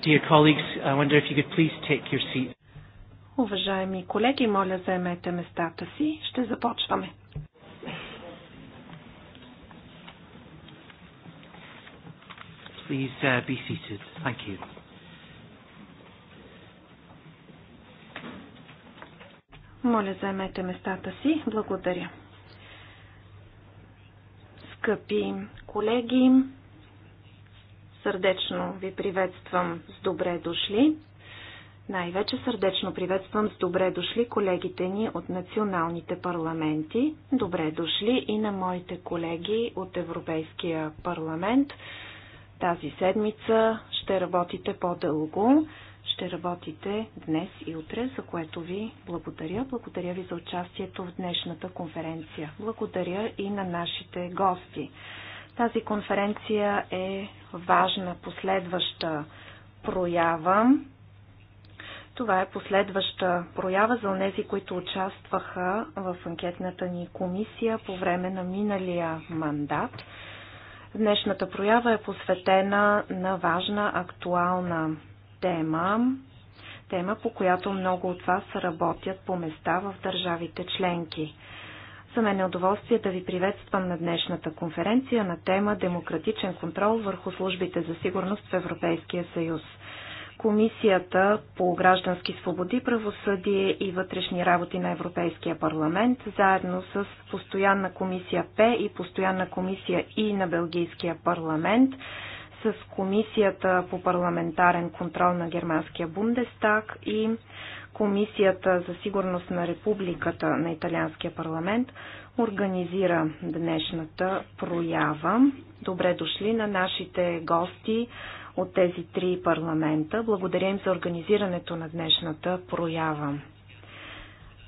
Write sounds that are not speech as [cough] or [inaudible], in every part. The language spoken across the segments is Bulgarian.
Dear colleagues, I wonder if you could please take your seat. Уважаеми колеги, моля заемете местата си. Ще започваме. Please uh, be seated. Thank you. Моля заемете местата си. Благодаря. Скъпи колеги, Сърдечно ви приветствам с добре дошли. Най-вече сърдечно приветствам с добре дошли колегите ни от националните парламенти. Добре дошли и на моите колеги от Европейския парламент. Тази седмица ще работите по-дълго. Ще работите днес и утре, за което ви благодаря. Благодаря ви за участието в днешната конференция. Благодаря и на нашите гости. Тази конференция е важна последваща проява. Това е последваща проява за тези, които участваха в анкетната ни комисия по време на миналия мандат. Днешната проява е посветена на важна, актуална тема, тема по която много от вас работят по места в държавите членки. За мен е удоволствие да ви приветствам на днешната конференция на тема Демократичен контрол върху службите за сигурност в Европейския съюз. Комисията по граждански свободи, правосъдие и вътрешни работи на Европейския парламент, заедно с постоянна комисия П и постоянна комисия И на Белгийския парламент, с комисията по парламентарен контрол на Германския Бундестаг и Комисията за сигурност на Републиката на Италианския парламент организира днешната проява. Добре дошли на нашите гости от тези три парламента. Благодаря им за организирането на днешната проява.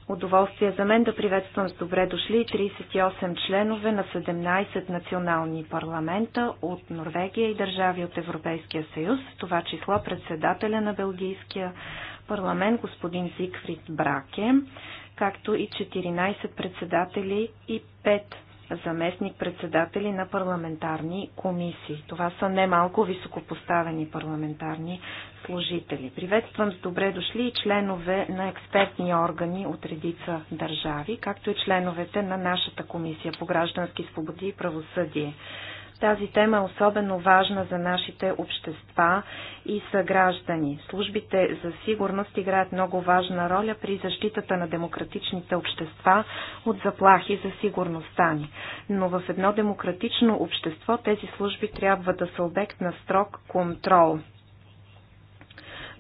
Удоволствие за мен да приветствам с добре дошли 38 членове на 17 национални парламента от Норвегия и държави от Европейския съюз, това число председателя на Белгийския парламент господин Зигфрид Браке, както и 14 председатели и 5 заместник-председатели на парламентарни комисии. Това са немалко високопоставени парламентарни служители. Приветствам с добре дошли и членове на експертни органи от редица държави, както и членовете на нашата комисия по граждански свободи и правосъдие. Тази тема е особено важна за нашите общества и съграждани. Службите за сигурност играят много важна роля при защитата на демократичните общества от заплахи за сигурността ни. Но в едно демократично общество тези служби трябва да са обект на строг контрол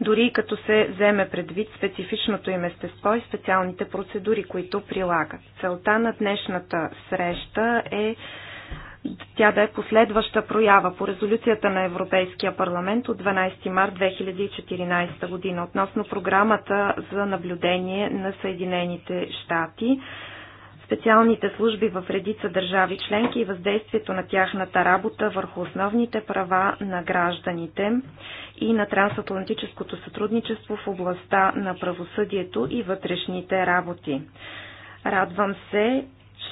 дори като се вземе предвид специфичното им естество и специалните процедури, които прилагат. Целта на днешната среща е тя да е последваща проява по резолюцията на Европейския парламент от 12 март 2014 година относно програмата за наблюдение на Съединените щати, специалните служби в редица държави членки и въздействието на тяхната работа върху основните права на гражданите и на трансатлантическото сътрудничество в областта на правосъдието и вътрешните работи. Радвам се,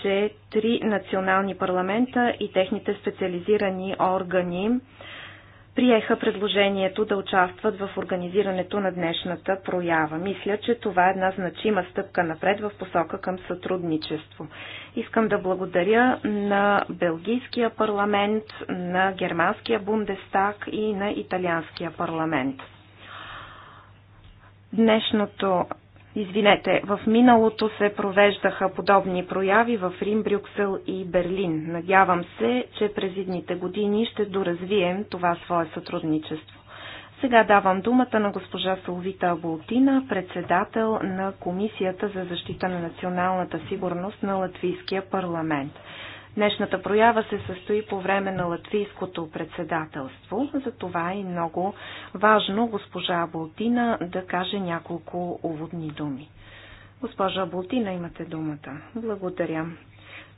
че три национални парламента и техните специализирани органи приеха предложението да участват в организирането на днешната проява. Мисля, че това е една значима стъпка напред в посока към сътрудничество. Искам да благодаря на Белгийския парламент, на Германския Бундестаг и на Италианския парламент. Днешното Извинете, в миналото се провеждаха подобни прояви в Рим, Брюксел и Берлин. Надявам се, че през едните години ще доразвием това свое сътрудничество. Сега давам думата на госпожа Соловита Аболтина, председател на Комисията за защита на националната сигурност на Латвийския парламент. Днешната проява се състои по време на латвийското председателство, затова е много важно госпожа Болтина да каже няколко уводни думи. Госпожа Болтина, имате думата. Благодаря.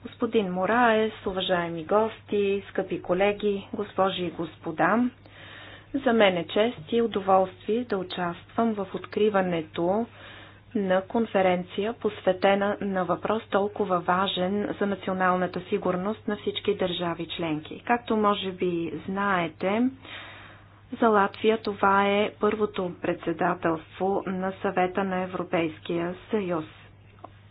Господин Мораес, уважаеми гости, скъпи колеги, госпожи и господа, за мен е чест и удоволствие да участвам в откриването на конференция, посветена на въпрос толкова важен за националната сигурност на всички държави членки. Както може би знаете, за Латвия това е първото председателство на съвета на Европейския съюз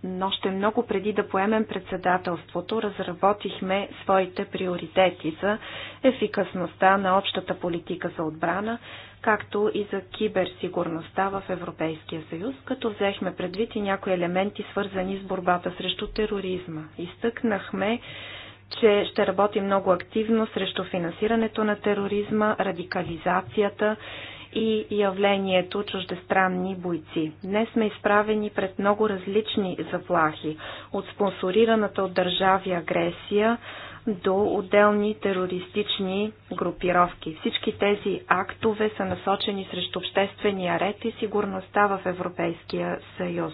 но още много преди да поемем председателството, разработихме своите приоритети за ефикасността на общата политика за отбрана, както и за киберсигурността в Европейския съюз, като взехме предвид и някои елементи, свързани с борбата срещу тероризма. Изтъкнахме, че ще работи много активно срещу финансирането на тероризма, радикализацията и явлението чуждестранни бойци. Днес сме изправени пред много различни заплахи, от спонсорираната от държави агресия до отделни терористични групировки. Всички тези актове са насочени срещу обществения ред и сигурността в Европейския съюз.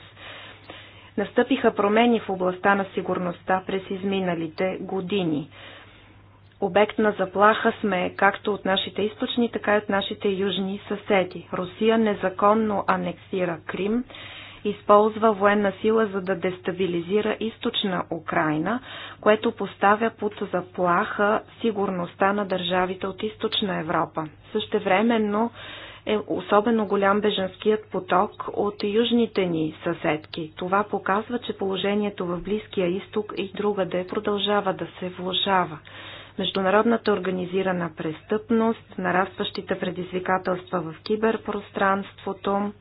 Настъпиха промени в областта на сигурността през изминалите години. Обект на заплаха сме както от нашите източни, така и от нашите южни съседи. Русия незаконно анексира Крим, използва военна сила за да дестабилизира източна Украина, което поставя под заплаха сигурността на държавите от източна Европа. Същевременно е особено голям беженският поток от южните ни съседки. Това показва, че положението в Близкия изток и другаде продължава да се влушава международната организирана престъпност, нарастващите предизвикателства в киберпространството,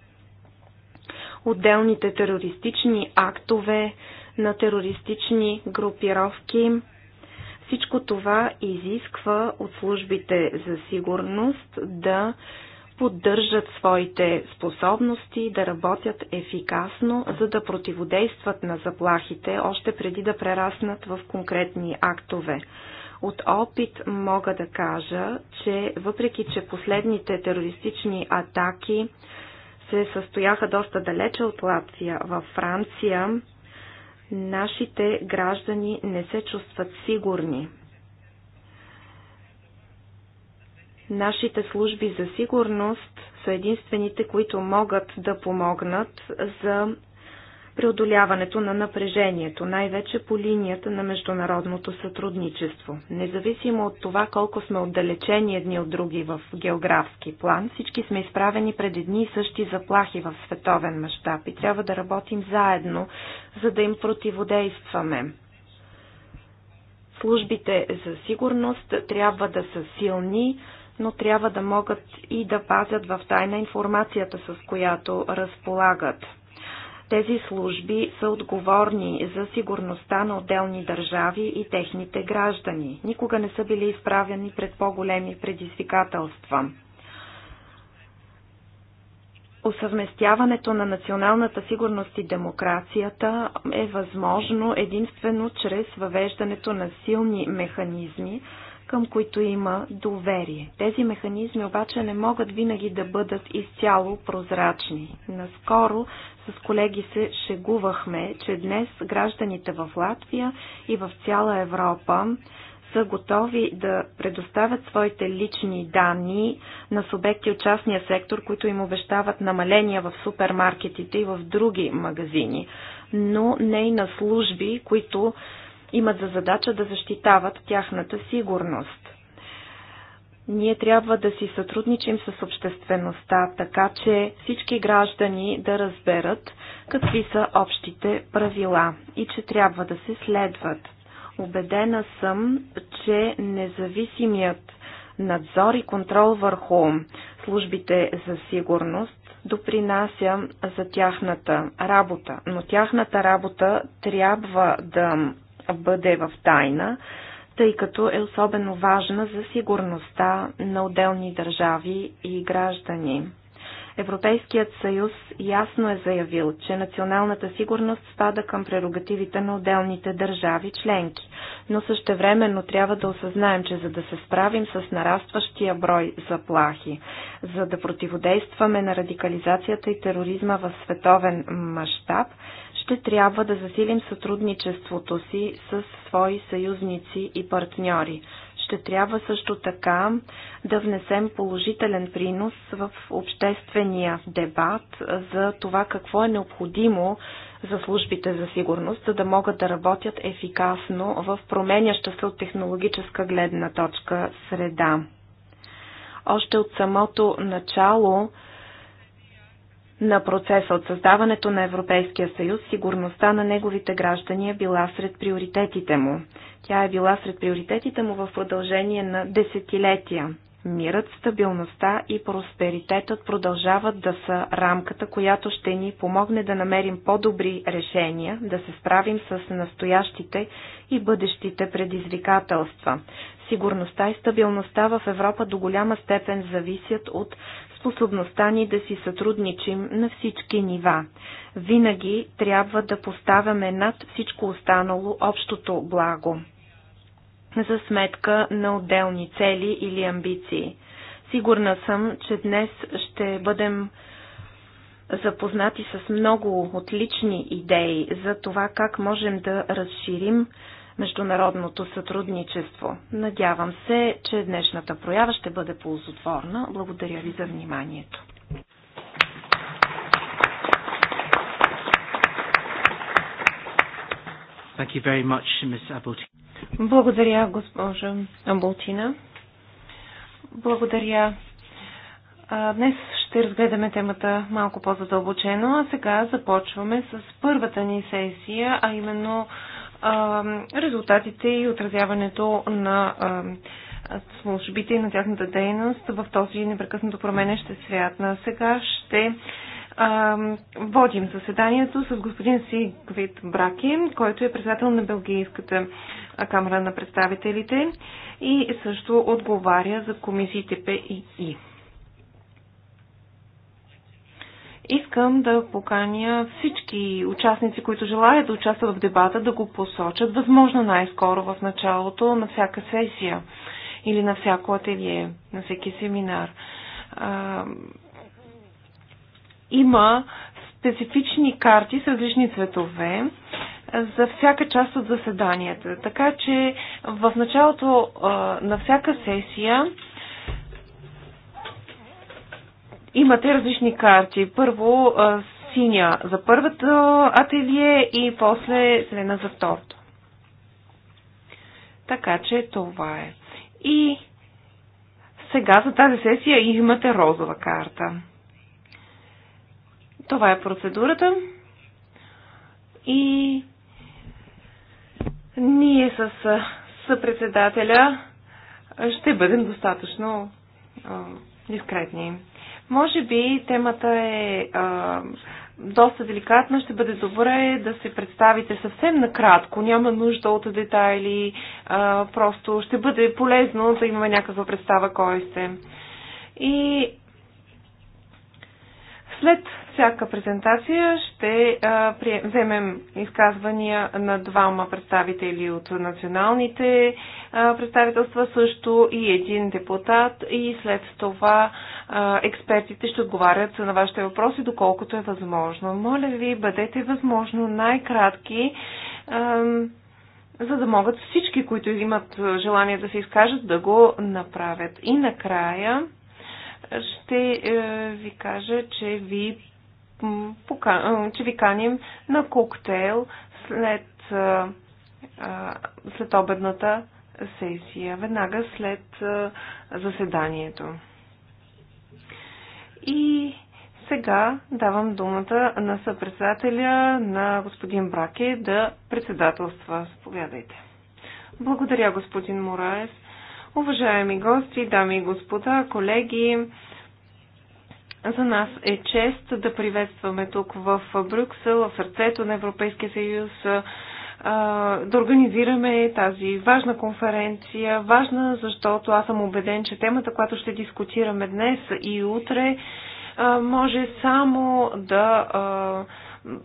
отделните терористични актове на терористични групировки. Всичко това изисква от службите за сигурност да поддържат своите способности да работят ефикасно, за да противодействат на заплахите още преди да прераснат в конкретни актове. От опит мога да кажа, че въпреки, че последните терористични атаки се състояха доста далече от Латвия, във Франция, нашите граждани не се чувстват сигурни. Нашите служби за сигурност са единствените, които могат да помогнат за преодоляването на напрежението, най-вече по линията на международното сътрудничество. Независимо от това колко сме отдалечени едни от други в географски план, всички сме изправени пред едни и същи заплахи в световен мащаб и трябва да работим заедно, за да им противодействаме. Службите за сигурност трябва да са силни, но трябва да могат и да пазят в тайна информацията, с която разполагат. Тези служби са отговорни за сигурността на отделни държави и техните граждани. Никога не са били изправени пред по-големи предизвикателства. Осъвместяването на националната сигурност и демокрацията е възможно единствено чрез въвеждането на силни механизми, към които има доверие. Тези механизми обаче не могат винаги да бъдат изцяло прозрачни. Наскоро с колеги се шегувахме, че днес гражданите в Латвия и в цяла Европа са готови да предоставят своите лични данни на субекти от частния сектор, които им обещават намаления в супермаркетите и в други магазини, но не и на служби, които имат за задача да защитават тяхната сигурност. Ние трябва да си сътрудничим с обществеността, така че всички граждани да разберат какви са общите правила и че трябва да се следват. Обедена съм, че независимият надзор и контрол върху службите за сигурност допринася за тяхната работа, но тяхната работа трябва да бъде в тайна, тъй като е особено важна за сигурността на отделни държави и граждани. Европейският съюз ясно е заявил, че националната сигурност спада към прерогативите на отделните държави членки, но същевременно трябва да осъзнаем, че за да се справим с нарастващия брой заплахи, за да противодействаме на радикализацията и тероризма в световен мащаб, ще трябва да засилим сътрудничеството си с свои съюзници и партньори. Ще трябва също така да внесем положителен принос в обществения дебат за това какво е необходимо за службите за сигурност, за да могат да работят ефикасно в променяща се от технологическа гледна точка среда. Още от самото начало на процеса от създаването на Европейския съюз, сигурността на неговите граждани е била сред приоритетите му. Тя е била сред приоритетите му в продължение на десетилетия. Мирът, стабилността и просперитетът продължават да са рамката, която ще ни помогне да намерим по-добри решения, да се справим с настоящите и бъдещите предизвикателства. Сигурността и стабилността в Европа до голяма степен зависят от способността ни да си сътрудничим на всички нива. Винаги трябва да поставяме над всичко останало общото благо, за сметка на отделни цели или амбиции. Сигурна съм, че днес ще бъдем запознати с много отлични идеи за това как можем да разширим международното сътрудничество. Надявам се, че днешната проява ще бъде ползотворна. Благодаря ви за вниманието. Thank you very much, Ms. Благодаря, госпожа Аболтина. Благодаря. Днес ще разгледаме темата малко по-задълбочено, а сега започваме с първата ни сесия, а именно резултатите и отразяването на службите и на тяхната дейност в този непрекъснато променещ свят. На сега ще водим заседанието с господин Сигвит Браки, който е председател на Белгийската камера на представителите и също отговаря за комисиите П и И. Искам да поканя всички участници, които желаят да участват в дебата, да го посочат възможно най-скоро в началото на всяка сесия или на всяко ателие, на всеки семинар. А, има специфични карти с различни цветове за всяка част от заседанията. Така че в началото а, на всяка сесия Имате различни карти. Първо синя за първата ателие и после зелена за второто. Така че това е. И сега за тази сесия имате розова карта. Това е процедурата. И ние с съпредседателя ще бъдем достатъчно дискретни. Може би темата е а, доста деликатна. Ще бъде добре да се представите съвсем накратко. Няма нужда от детайли. А, просто ще бъде полезно да имаме някаква представа кой сте. И след всяка презентация ще а, вземем изказвания на двама представители от националните а, представителства също и един депутат и след това а, експертите ще отговарят на вашите въпроси, доколкото е възможно. Моля ви, бъдете възможно най-кратки, за да могат всички, които имат желание да се изкажат, да го направят. И накрая ще е, ви кажа, че ви че ви каним на коктейл след, след обедната сесия, веднага след заседанието. И сега давам думата на съпредседателя на господин Браке да председателства. Заповядайте. Благодаря, господин Мораев. Уважаеми гости, дами и господа, колеги, за нас е чест да приветстваме тук в Брюксел, в сърцето на Европейския съюз, да организираме тази важна конференция. Важна, защото аз съм убеден, че темата, която ще дискутираме днес и утре, може само да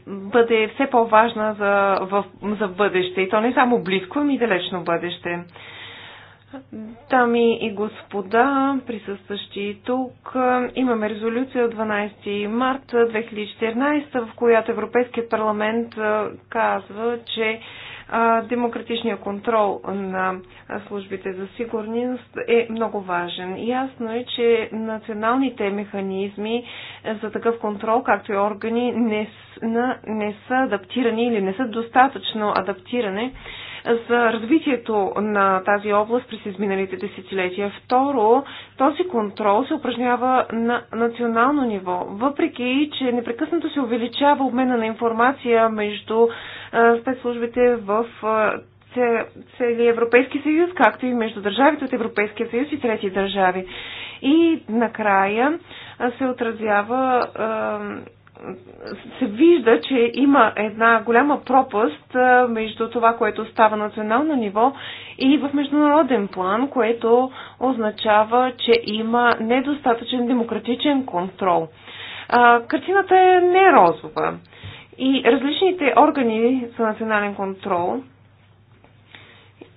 бъде все по-важна за, в, за бъдеще. И то не само близко, ами и далечно бъдеще. Дами и господа, присъстващи тук, имаме резолюция от 12 март 2014, в която Европейският парламент казва, че демократичния контрол на службите за сигурност е много важен. Ясно е, че националните механизми за такъв контрол, както и органи, не са, не са адаптирани или не са достатъчно адаптирани за развитието на тази област през изминалите десетилетия. Второ, този контрол се упражнява на национално ниво, въпреки че непрекъснато се увеличава обмена на информация между спецслужбите в целия Европейски съюз, както и между държавите от Европейския съюз и трети държави. И накрая се отразява се вижда, че има една голяма пропаст между това, което става национално ниво и в международен план, което означава, че има недостатъчен демократичен контрол. картината е не розова. И различните органи за национален контрол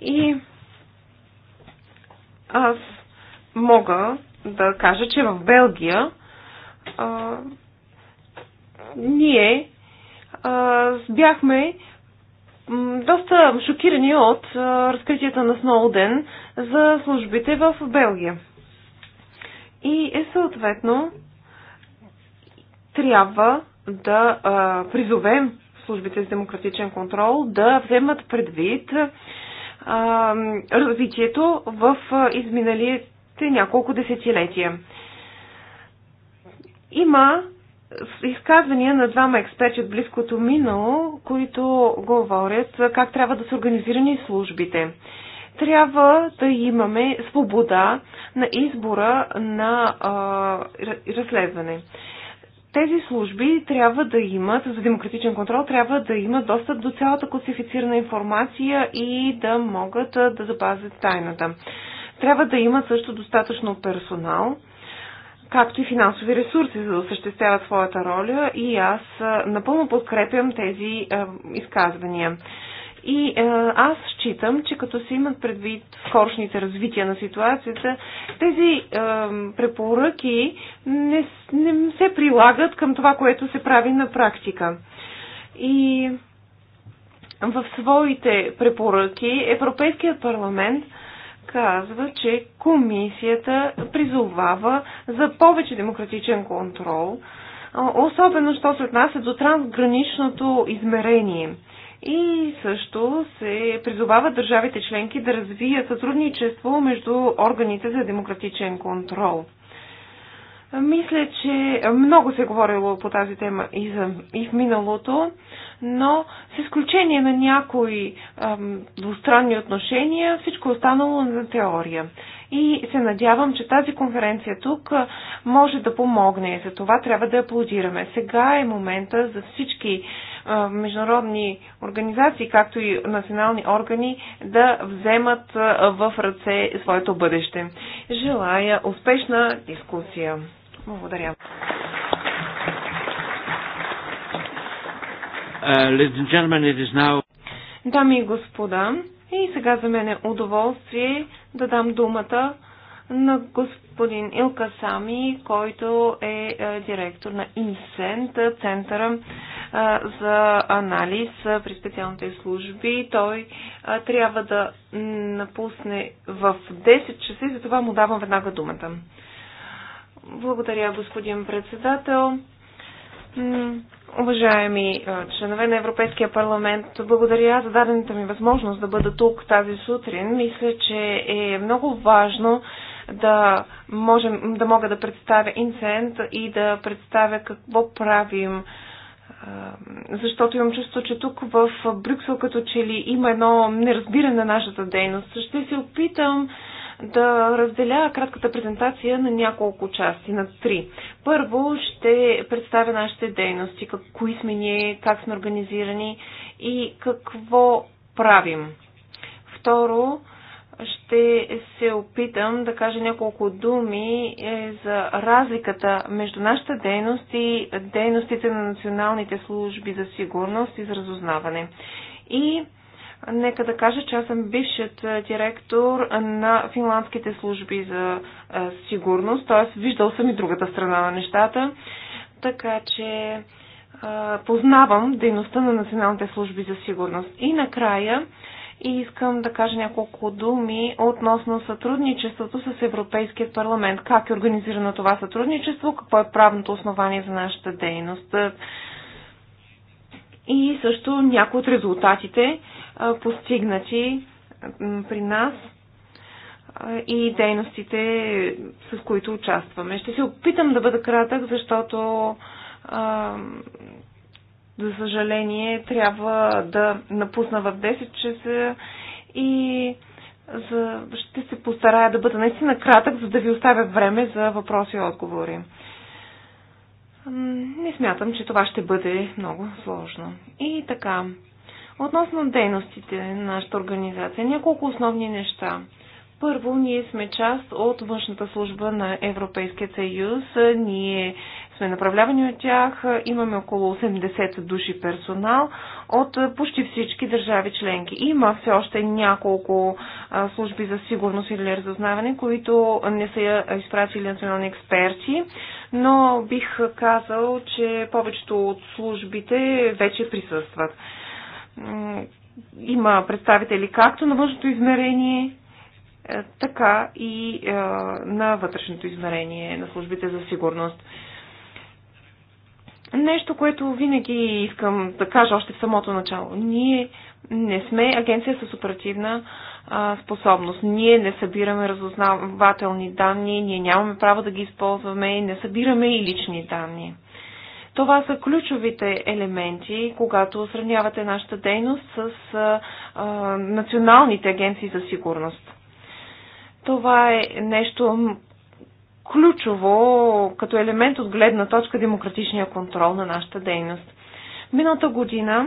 и аз мога да кажа, че в Белгия а, ние а, бяхме доста шокирани от а, разкритията на Сноуден за службите в Белгия. И е съответно трябва да а, призовем службите с демократичен контрол да вземат предвид а, развитието в изминалите няколко десетилетия. Има изказвания на двама експерти от близкото минало, които говорят как трябва да са организирани службите. Трябва да имаме свобода на избора на а, разследване. Тези служби трябва да имат, за демократичен контрол, трябва да имат достъп до цялата класифицирана информация и да могат да запазят тайната. Трябва да имат също достатъчно персонал, както и финансови ресурси, за да осъществяват своята роля и аз напълно подкрепям тези изказвания. И е, аз считам, че като се имат предвид скорошните развития на ситуацията, тези е, препоръки не, не се прилагат към това, което се прави на практика. И в своите препоръки Европейският парламент е, казва, че комисията призовава за повече демократичен контрол, особено що се отнася до трансграничното измерение. И също се призовава държавите членки да развият сътрудничество между органите за демократичен контрол. Мисля, че много се е говорило по тази тема и, за, и в миналото но с изключение на някои ам, двустранни отношения, всичко е останало на теория. И се надявам, че тази конференция тук може да помогне. За това трябва да аплодираме. Сега е момента за всички а, международни организации, както и национални органи, да вземат а, в ръце своето бъдеще. Желая успешна дискусия. Благодаря. Uh, Дами и господа, и сега за мен е удоволствие да дам думата на господин Илка Сами, който е, е директор на Инсент, Центъра е, за анализ при специалните служби. Той е, трябва да напусне в 10 часа и затова му давам веднага думата. Благодаря, господин председател. Уважаеми членове на Европейския парламент, благодаря за дадената ми възможност да бъда тук тази сутрин. Мисля, че е много важно да, можем, да мога да представя инцидент и да представя какво правим. Защото имам чувство, че тук в Брюксел като че ли има едно неразбиране на нашата дейност. Ще се опитам да разделя кратката презентация на няколко части, на три. Първо ще представя нашите дейности, как, кои сме ние, как сме организирани и какво правим. Второ, ще се опитам да кажа няколко думи е, за разликата между нашата дейност и дейностите на националните служби за сигурност и за разузнаване. И Нека да кажа, че аз съм бившият е, директор на финландските служби за е, сигурност, т.е. виждал съм и другата страна на нещата, така че е, познавам дейността на националните служби за сигурност. И накрая искам да кажа няколко думи относно сътрудничеството с Европейския парламент. Как е организирано това сътрудничество, какво е правното основание за нашата дейност и също някои от резултатите постигнати при нас и дейностите, с които участваме. Ще се опитам да бъда кратък, защото за съжаление трябва да напусна в 10 часа и за... ще се постарая да бъда наистина кратък, за да ви оставя време за въпроси и отговори не смятам, че това ще бъде много сложно. И така, относно дейностите на нашата организация, няколко основни неща. Първо, ние сме част от външната служба на Европейския съюз. Ние сме направлявани от тях. Имаме около 80 души персонал от почти всички държави членки. Има все още няколко служби за сигурност или разузнаване, които не са изпратили национални експерти, но бих казал, че повечето от службите вече присъстват. Има представители както на външното измерение, е, така и е, на вътрешното измерение на службите за сигурност. Нещо, което винаги искам да кажа още в самото начало. Ние не сме агенция с оперативна способност. Ние не събираме разузнавателни данни, ние нямаме право да ги използваме, не събираме и лични данни. Това са ключовите елементи, когато сравнявате нашата дейност с а, а, националните агенции за сигурност. Това е нещо ключово като елемент от гледна точка демократичния контрол на нашата дейност. Миналата година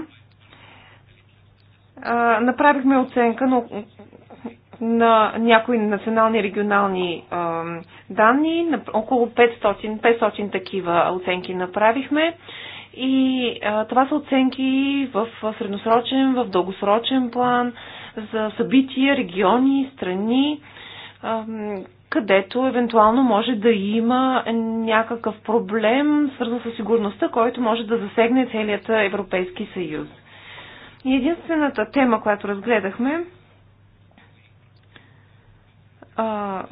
а, направихме оценка на, на някои национални и регионални а, данни, на около 500, 500 такива оценки направихме. И а, това са оценки в, в средносрочен, в дългосрочен план за събития, региони, страни, а, където евентуално може да има някакъв проблем, свързан с сигурността, който може да засегне целият Европейски съюз. И единствената тема, която разгледахме а,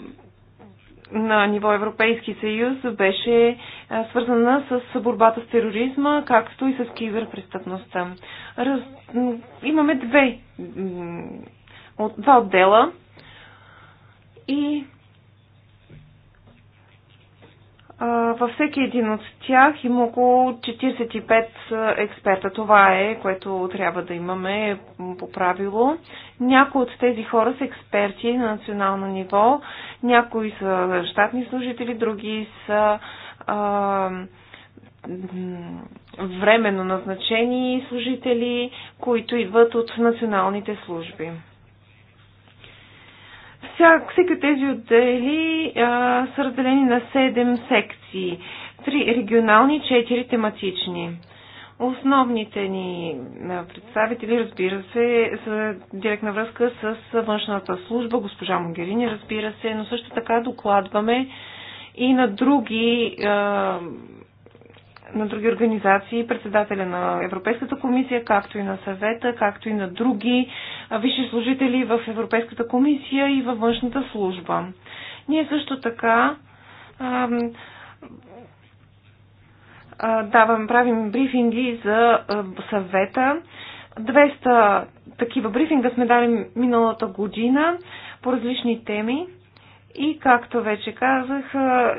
на ниво Европейски съюз, беше а, свързана с борбата с тероризма, както и с киберпрестъпността. Раз, имаме две, от, два отдела и Във всеки един от тях има около 45 експерта. Това е, което трябва да имаме по правило. Някои от тези хора са експерти на национално ниво, някои са щатни служители, други са а, временно назначени служители, които идват от националните служби. Всяк, всеки тези отдели а, са разделени на 7 секции. Три регионални, 4 тематични. Основните ни представители, разбира се, са директна връзка с външната служба, госпожа Могерини, разбира се, но също така докладваме и на други а, на други организации, председателя на Европейската комисия, както и на съвета, както и на други висши служители в Европейската комисия и във външната служба. Ние също така давам, правим брифинги за съвета. 200 такива брифинга сме дали миналата година по различни теми. И както вече казах,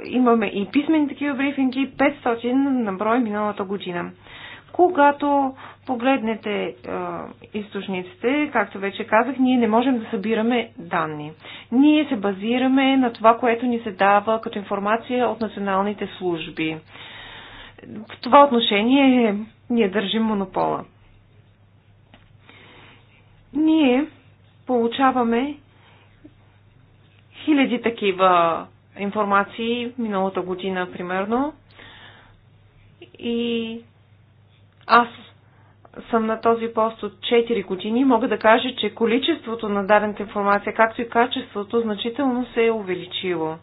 имаме и писмени такива брифинги, 500 на брой миналата година. Когато погледнете е, източниците, както вече казах, ние не можем да събираме данни. Ние се базираме на това, което ни се дава като информация от националните служби. В това отношение ние държим монопола. Ние получаваме хиляди такива информации миналата година, примерно. И аз съм на този пост от 4 години, мога да кажа, че количеството на дадената информация, както и качеството, значително се е увеличило.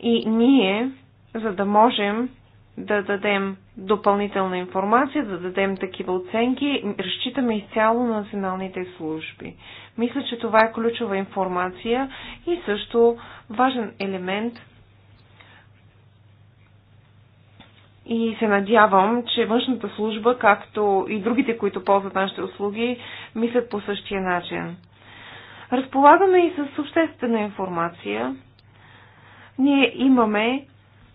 И ние, за да можем да дадем допълнителна информация, да дадем такива оценки. Разчитаме изцяло на националните служби. Мисля, че това е ключова информация и също важен елемент. И се надявам, че външната служба, както и другите, които ползват нашите услуги, мислят по същия начин. Разполагаме и с обществена информация. Ние имаме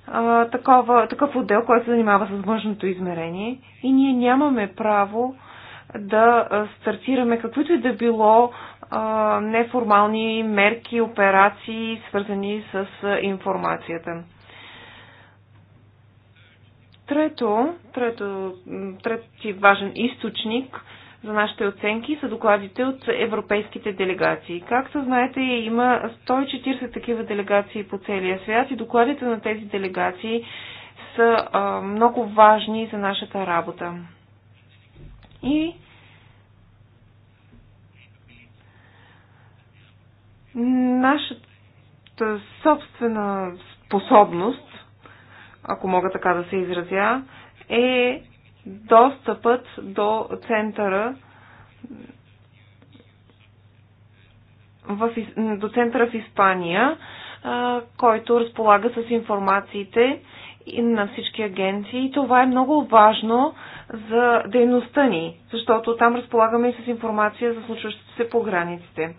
а, такова, такъв отдел, който се занимава с външното измерение и ние нямаме право да стартираме каквито и да било а, неформални мерки, операции, свързани с информацията. Трето, трето, трети важен източник за нашите оценки са докладите от европейските делегации. Както знаете, има 140 такива делегации по целия свят и докладите на тези делегации са а, много важни за нашата работа. И нашата собствена способност, ако мога така да се изразя, е достъпът до центъра в, до центъра в Испания, който разполага с информациите на всички агенции. И това е много важно за дейността ни, защото там разполагаме и с информация за случващите се по границите.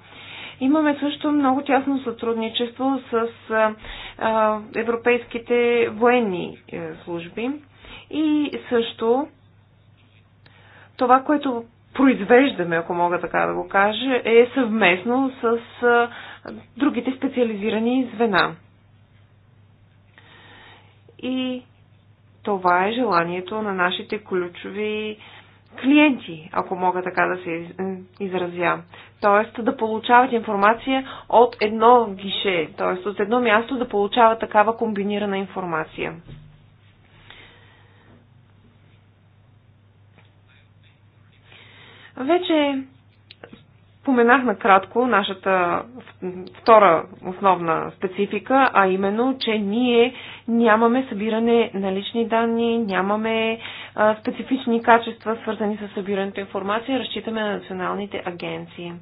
Имаме също много тясно сътрудничество с европейските военни е, служби и също това, което произвеждаме, ако мога така да го кажа, е съвместно с другите специализирани звена. И това е желанието на нашите ключови клиенти, ако мога така да се изразя. Тоест да получават информация от едно гише, т.е. от едно място да получават такава комбинирана информация. Вече споменах накратко нашата втора основна специфика, а именно, че ние нямаме събиране на лични данни, нямаме а, специфични качества, свързани с събирането информация, разчитаме на националните агенции.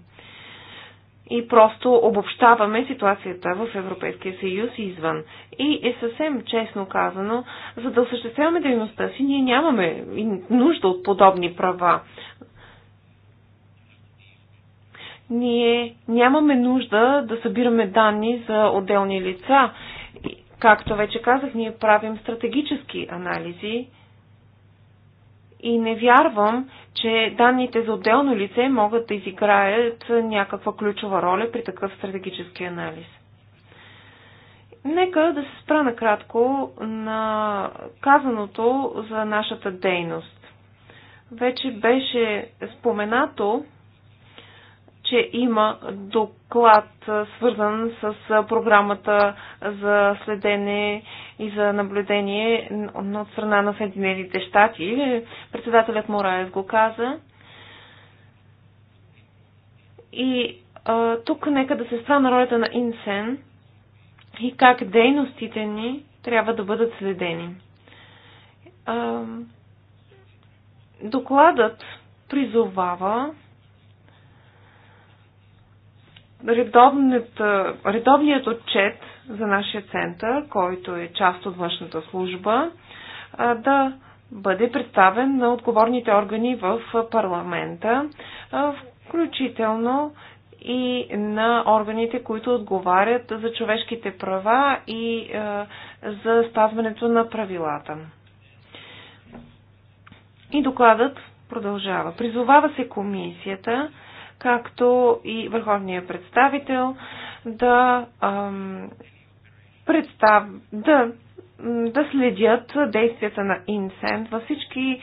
И просто обобщаваме ситуацията в Европейския съюз и извън. И е съвсем честно казано, за да осъществяваме дейността си, ние нямаме нужда от подобни права ние нямаме нужда да събираме данни за отделни лица. Както вече казах, ние правим стратегически анализи и не вярвам, че данните за отделно лице могат да изиграят някаква ключова роля при такъв стратегически анализ. Нека да се спра накратко на казаното за нашата дейност. Вече беше споменато, че има доклад свързан с програмата за следене и за наблюдение от страна на Съединените щати. Председателят Мораев го каза. И а, тук нека да се спра на ролята на Инсен и как дейностите ни трябва да бъдат следени. А, докладът призовава редовният отчет за нашия център, който е част от външната служба, да бъде представен на отговорните органи в парламента, включително и на органите, които отговарят за човешките права и за спазването на правилата. И докладът продължава. Призовава се комисията както и върховния представител да, ам, представ... да, да следят действията на Инсент във всички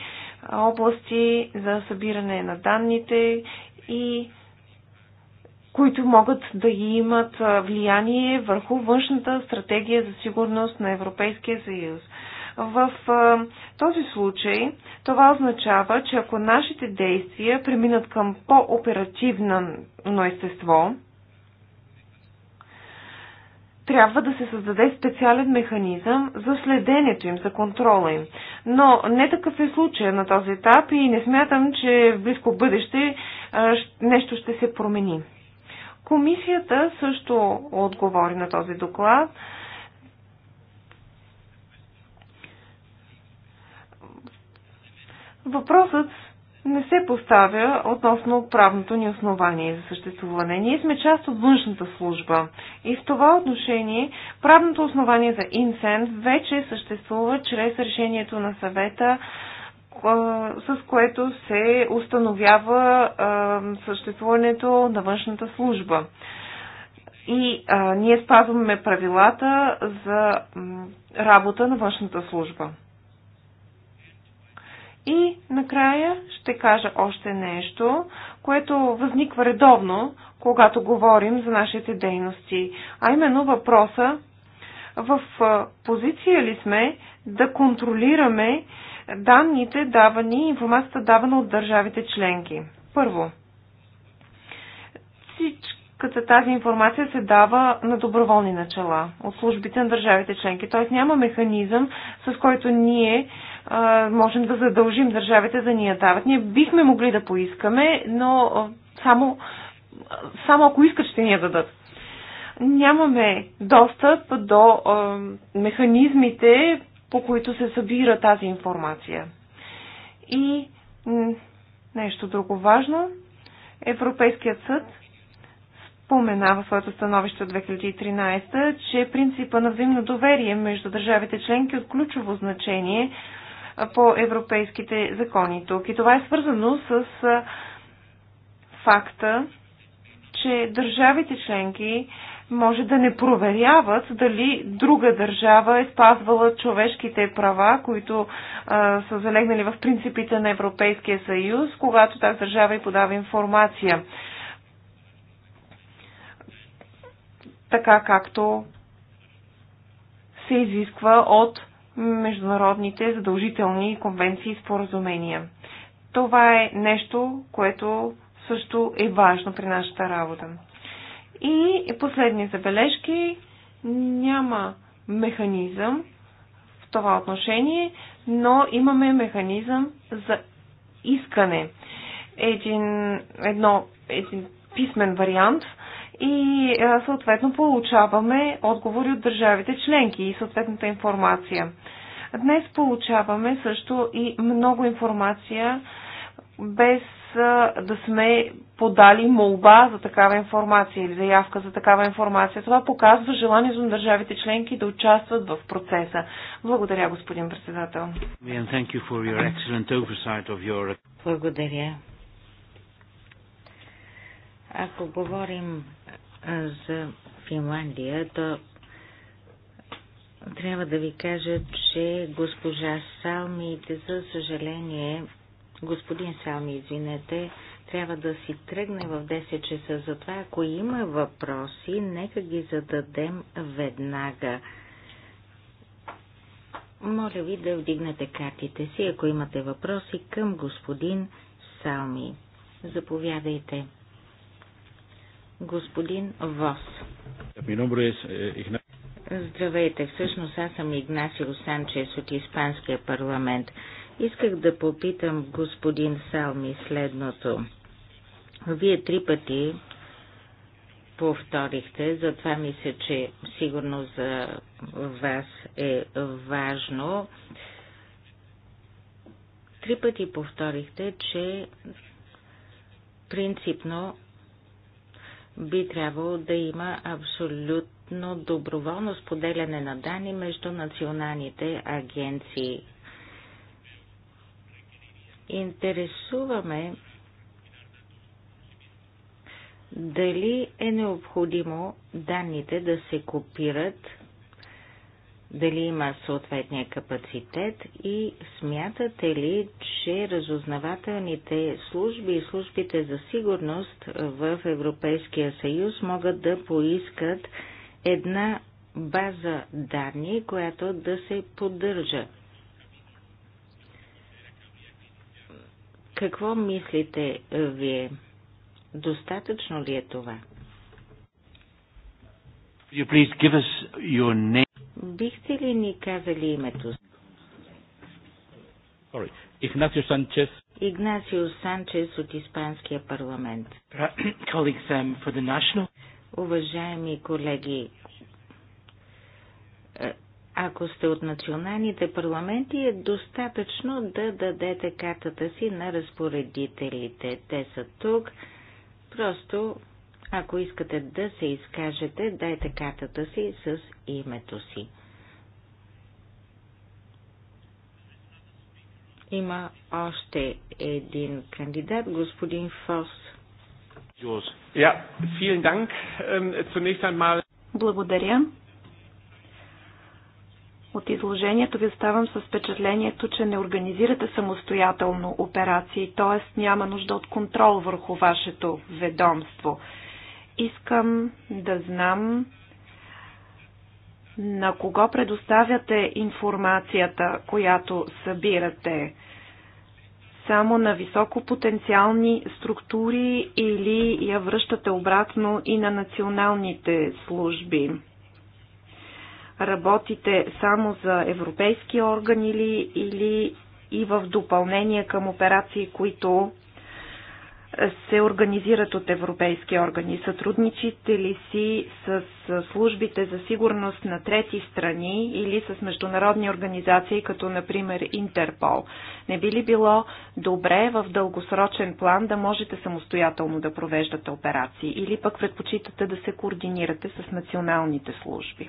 области за събиране на данните и които могат да имат влияние върху външната стратегия за сигурност на Европейския съюз. В този случай това означава, че ако нашите действия преминат към по-оперативно естество, трябва да се създаде специален механизъм за следенето им, за контрола им. Но не такъв е случай на този етап и не смятам, че в близко бъдеще нещо ще се промени. Комисията също отговори на този доклад въпросът не се поставя относно правното ни основание за съществуване. Ние сме част от външната служба и в това отношение правното основание за инсен вече съществува чрез решението на съвета, с което се установява съществуването на външната служба. И а, ние спазваме правилата за работа на външната служба. И накрая ще кажа още нещо, което възниква редовно, когато говорим за нашите дейности, а именно въпроса в позиция ли сме да контролираме данните давани, информацията давана от държавите членки. Първо, всичката тази информация се дава на доброволни начала от службите на държавите членки. Т.е. няма механизъм, с който ние можем да задължим държавите да ни я дават. Ние бихме могли да поискаме, но само, само ако искат ще ни я дадат. Нямаме достъп до механизмите, по които се събира тази информация. И нещо друго важно. Европейският съд споменава своето становище от 2013, че принципа на взаимно доверие между държавите членки е от ключово значение по европейските закони тук. И това е свързано с факта, че държавите членки може да не проверяват дали друга държава е спазвала човешките права, които а, са залегнали в принципите на Европейския съюз, когато тази държава и подава информация. Така както се изисква от международните задължителни конвенции и споразумения. Това е нещо, което също е важно при нашата работа. И последни забележки. Няма механизъм в това отношение, но имаме механизъм за искане. Един, едно, един писмен вариант – и съответно получаваме отговори от държавите членки и съответната информация. Днес получаваме също и много информация без да сме подали молба за такава информация или заявка за такава информация. Това показва желанието на държавите членки да участват в процеса. Благодаря, господин председател. Благодаря. Ако говорим за Финландия, то трябва да ви кажа, че госпожа Салмиите, за съжаление, господин Салми, извинете, трябва да си тръгне в 10 часа. Затова, ако има въпроси, нека ги зададем веднага. Моля ви да вдигнете картите си, ако имате въпроси към господин Салми. Заповядайте господин Вос. Eh, Здравейте, всъщност аз съм Игнасио Санчес от Испанския парламент. Исках да попитам господин Салми следното. Вие три пъти повторихте, затова мисля, че сигурно за вас е важно. Три пъти повторихте, че принципно би трябвало да има абсолютно доброволно споделяне на данни между националните агенции. Интересуваме дали е необходимо данните да се копират дали има съответния капацитет и смятате ли, че разузнавателните служби и службите за сигурност в Европейския съюз могат да поискат една база данни, която да се поддържа? Какво мислите вие? Достатъчно ли е това? please give us your name. Бихте ли ни казали името? Sorry. Игнасио Санчес. Игнасио Санчес от Испанския парламент. Uh, um, national... Уважаеми колеги, е, ако сте от националните парламенти, е достатъчно да дадете картата си на разпоредителите. Те са тук. Просто ако искате да се изкажете, дайте картата си с името си. Има още един кандидат, господин Фос. Ähm, Благодаря. От изложението ви оставам с впечатлението, че не организирате самостоятелно операции, т.е. няма нужда от контрол върху вашето ведомство. Искам да знам на кого предоставяте информацията, която събирате? Само на високопотенциални структури или я връщате обратно и на националните служби? Работите само за европейски органи или, или и в допълнение към операции, които се организират от европейски органи? Сътрудничите ли си с службите за сигурност на трети страни или с международни организации, като например Интерпол? Не би ли било добре в дългосрочен план да можете самостоятелно да провеждате операции или пък предпочитате да се координирате с националните служби?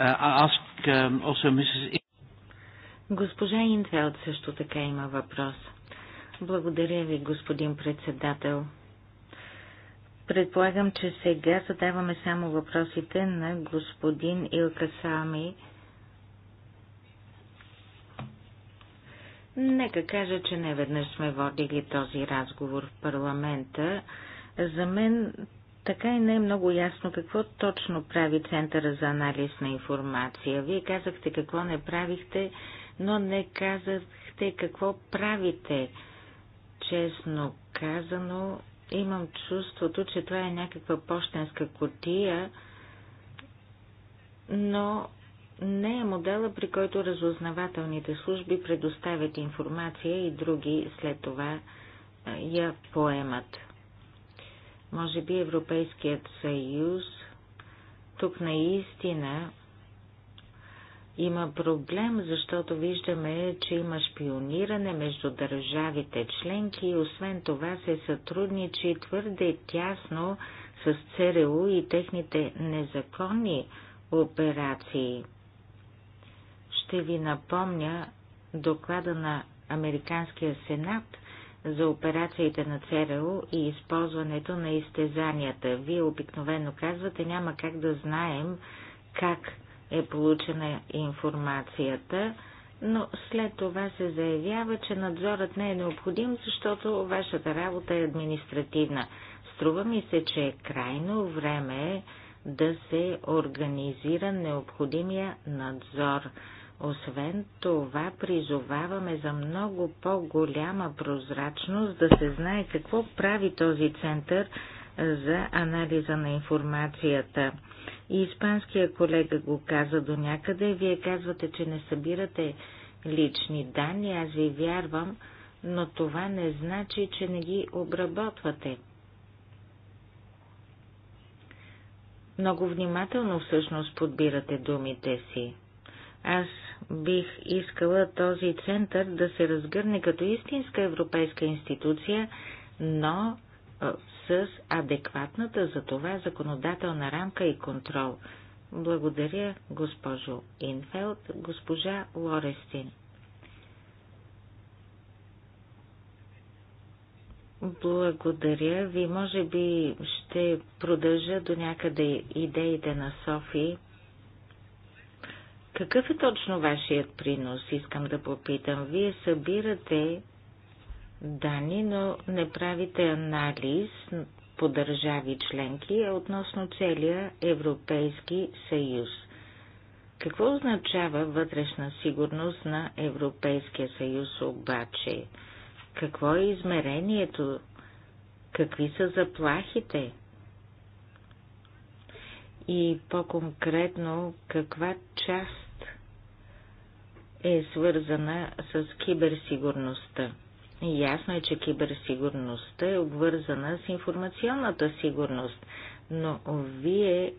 Uh, um, Госпожа Инфелд също така има въпрос. Благодаря ви, господин председател. Предполагам, че сега задаваме само въпросите на господин Илка Сами. Нека кажа, че не веднъж сме водили този разговор в парламента. За мен така и не е много ясно какво точно прави Центъра за анализ на информация. Вие казахте какво не правихте, но не казахте какво правите. Честно казано, имам чувството, че това е някаква почтенска котия, но не е модела, при който разузнавателните служби предоставят информация и други след това я поемат. Може би Европейският съюз тук наистина има проблем, защото виждаме, че има шпиониране между държавите членки и освен това се сътрудничи твърде тясно с ЦРУ и техните незаконни операции. Ще ви напомня доклада на Американския сенат за операциите на ЦРУ и използването на изтезанията. Вие обикновено казвате, няма как да знаем как е получена информацията, но след това се заявява, че надзорът не е необходим, защото вашата работа е административна. Струва ми се, че е крайно време да се организира необходимия надзор. Освен това, призоваваме за много по-голяма прозрачност да се знае какво прави този център за анализа на информацията. И испанския колега го каза до някъде. Вие казвате, че не събирате лични данни, аз ви вярвам, но това не значи, че не ги обработвате. Много внимателно всъщност подбирате думите си. Аз бих искала този център да се разгърне като истинска европейска институция, но с адекватната за това законодателна рамка и контрол. Благодаря, госпожо Инфелд, госпожа Лорестин. Благодаря ви. Може би ще продължа до някъде идеите на Софи. Какъв е точно вашият принос, искам да попитам. Вие събирате данни, но не правите анализ по държави членки, а относно целия Европейски съюз. Какво означава вътрешна сигурност на Европейския съюз обаче? Какво е измерението? Какви са заплахите? И по-конкретно, каква част е свързана с киберсигурността? Ясно е, че киберсигурността е обвързана с информационната сигурност, но вие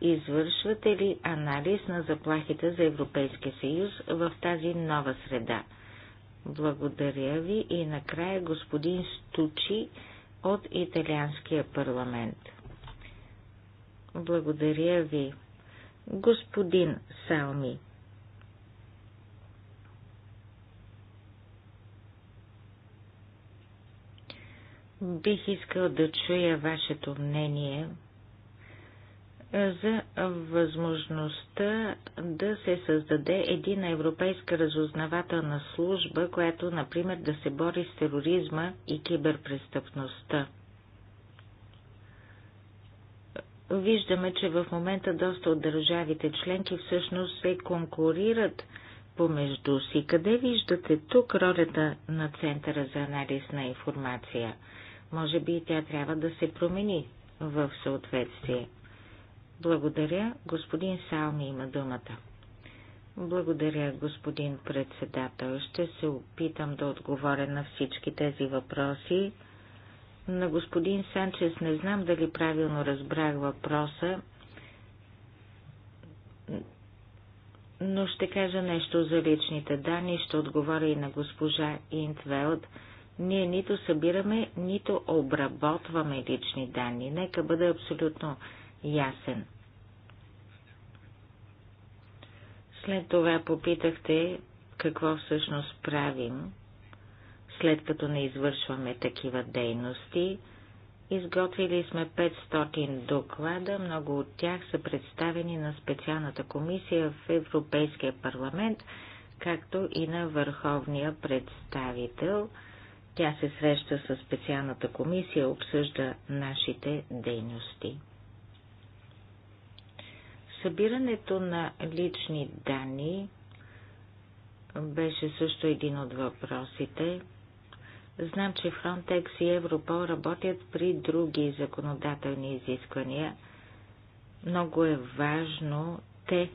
извършвате ли анализ на заплахите за Европейския съюз в тази нова среда? Благодаря ви и накрая господин Стучи от Италианския парламент. Благодаря ви. Господин Салми, Бих искал да чуя вашето мнение за възможността да се създаде една европейска разузнавателна служба, която, например, да се бори с тероризма и киберпрестъпността. Виждаме, че в момента доста от държавите членки всъщност се конкурират помежду си. Къде виждате тук ролята на Центъра за анализ на информация – може би тя трябва да се промени в съответствие. Благодаря. Господин Салми има думата. Благодаря, господин председател. Ще се опитам да отговоря на всички тези въпроси. На господин Санчес не знам дали правилно разбрах въпроса, но ще кажа нещо за личните данни. Ще отговоря и на госпожа Интвелд. Ние нито събираме, нито обработваме лични данни. Нека бъде абсолютно ясен. След това попитахте какво всъщност правим, след като не извършваме такива дейности. Изготвили сме 500 доклада, много от тях са представени на специалната комисия в Европейския парламент, както и на върховния представител – тя се среща с специалната комисия, обсъжда нашите дейности. Събирането на лични данни беше също един от въпросите. Знам, че Frontex и Европол работят при други законодателни изисквания. Много е важно те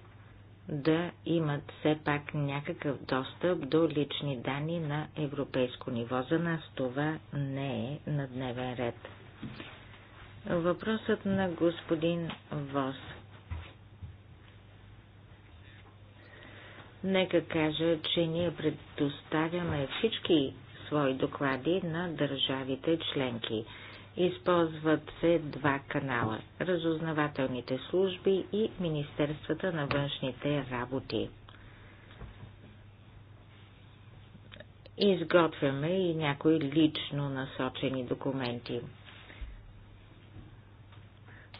да имат все пак някакъв достъп до лични данни на европейско ниво. За нас това не е на дневен ред. Въпросът на господин Вос. Нека кажа, че ние предоставяме всички свои доклади на държавите членки. Използват се два канала – разузнавателните служби и Министерствата на външните работи. Изготвяме и някои лично насочени документи.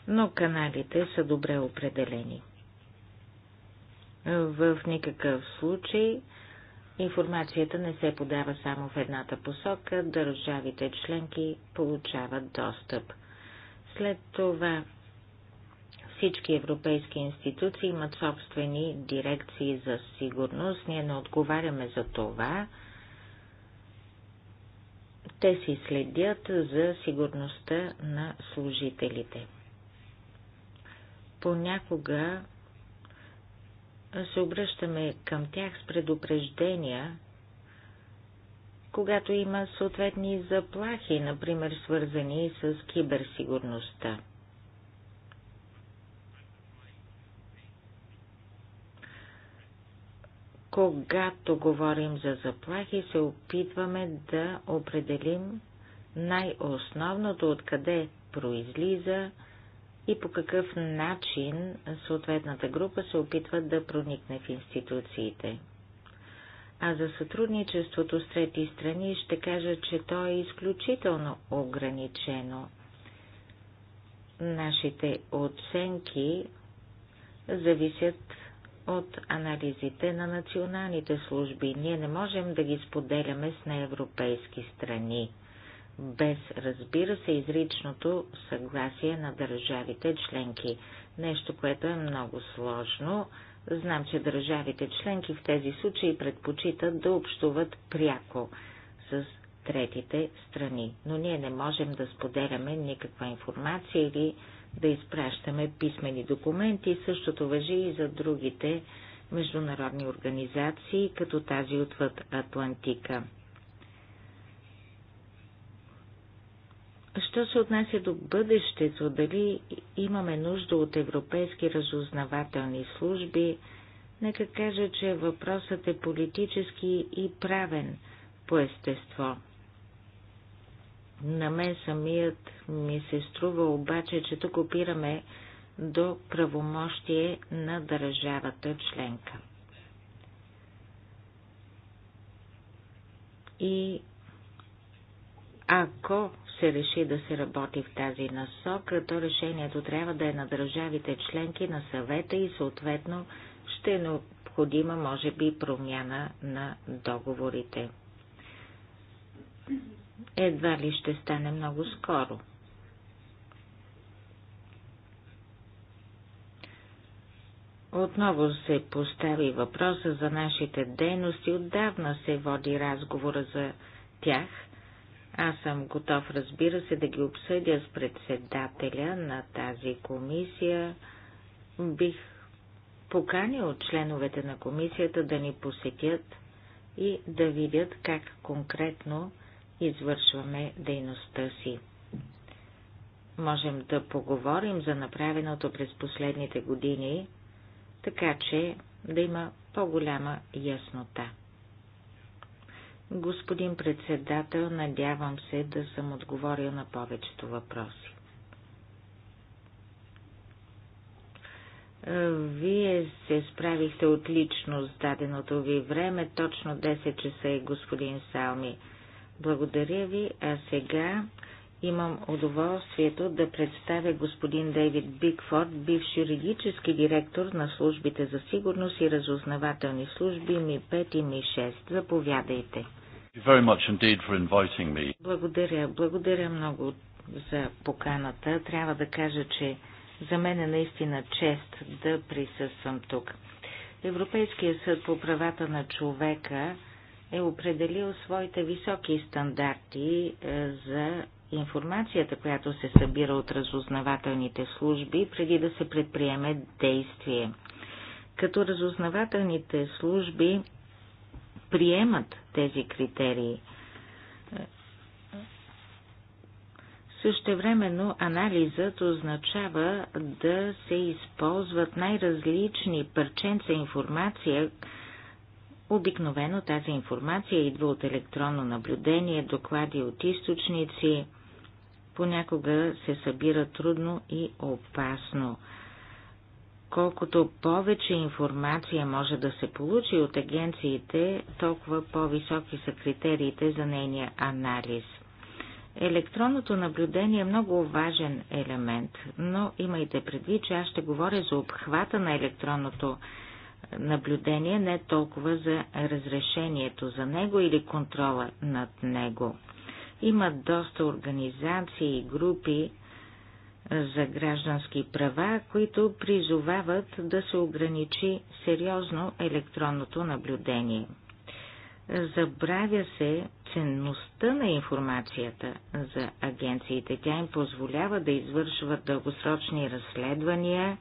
Но каналите са добре определени. В никакъв случай Информацията не се подава само в едната посока, държавите членки получават достъп. След това всички европейски институции имат собствени дирекции за сигурност. Ние не отговаряме за това. Те си следят за сигурността на служителите. Понякога се обръщаме към тях с предупреждения, когато има съответни заплахи, например свързани с киберсигурността. Когато говорим за заплахи, се опитваме да определим най-основното, откъде произлиза и по какъв начин съответната група се опитва да проникне в институциите. А за сътрудничеството с трети страни ще кажа, че то е изключително ограничено. Нашите оценки зависят от анализите на националните служби. Ние не можем да ги споделяме с неевропейски страни без, разбира се, изричното съгласие на държавите членки. Нещо, което е много сложно. Знам, че държавите членки в тези случаи предпочитат да общуват пряко с третите страни, но ние не можем да споделяме никаква информация или да изпращаме писмени документи. Същото въжи и за другите международни организации, като тази отвъд Атлантика. Що се отнася до бъдещето, дали имаме нужда от европейски разузнавателни служби, нека кажа, че въпросът е политически и правен по естество. На мен самият ми се струва обаче, че тук опираме до правомощие на държавата членка. И ако се реши да се работи в тази насока, то решението трябва да е на държавите членки на съвета и съответно ще е необходима, може би, промяна на договорите. Едва ли ще стане много скоро. Отново се постави въпроса за нашите дейности. Отдавна се води разговора за тях – аз съм готов, разбира се, да ги обсъдя с председателя на тази комисия. Бих поканил членовете на комисията да ни посетят и да видят как конкретно извършваме дейността си. Можем да поговорим за направеното през последните години, така че да има по-голяма яснота. Господин председател, надявам се да съм отговорил на повечето въпроси. Е, вие се справихте отлично с даденото ви време, точно 10 часа е господин Салми. Благодаря ви, а сега имам удоволствието да представя господин Дейвид Бигфорд, бивш юридически директор на службите за сигурност и разузнавателни служби МИ-5 и МИ-6. Заповядайте. Благодаря, благодаря много за поканата. Трябва да кажа, че за мен е наистина чест да присъствам тук. Европейския съд по правата на човека е определил своите високи стандарти е, за информацията, която се събира от разузнавателните служби, преди да се предприеме действие. Като разузнавателните служби приемат тези критерии, Същевременно анализът означава да се използват най-различни парченца информация. Обикновено тази информация идва от електронно наблюдение, доклади от източници, понякога се събира трудно и опасно. Колкото повече информация може да се получи от агенциите, толкова по-високи са критериите за нейния анализ. Електронното наблюдение е много важен елемент, но имайте предвид, че аз ще говоря за обхвата на електронното наблюдение, не толкова за разрешението за него или контрола над него. Има доста организации и групи за граждански права, които призовават да се ограничи сериозно електронното наблюдение. Забравя се ценността на информацията за агенциите. Тя им позволява да извършват дългосрочни разследвания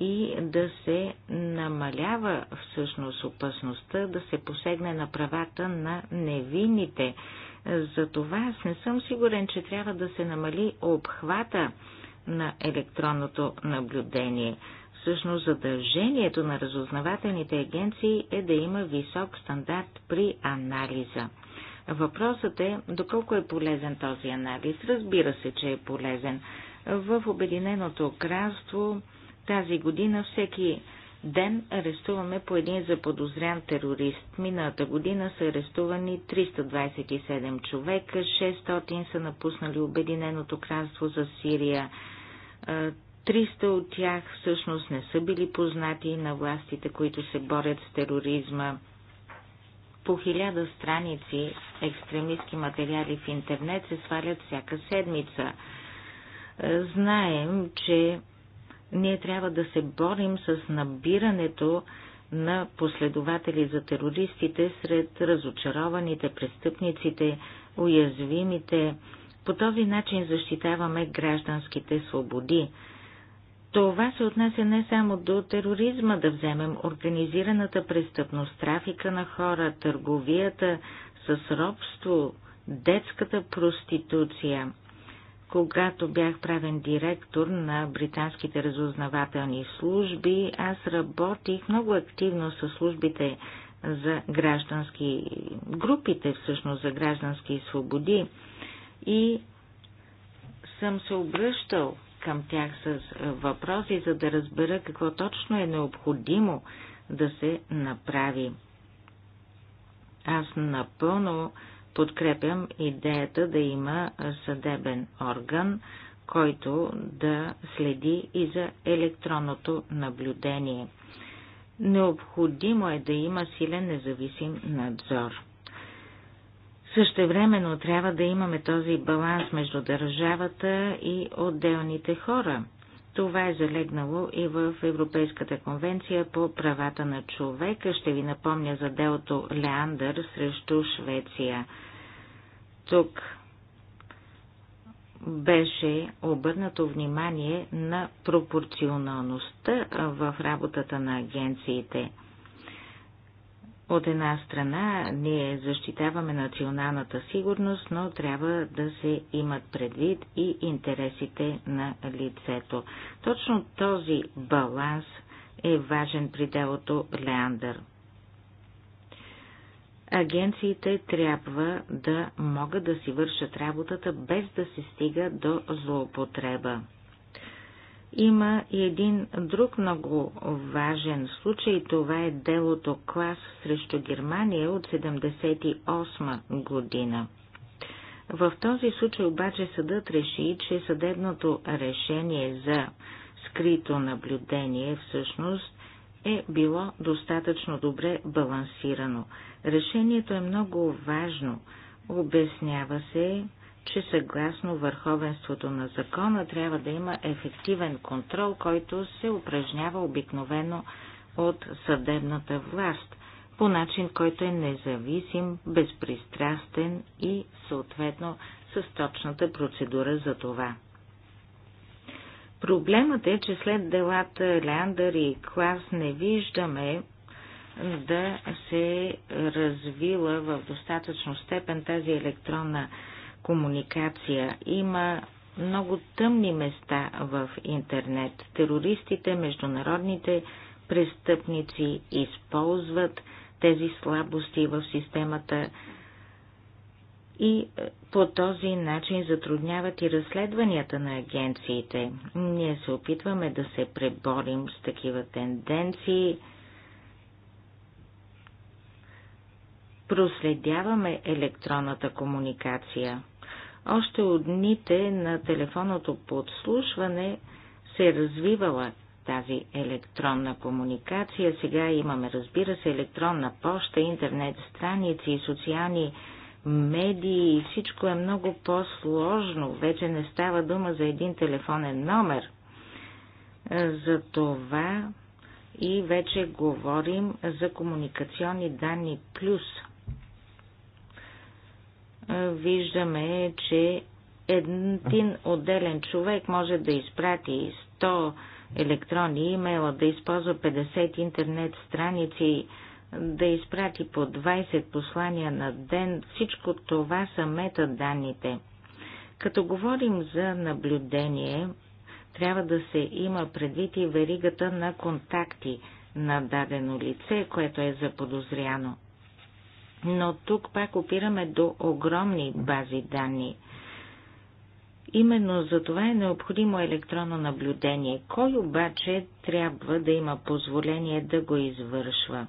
и да се намалява всъщност опасността да се посегне на правата на невинните затова аз не съм сигурен, че трябва да се намали обхвата на електронното наблюдение. Всъщност задължението на разузнавателните агенции е да има висок стандарт при анализа. Въпросът е доколко е полезен този анализ. Разбира се, че е полезен. В Обединеното кралство тази година всеки ден арестуваме по един заподозрян терорист. Миналата година са арестувани 327 човека, 600 са напуснали Обединеното кралство за Сирия. 300 от тях всъщност не са били познати на властите, които се борят с тероризма. По хиляда страници екстремистски материали в интернет се свалят всяка седмица. Знаем, че ние трябва да се борим с набирането на последователи за терористите сред разочарованите, престъпниците, уязвимите. По този начин защитаваме гражданските свободи. Това се отнася не само до тероризма, да вземем организираната престъпност, трафика на хора, търговията с робство, детската проституция – когато бях правен директор на британските разузнавателни служби, аз работих много активно с службите за граждански групите, всъщност за граждански свободи и съм се обръщал към тях с въпроси, за да разбера какво точно е необходимо да се направи. Аз напълно Подкрепям идеята да има съдебен орган, който да следи и за електронното наблюдение. Необходимо е да има силен независим надзор. Същевременно трябва да имаме този баланс между държавата и отделните хора. Това е залегнало и в Европейската конвенция по правата на човека. Ще ви напомня за делото Леандър срещу Швеция. Тук беше обърнато внимание на пропорционалността в работата на агенциите – от една страна, ние защитаваме националната сигурност, но трябва да се имат предвид и интересите на лицето. Точно този баланс е важен при делото Леандър. Агенциите трябва да могат да си вършат работата без да се стига до злоупотреба. Има и един друг много важен случай. Това е делото Клас срещу Германия от 1978 година. В този случай обаче съдът реши, че съдебното решение за скрито наблюдение всъщност е било достатъчно добре балансирано. Решението е много важно. Обяснява се, че съгласно върховенството на закона трябва да има ефективен контрол, който се упражнява обикновено от съдебната власт, по начин, който е независим, безпристрастен и съответно с точната процедура за това. Проблемът е, че след делата Леандър и Клас не виждаме да се развила в достатъчно степен тази електронна комуникация. Има много тъмни места в интернет. Терористите, международните престъпници използват тези слабости в системата и е, по този начин затрудняват и разследванията на агенциите. Ние се опитваме да се преборим с такива тенденции. Проследяваме електронната комуникация – още от дните на телефонното подслушване се е развивала тази електронна комуникация. Сега имаме, разбира се, електронна поща, интернет страници и социални медии. Всичко е много по-сложно. Вече не става дума за един телефонен номер. За това и вече говорим за комуникационни данни плюс – виждаме, че един отделен човек може да изпрати 100 електронни имейла, да използва 50 интернет страници, да изпрати по 20 послания на ден. Всичко това са метаданните. Като говорим за наблюдение, трябва да се има предвид и веригата на контакти на дадено лице, което е заподозряно но тук пак опираме до огромни бази данни. Именно за това е необходимо електронно наблюдение. Кой обаче трябва да има позволение да го извършва?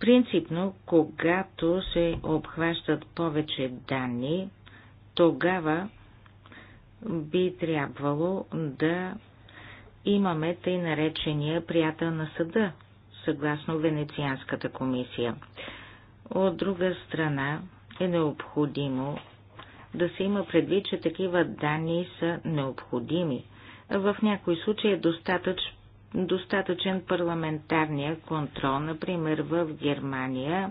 Принципно, когато се обхващат повече данни, тогава би трябвало да имаме тъй наречения приятел на съда съгласно Венецианската комисия. От друга страна е необходимо да се има предвид, че такива данни са необходими. В някои случаи е достатъч, достатъчен парламентарния контрол, например в Германия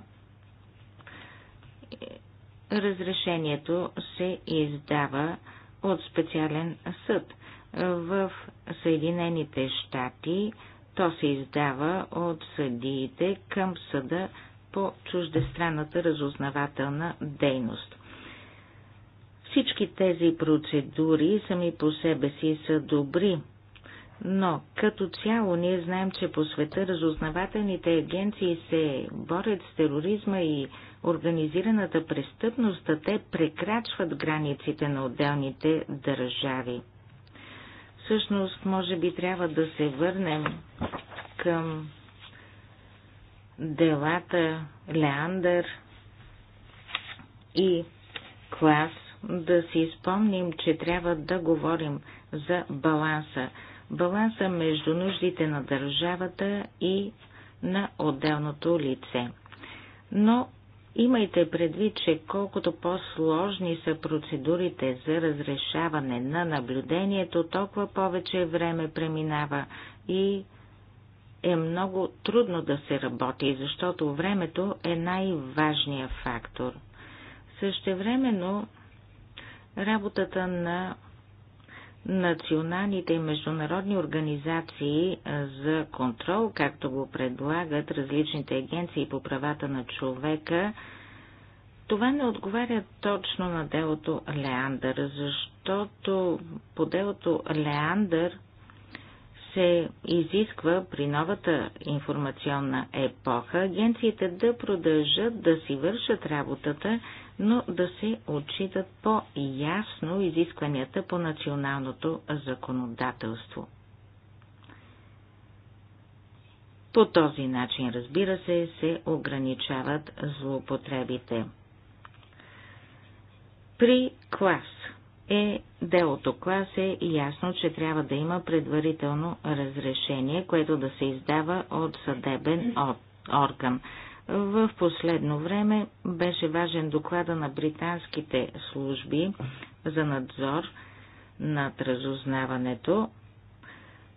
разрешението се издава от специален съд. В Съединените щати то се издава от съдиите към съда по чуждестранната разузнавателна дейност. Всички тези процедури сами по себе си са добри, но като цяло ние знаем, че по света разузнавателните агенции се борят с тероризма и организираната престъпност, а те прекрачват границите на отделните държави. Всъщност, може би трябва да се върнем към делата Леандър и клас, да си спомним, че трябва да говорим за баланса. Баланса между нуждите на държавата и на отделното лице. Но Имайте предвид, че колкото по-сложни са процедурите за разрешаване на наблюдението, толкова повече време преминава и е много трудно да се работи, защото времето е най-важният фактор. Същевременно работата на националните и международни организации за контрол, както го предлагат различните агенции по правата на човека, това не отговаря точно на делото Леандър, защото по делото Леандър се изисква при новата информационна епоха агенциите да продължат да си вършат работата, но да се отчитат по-ясно изискванията по националното законодателство. По този начин, разбира се, се ограничават злоупотребите. При клас е делото клас е ясно, че трябва да има предварително разрешение, което да се издава от съдебен орган. В последно време беше важен доклада на британските служби за надзор над разузнаването.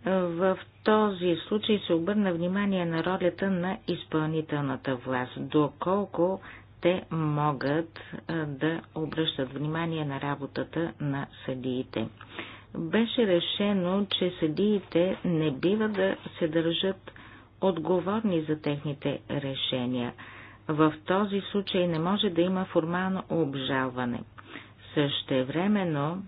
В този случай се обърна внимание на ролята на изпълнителната власт, доколко те могат да обръщат внимание на работата на съдиите. Беше решено, че съдиите не бива да се държат отговорни за техните решения. В този случай не може да има формално обжалване. Същевременно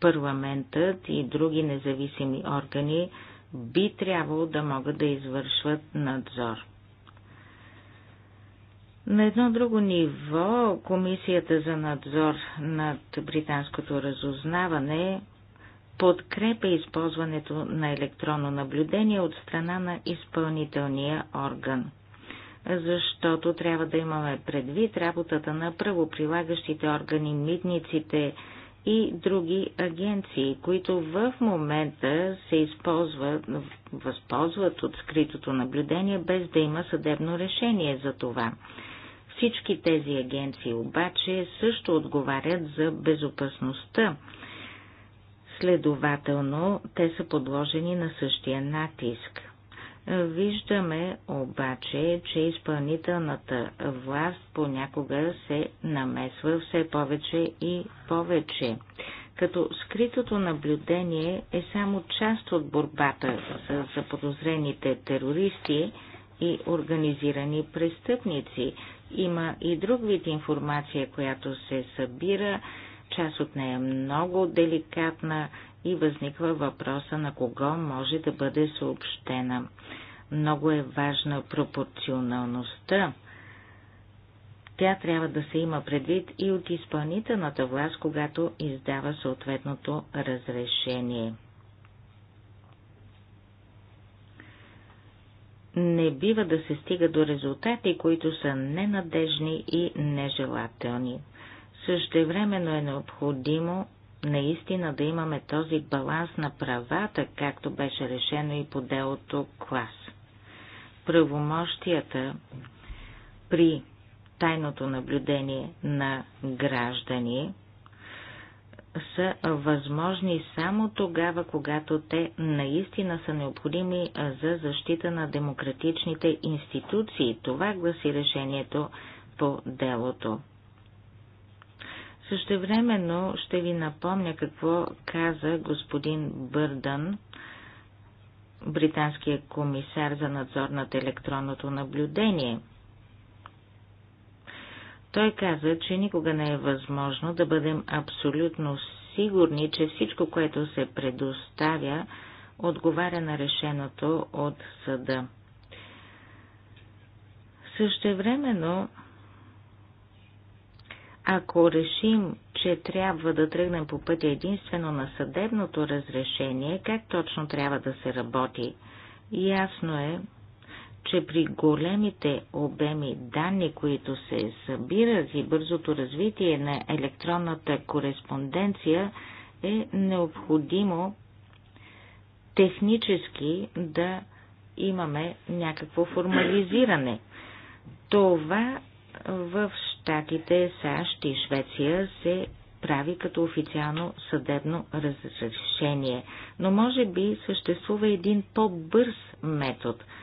парламентът и други независими органи би трябвало да могат да извършват надзор. На едно друго ниво Комисията за надзор над британското разузнаване подкрепя използването на електронно наблюдение от страна на изпълнителния орган. Защото трябва да имаме предвид работата на правоприлагащите органи, митниците и други агенции, които в момента се използват, възползват от скритото наблюдение без да има съдебно решение за това. Всички тези агенции обаче също отговарят за безопасността. Следователно, те са подложени на същия натиск. Виждаме обаче, че изпълнителната власт понякога се намесва все повече и повече, като скритото наблюдение е само част от борбата с заподозрените терористи и организирани престъпници. Има и друг вид информация, която се събира, част от нея е много деликатна и възниква въпроса на кого може да бъде съобщена. Много е важна пропорционалността. Тя трябва да се има предвид и от изпълнителната власт, когато издава съответното разрешение. не бива да се стига до резултати, които са ненадежни и нежелателни. Същевременно е необходимо наистина да имаме този баланс на правата, както беше решено и по делото клас. Правомощията при тайното наблюдение на граждани са възможни само тогава, когато те наистина са необходими за защита на демократичните институции. Това гласи решението по делото. Същевременно ще ви напомня какво каза господин Бърдън, британския комисар за надзор над електронното наблюдение – той каза, че никога не е възможно да бъдем абсолютно сигурни, че всичко, което се предоставя, отговаря на решеното от съда. Същевременно, ако решим, че трябва да тръгнем по пътя единствено на съдебното разрешение, как точно трябва да се работи? Ясно е, че при големите обеми данни, които се събират и бързото развитие на електронната кореспонденция, е необходимо технически да имаме някакво формализиране. Това в Штатите, САЩ и Швеция се прави като официално съдебно разрешение, но може би съществува един по-бърз метод –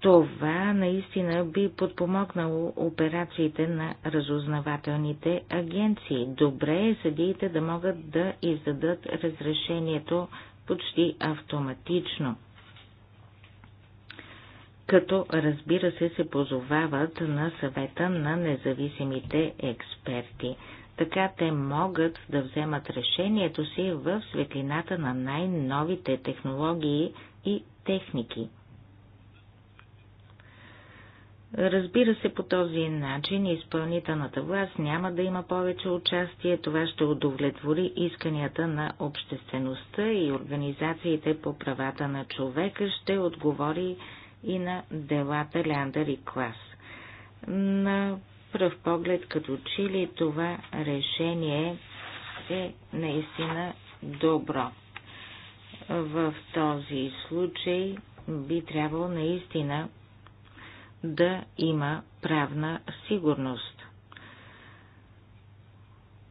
това наистина би подпомогнало операциите на разузнавателните агенции. Добре е съдиите да могат да издадат разрешението почти автоматично като разбира се се позовават на съвета на независимите експерти. Така те могат да вземат решението си в светлината на най-новите технологии и техники. Разбира се, по този начин изпълнителната власт няма да има повече участие, това ще удовлетвори исканията на обществеността и организациите по правата на човека, ще отговори и на делата Ляндър и Клас. На пръв поглед, като че ли това решение е наистина добро. В този случай би трябвало наистина да има правна сигурност.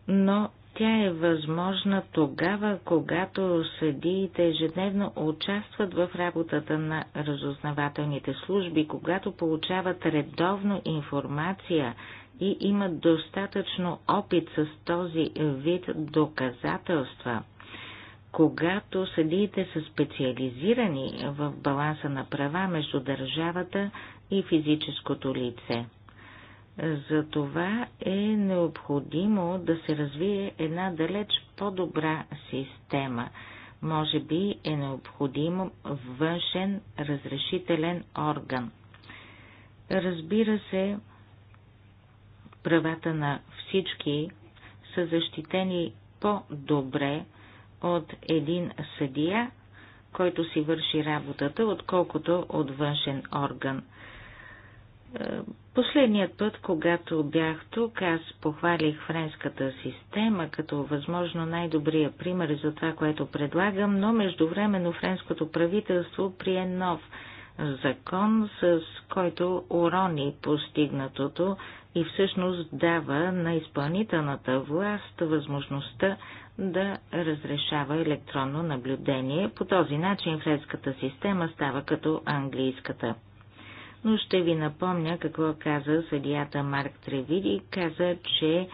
Но тя е възможна тогава, когато съдиите ежедневно участват в работата на разузнавателните служби, когато получават редовно информация и имат достатъчно опит с този вид доказателства. Когато съдиите са специализирани в баланса на права между държавата и физическото лице. За това е необходимо да се развие една далеч по-добра система. Може би е необходим външен разрешителен орган. Разбира се, правата на всички са защитени по-добре от един съдия, който си върши работата, отколкото от външен орган. Последният път, когато бях тук, аз похвалих френската система като възможно най-добрия пример за това, което предлагам, но междувременно френското правителство прие нов закон, с който урони постигнатото и всъщност дава на изпълнителната власт възможността да разрешава електронно наблюдение. По този начин френската система става като английската но ще ви напомня какво каза съдията Марк Тревиди. Каза, че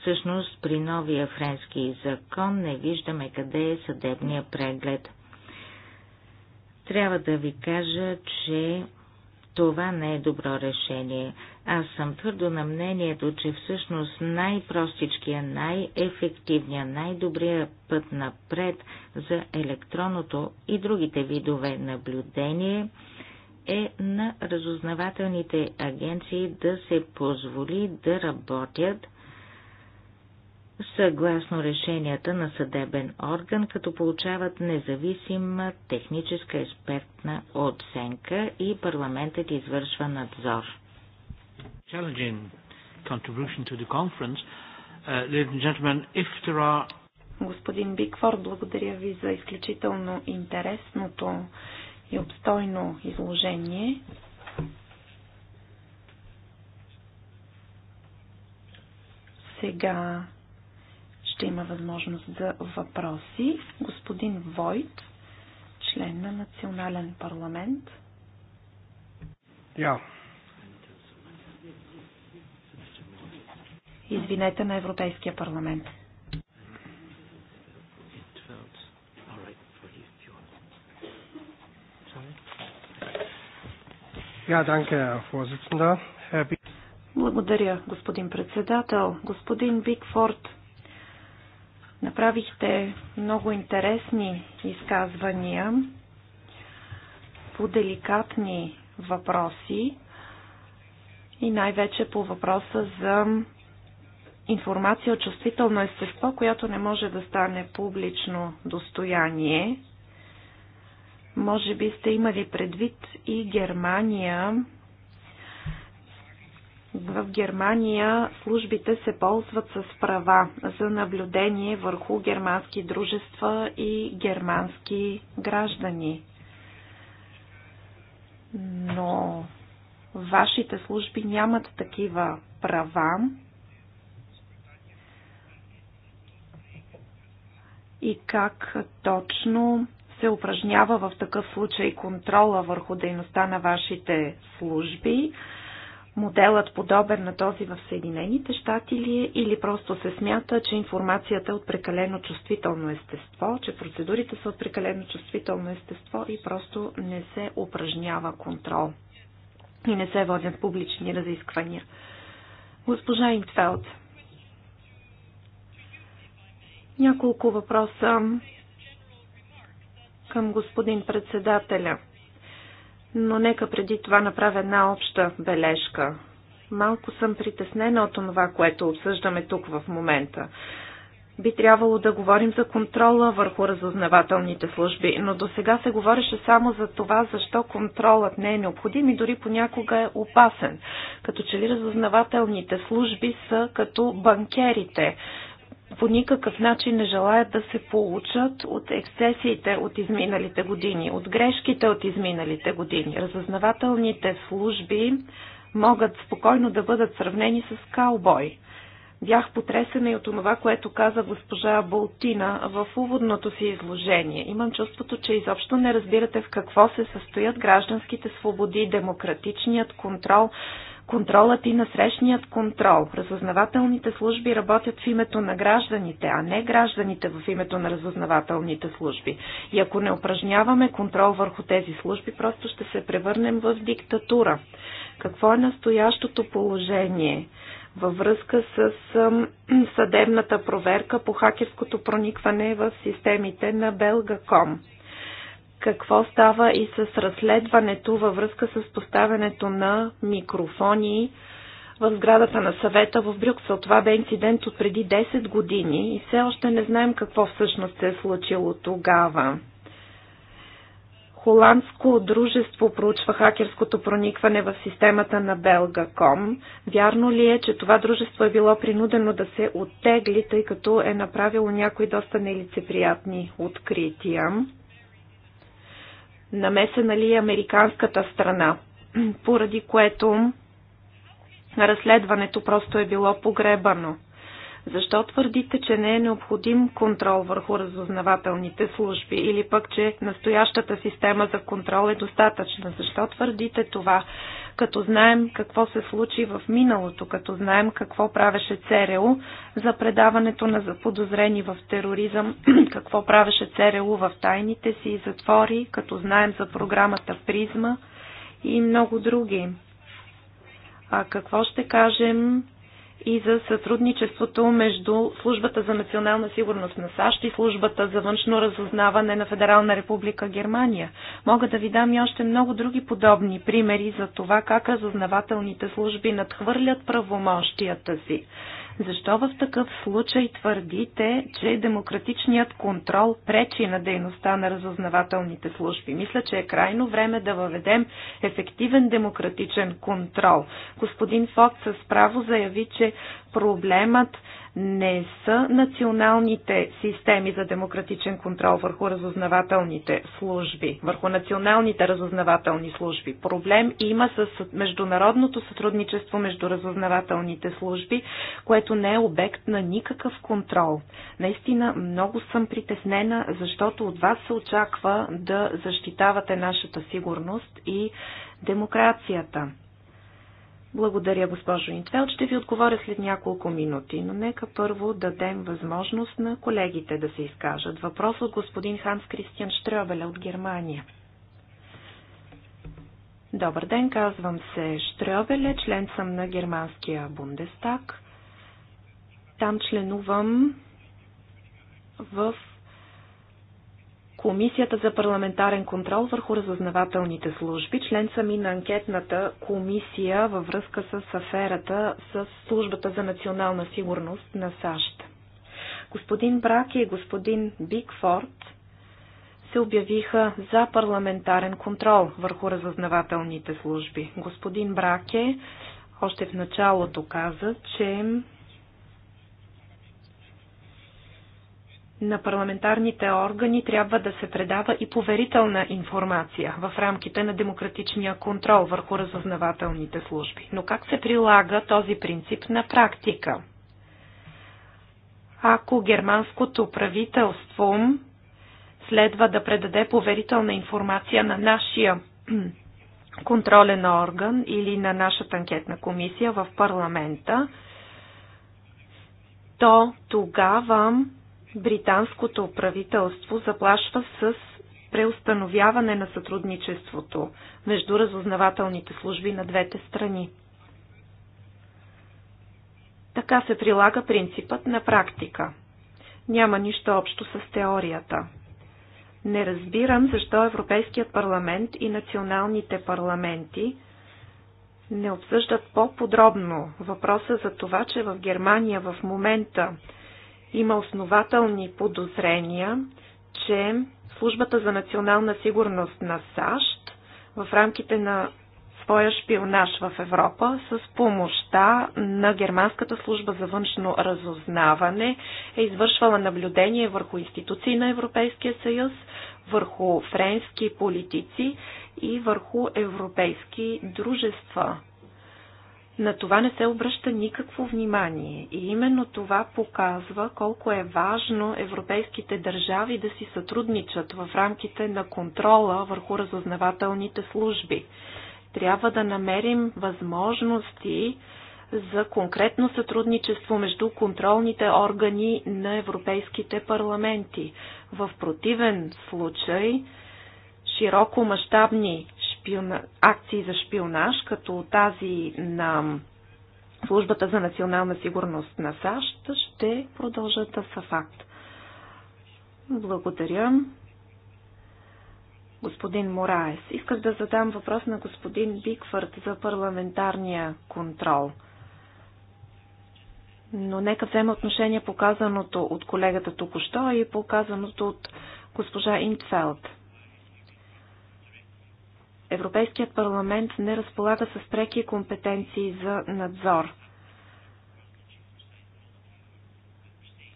всъщност при новия френски закон не виждаме къде е съдебния преглед. Трябва да ви кажа, че това не е добро решение. Аз съм твърдо на мнението, че всъщност най-простичкия, най ефективният най добрият път напред за електронното и другите видове наблюдение – е на разузнавателните агенции да се позволи да работят съгласно решенията на съдебен орган, като получават независима техническа експертна оценка и парламентът извършва надзор. Uh, Господин Бикфорд, благодаря ви за изключително интересното и обстойно изложение. Сега ще има възможност за въпроси. Господин Войт, член на Национален парламент. Yeah. Извинете на Европейския парламент. Ja, danke, Herr Благодаря, господин председател. Господин Бигфорд, направихте много интересни изказвания по деликатни въпроси и най-вече по въпроса за информация от чувствително естество, която не може да стане публично достояние. Може би сте имали предвид и Германия. В Германия службите се ползват с права за наблюдение върху германски дружества и германски граждани. Но вашите служби нямат такива права. И как точно се упражнява в такъв случай контрола върху дейността на вашите служби? Моделът подобен на този в Съединените щати ли е или просто се смята, че информацията е от прекалено чувствително естество, че процедурите са от прекалено чувствително естество и просто не се упражнява контрол и не се водят публични разисквания? Госпожа Инфелд, няколко въпроса към господин председателя. Но нека преди това направя една обща бележка. Малко съм притеснена от това, което обсъждаме тук в момента. Би трябвало да говорим за контрола върху разузнавателните служби, но до сега се говореше само за това, защо контролът не е необходим и дори понякога е опасен. Като че ли разузнавателните служби са като банкерите по никакъв начин не желаят да се получат от ексцесиите от изминалите години, от грешките от изминалите години. Разъзнавателните служби могат спокойно да бъдат сравнени с каубой. Бях потресена и от това, което каза госпожа Болтина в уводното си изложение. Имам чувството, че изобщо не разбирате в какво се състоят гражданските свободи, демократичният контрол, контролът и насрещният контрол. Разузнавателните служби работят в името на гражданите, а не гражданите в името на разузнавателните служби. И ако не упражняваме контрол върху тези служби, просто ще се превърнем в диктатура. Какво е настоящото положение? във връзка с съдебната проверка по хакерското проникване в системите на Белгаком? какво става и с разследването във връзка с поставянето на микрофони в сградата на съвета в Брюксел. Това бе инцидент от преди 10 години и все още не знаем какво всъщност се е случило тогава. Холандско дружество проучва хакерското проникване в системата на Belga.com. Вярно ли е, че това дружество е било принудено да се оттегли, тъй като е направило някои доста нелицеприятни открития? намесена ли американската страна, [clears throat] поради което разследването просто е било погребано. Защо твърдите, че не е необходим контрол върху разузнавателните служби или пък, че настоящата система за контрол е достатъчна? Защо твърдите това? като знаем какво се случи в миналото, като знаем какво правеше ЦРУ за предаването на заподозрени в тероризъм, [clears throat] какво правеше ЦРУ в тайните си затвори, като знаем за програмата Призма и много други. А какво ще кажем и за сътрудничеството между Службата за национална сигурност на САЩ и Службата за външно разузнаване на Федерална република Германия. Мога да ви дам и още много други подобни примери за това как разузнавателните служби надхвърлят правомощията си. Защо в такъв случай твърдите, че демократичният контрол пречи на дейността на разузнавателните служби? Мисля, че е крайно време да въведем ефективен демократичен контрол. Господин Фокс с право заяви, че проблемът не са националните системи за демократичен контрол върху разузнавателните служби, върху националните разузнавателни служби. Проблем има с международното сътрудничество между разузнавателните служби, което не е обект на никакъв контрол. Наистина много съм притеснена, защото от вас се очаква да защитавате нашата сигурност и демокрацията. Благодаря, госпожо Интвел. Ще ви отговоря след няколко минути, но нека първо дадем възможност на колегите да се изкажат. Въпрос от господин Ханс Кристиан Штребеле от Германия. Добър ден, казвам се Штребеле, член съм на германския Бундестаг. Там членувам в Комисията за парламентарен контрол върху разузнавателните служби. Член съм и на анкетната комисия във връзка с аферата с службата за национална сигурност на САЩ. Господин Брак и господин Бигфорд се обявиха за парламентарен контрол върху разузнавателните служби. Господин Браке още в началото каза, че на парламентарните органи трябва да се предава и поверителна информация в рамките на демократичния контрол върху разузнавателните служби. Но как се прилага този принцип на практика? Ако германското правителство следва да предаде поверителна информация на нашия [clears throat] контролен орган или на нашата анкетна комисия в парламента, то тогава британското правителство заплашва с преустановяване на сътрудничеството между разузнавателните служби на двете страни. Така се прилага принципът на практика. Няма нищо общо с теорията. Не разбирам защо Европейският парламент и националните парламенти не обсъждат по-подробно въпроса за това, че в Германия в момента има основателни подозрения, че Службата за национална сигурност на САЩ в рамките на своя шпионаж в Европа с помощта на Германската служба за външно разузнаване е извършвала наблюдение върху институции на Европейския съюз, върху френски политици и върху европейски дружества. На това не се обръща никакво внимание и именно това показва колко е важно европейските държави да си сътрудничат в рамките на контрола върху разузнавателните служби. Трябва да намерим възможности за конкретно сътрудничество между контролните органи на европейските парламенти. В противен случай широко мащабни шпиона... акции за шпионаж, като тази на Службата за национална сигурност на САЩ, ще продължат да са факт. Благодаря. Господин Мораес, исках да задам въпрос на господин Бикфърд за парламентарния контрол. Но нека взема отношение показаното от колегата току-що и показаното от госпожа Интфелд. Европейският парламент не разполага с преки компетенции за надзор.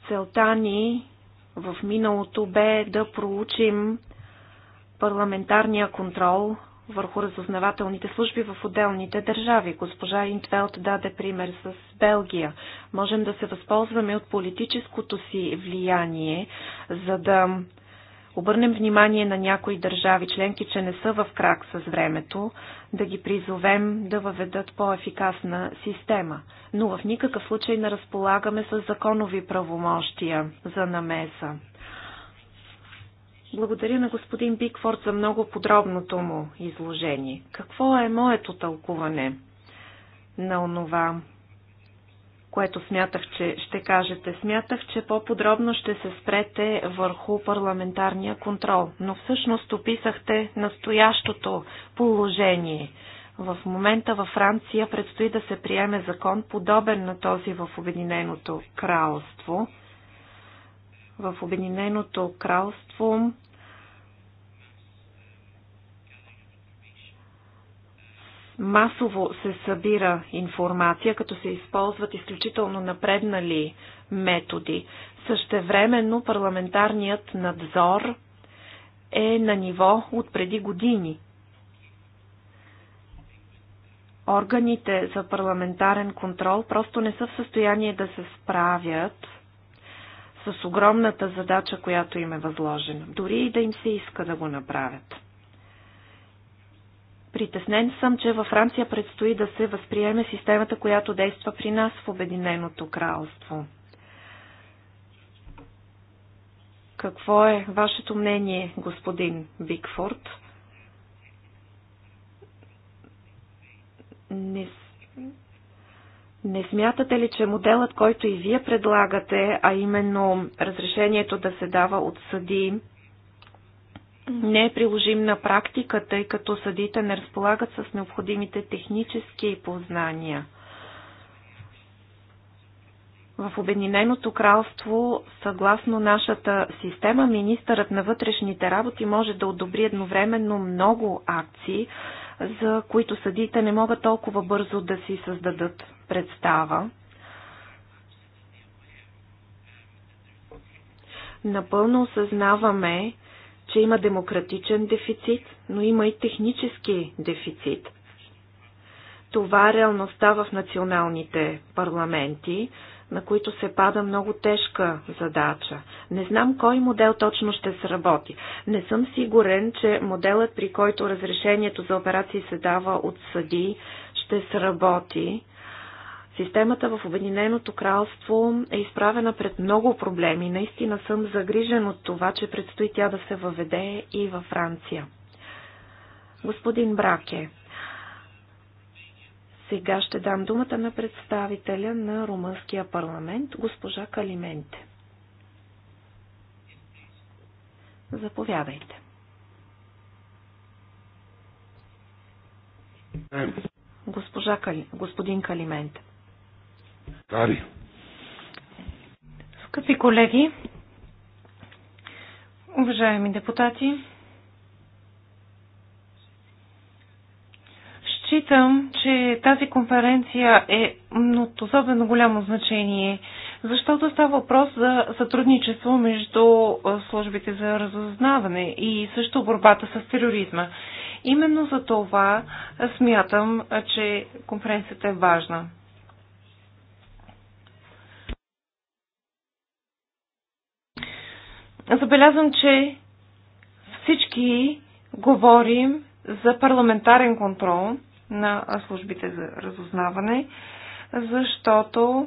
Целта ни в миналото бе да проучим парламентарния контрол върху разузнавателните служби в отделните държави. Госпожа Интвелт даде пример с Белгия. Можем да се възползваме от политическото си влияние, за да обърнем внимание на някои държави членки, че не са в крак с времето, да ги призовем да въведат по-ефикасна система. Но в никакъв случай не разполагаме с законови правомощия за намеса. Благодаря на господин Бикфорд за много подробното му изложение. Какво е моето тълкуване на онова, което смятах, че ще кажете. Смятах, че по-подробно ще се спрете върху парламентарния контрол, но всъщност описахте настоящото положение. В момента във Франция предстои да се приеме закон, подобен на този в Обединеното кралство. В Обединеното кралство масово се събира информация, като се използват изключително напреднали методи. Същевременно парламентарният надзор е на ниво от преди години. Органите за парламентарен контрол просто не са в състояние да се справят с огромната задача, която им е възложена, дори и да им се иска да го направят. Притеснен съм, че във Франция предстои да се възприеме системата, която действа при нас в Обединеното кралство. Какво е вашето мнение, господин Бигфорд? Не, не смятате ли, че моделът, който и вие предлагате, а именно разрешението да се дава от съди, не е приложим на практика, тъй като съдите не разполагат с необходимите технически познания. В Обединеното кралство, съгласно нашата система, министърът на вътрешните работи може да одобри едновременно много акции, за които съдите не могат толкова бързо да си създадат представа. Напълно осъзнаваме, че има демократичен дефицит, но има и технически дефицит. Това е реалността в националните парламенти, на които се пада много тежка задача. Не знам кой модел точно ще сработи. Не съм сигурен, че моделът, при който разрешението за операции се дава от съди, ще сработи. Системата в Обединеното кралство е изправена пред много проблеми. Наистина съм загрижен от това, че предстои тя да се въведе и във Франция. Господин Браке, сега ще дам думата на представителя на Румънския парламент, госпожа Калименте. Заповядайте. Е. Госпожа Кали... господин Калименте. Тари. Скъпи колеги, уважаеми депутати, считам, че тази конференция е от особено голямо значение, защото става въпрос за сътрудничество между службите за разузнаване и също борбата с тероризма. Именно за това смятам, че конференцията е важна. забелязвам, че всички говорим за парламентарен контрол на службите за разузнаване, защото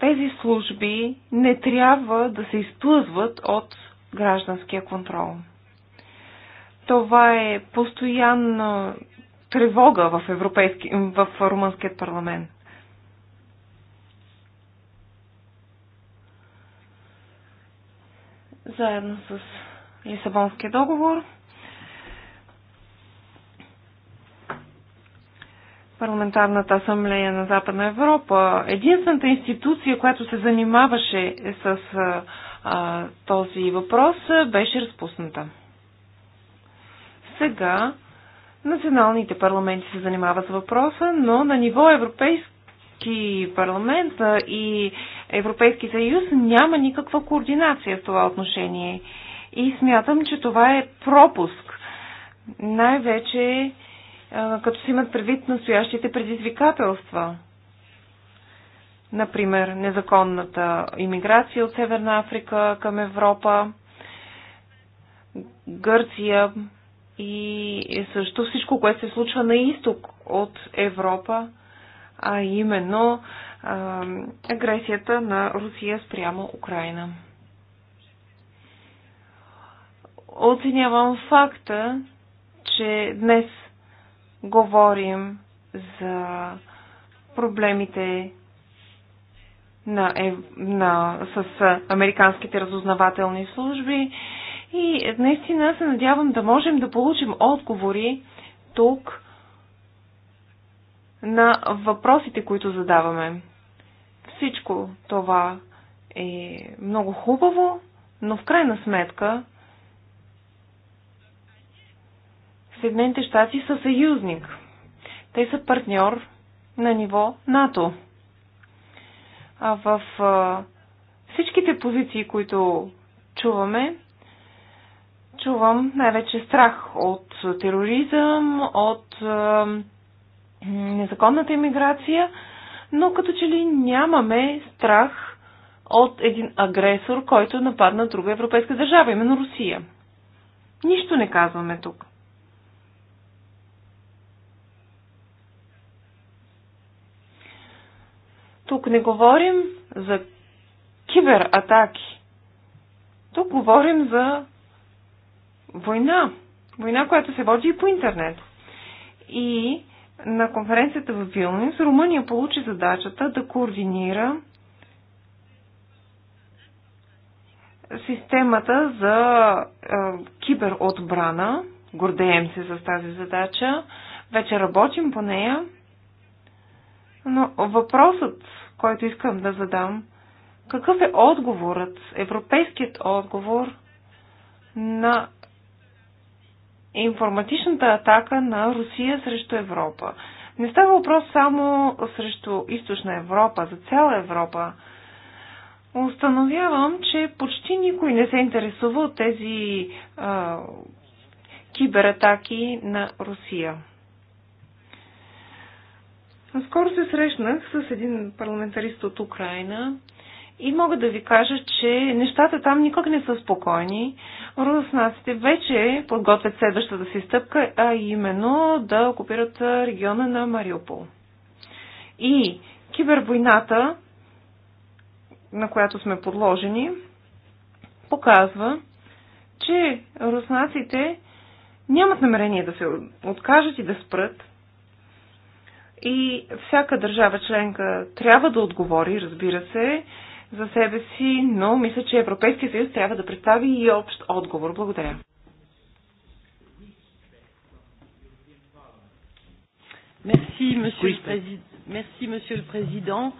тези служби не трябва да се изплъзват от гражданския контрол. Това е постоянна тревога в, европейски, в румънският парламент. заедно с Лисабонския договор. Парламентарната асамблея на Западна Европа, единствената институция, която се занимаваше с а, този въпрос, беше разпусната. Сега националните парламенти се занимават с въпроса, но на ниво европейско Европейски парламент и Европейски съюз няма никаква координация в това отношение. И смятам, че това е пропуск. Най-вече като се имат предвид настоящите предизвикателства. Например, незаконната иммиграция от Северна Африка към Европа, Гърция и също всичко, което се случва на изток от Европа а именно а, агресията на Русия спрямо Украина. Оценявам факта, че днес говорим за проблемите на, на, с американските разузнавателни служби и наистина се надявам да можем да получим отговори тук на въпросите, които задаваме. Всичко това е много хубаво, но в крайна сметка Съединените щати са съюзник. Те са партньор на ниво НАТО. А в а, всичките позиции, които чуваме, чувам най-вече страх от тероризъм, от а, незаконната иммиграция, но като че ли нямаме страх от един агресор, който нападна друга европейска държава, именно Русия. Нищо не казваме тук. Тук не говорим за кибератаки. Тук говорим за война. Война, която се води и по интернет. И на конференцията в Вилнюс Румъния получи задачата да координира системата за киберотбрана. Гордеем се с тази задача. Вече работим по нея. Но въпросът, който искам да задам, какъв е отговорът, европейският отговор на информатичната атака на Русия срещу Европа. Не става въпрос само срещу източна Европа, за цяла Европа. Установявам, че почти никой не се е интересува от тези а, кибератаки на Русия. Скоро се срещнах с един парламентарист от Украина, и мога да ви кажа, че нещата там никак не са спокойни. Руснаците вече подготвят следващата си стъпка, а именно да окупират региона на Мариупол. И кибервойната, на която сме подложени, показва, че руснаците нямат намерение да се откажат и да спрат. И всяка държава членка трябва да отговори, разбира се, за себе си, но мисля, че Европейския съюз трябва да представи и общ отговор. Благодаря. Мерси, месье президент.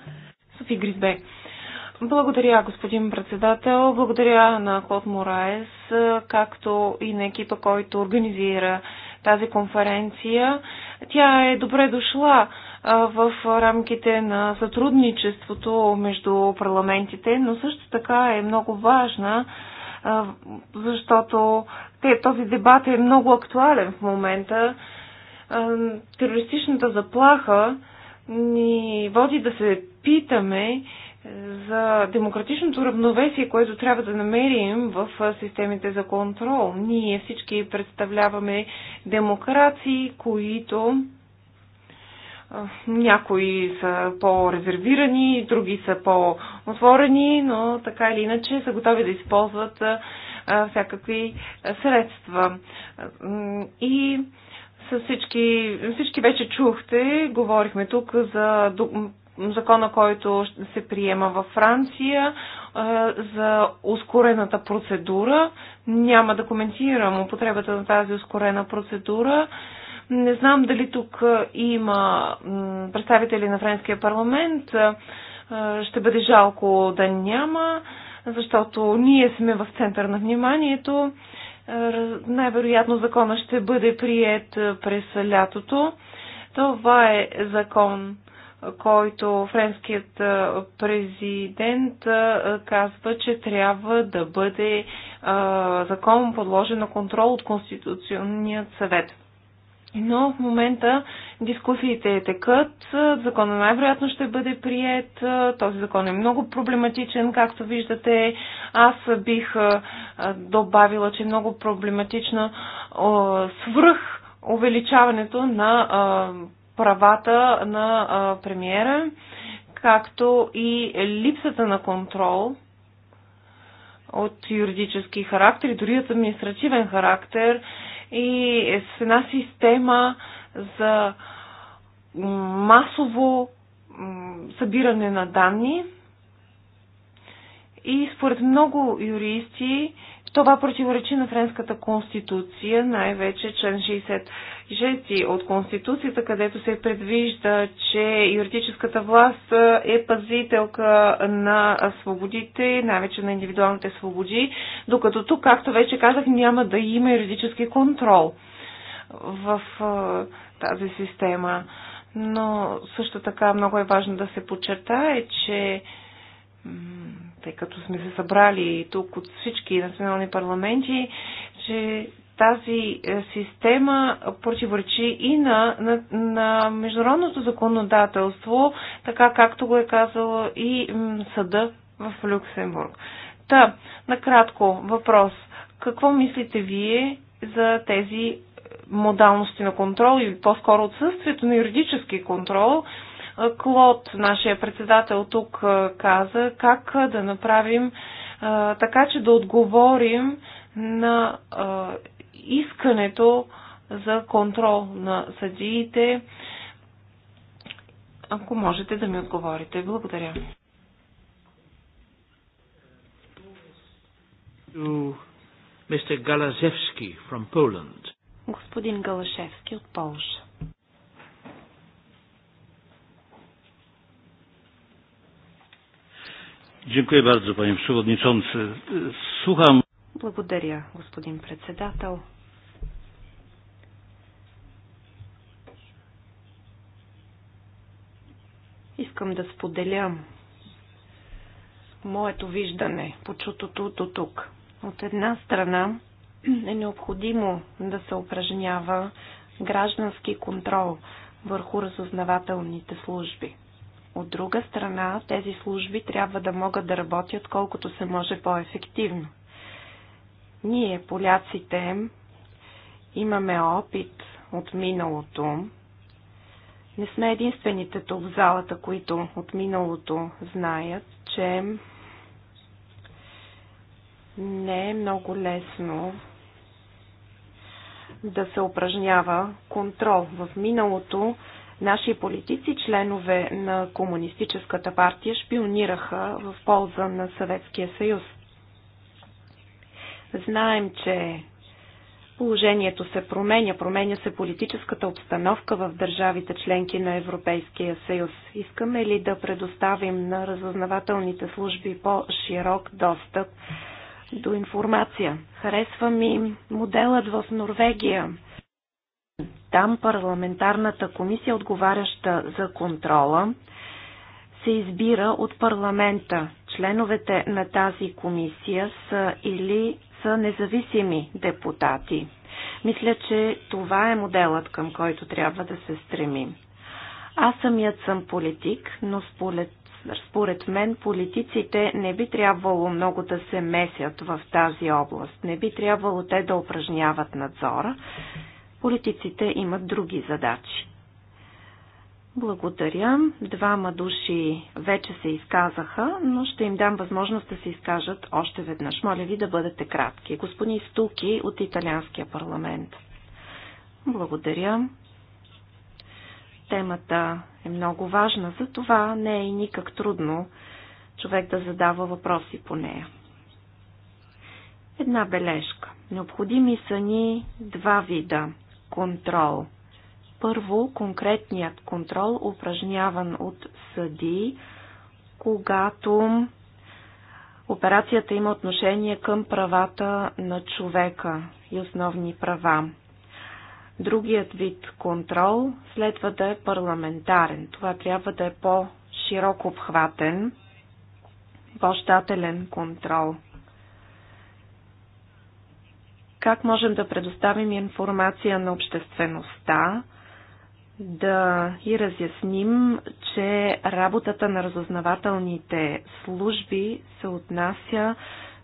Софи Гризбе. Благодаря, господин председател. Благодаря на Клод Мораес, както и на екипа, който организира тази конференция. Тя е добре дошла в рамките на сътрудничеството между парламентите, но също така е много важна, защото този дебат е много актуален в момента. Терористичната заплаха ни води да се питаме за демократичното равновесие, което трябва да намерим в системите за контрол. Ние всички представляваме демокрации, които някои са по-резервирани, други са по-отворени, но така или иначе са готови да използват всякакви средства. И с всички, всички вече чухте, говорихме тук за закона, който се приема във Франция за ускорената процедура. Няма да коментирам употребата на тази ускорена процедура. Не знам дали тук има представители на Френския парламент. Ще бъде жалко да няма, защото ние сме в център на вниманието. Най-вероятно закона ще бъде прият през лятото. Това е закон, който френският президент казва, че трябва да бъде закон подложен на контрол от Конституционният съвет. Но в момента дискусиите е текат, закона най-вероятно ще бъде прият, този закон е много проблематичен, както виждате. Аз бих добавила, че е много проблематично свръх увеличаването на правата на премиера, както и липсата на контрол от юридически характер и дори от административен характер и с една система за масово събиране на данни. И според много юристи това противоречи на Френската конституция, най-вече член 66 от конституцията, където се предвижда, че юридическата власт е пазителка на свободите, най-вече на индивидуалните свободи, докато тук, както вече казах, няма да има юридически контрол в тази система. Но също така много е важно да се подчертае, че тъй като сме се събрали тук от всички национални парламенти, че тази е, система противоречи и на, на, на международното законодателство, така както го е казал и съда в Люксембург. Та, накратко въпрос. Какво мислите вие за тези е, модалности на контрол или по-скоро отсъствието на юридически контрол Клод, нашия председател тук каза, как да направим така, че да отговорим на искането за контрол на съдиите. Ако можете да ми отговорите. Благодаря. Господин Галашевски от Полша. Dziękuję bardzo, panie przewodniczący. Słucham. Благодаря, господин председател. Искам да споделя моето виждане по чутото до тук. От една страна е необходимо да се упражнява граждански контрол върху разузнавателните служби. От друга страна, тези служби трябва да могат да работят колкото се може по-ефективно. Ние, поляците, имаме опит от миналото. Не сме единствените тук в залата, които от миналото знаят, че не е много лесно да се упражнява контрол. В миналото Наши политици, членове на Комунистическата партия, шпионираха в полза на Съветския съюз. Знаем, че положението се променя, променя се политическата обстановка в държавите членки на Европейския съюз. Искаме ли да предоставим на разузнавателните служби по-широк достъп до информация? Харесва ми моделът в Норвегия там парламентарната комисия, отговаряща за контрола, се избира от парламента. Членовете на тази комисия са или са независими депутати. Мисля, че това е моделът, към който трябва да се стремим. Аз самият съм политик, но според, според мен политиците не би трябвало много да се месят в тази област. Не би трябвало те да упражняват надзора. Политиците имат други задачи. Благодаря. Двама души вече се изказаха, но ще им дам възможност да се изкажат още веднъж. Моля ви да бъдете кратки. Господин Стуки от Италианския парламент. Благодаря. Темата е много важна, за това не е и никак трудно човек да задава въпроси по нея. Една бележка. Необходими са ни два вида контрол. Първо, конкретният контрол, упражняван от съди, когато операцията има отношение към правата на човека и основни права. Другият вид контрол следва да е парламентарен. Това трябва да е по-широко обхватен, по-щателен контрол. Как можем да предоставим информация на обществеността, да и разясним, че работата на разузнавателните служби се отнася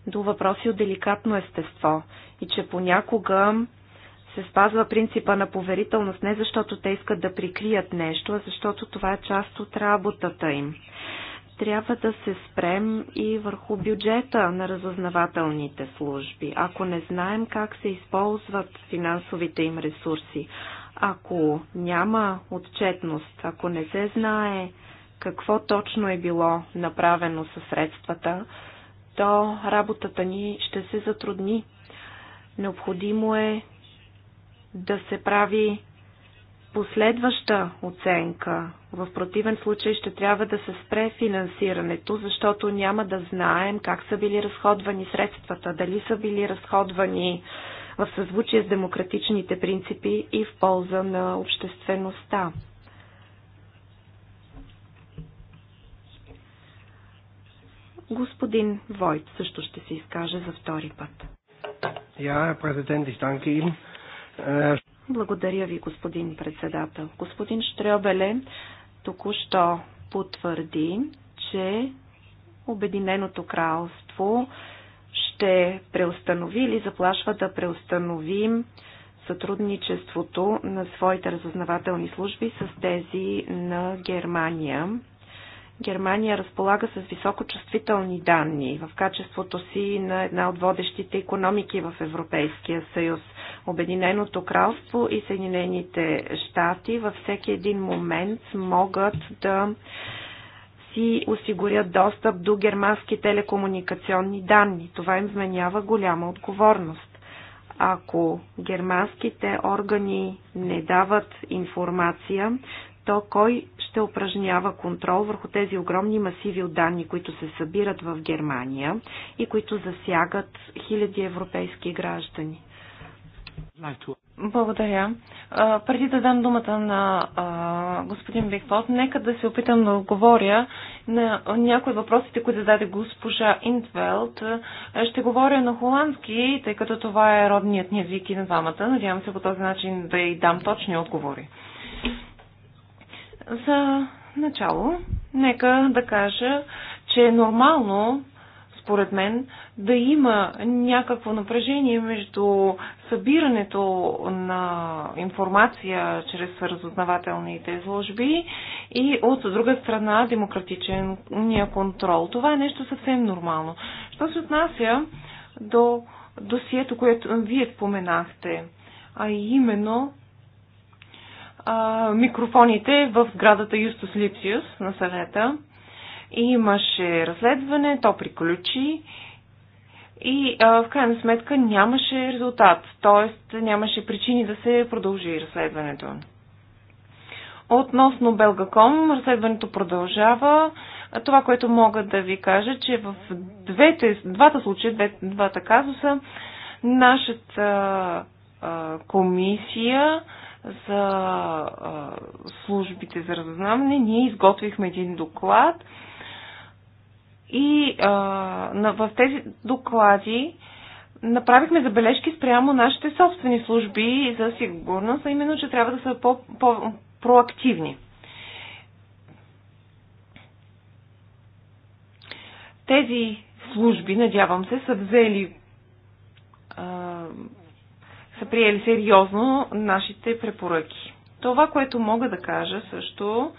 до въпроси от деликатно естество и че понякога се спазва принципа на поверителност не защото те искат да прикрият нещо, а защото това е част от работата им трябва да се спрем и върху бюджета на разузнавателните служби. Ако не знаем как се използват финансовите им ресурси, ако няма отчетност, ако не се знае какво точно е било направено със средствата, то работата ни ще се затрудни. Необходимо е да се прави последваща оценка. В противен случай ще трябва да се спре финансирането, защото няма да знаем как са били разходвани средствата, дали са били разходвани в съзвучие с демократичните принципи и в полза на обществеността. Господин Войт също ще се изкаже за втори път. Я, президент, Präsident, ich danke благодаря ви, господин председател. Господин Штребеле току-що потвърди, че Обединеното кралство ще преустанови или заплашва да преустанови сътрудничеството на своите разузнавателни служби с тези на Германия. Германия разполага с високочувствителни данни в качеството си на една от водещите економики в Европейския съюз. Обединеното кралство и Съединените щати във всеки един момент могат да си осигурят достъп до германски телекомуникационни данни. Това им вменява голяма отговорност. Ако германските органи не дават информация, то кой ще упражнява контрол върху тези огромни масиви от данни, които се събират в Германия и които засягат хиляди европейски граждани? Благодаря. А, преди да дам думата на а, господин Викфот, нека да се опитам да отговоря на някои от въпросите, които зададе госпожа Интвелд. Ще говоря на холандски, тъй като това е родният ни език и на двамата. Надявам се по този начин да й дам точни отговори. За начало, нека да кажа, че е нормално според мен, да има някакво напрежение между събирането на информация чрез разузнавателните служби и от друга страна демократичния контрол. Това е нещо съвсем нормално. Що се отнася до досието, което вие споменахте, а именно а, микрофоните в градата Юстус Липсиус на съвета – Имаше разследване, то приключи и а, в крайна сметка нямаше резултат, т.е. нямаше причини да се продължи разследването. Относно Белгаком, разследването продължава. Това, което мога да ви кажа, че в двете, двата случая, двата казуса, нашата а, комисия за а, службите за разузнаване, ние изготвихме един доклад, а, и а, на, в тези доклади направихме забележки спрямо нашите собствени служби за сигурност, а именно, че трябва да са по-проактивни. -по тези служби, надявам се, са взели а, са приели сериозно нашите препоръки. Това, което мога да кажа също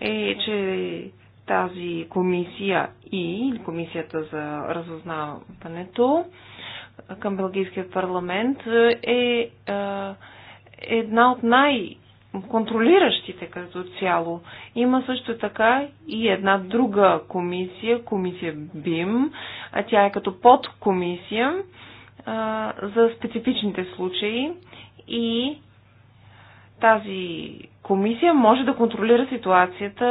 е, че тази комисия и комисията за разузнаването към Белгийския парламент е, е една от най- контролиращите като цяло. Има също така и една друга комисия, комисия БИМ, а тя е като подкомисия за специфичните случаи и тази комисия може да контролира ситуацията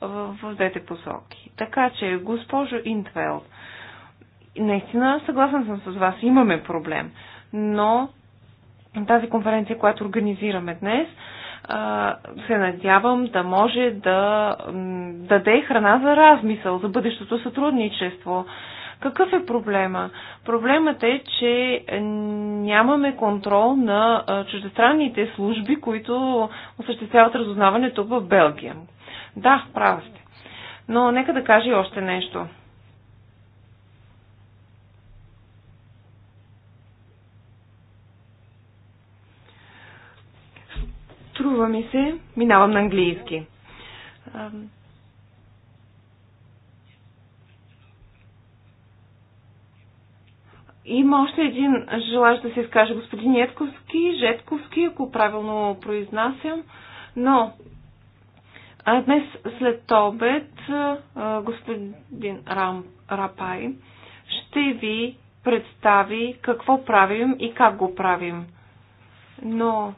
в, в двете посоки. Така че, госпожо Интвелд, наистина съгласен съм с вас, имаме проблем, но тази конференция, която организираме днес, се надявам да може да даде храна за размисъл за бъдещото сътрудничество. Какъв е проблема? Проблемът е, че нямаме контрол на чуждестранните служби, които осъществяват разузнаването в Белгия. Да, права сте. Но нека да кажа и още нещо. Струва ми се, минавам на английски. Има още един желаящ да се изкаже господин Етковски, Жетковски, ако правилно произнасям, но а днес след обед господин Рам, Рапай ще ви представи какво правим и как го правим. Но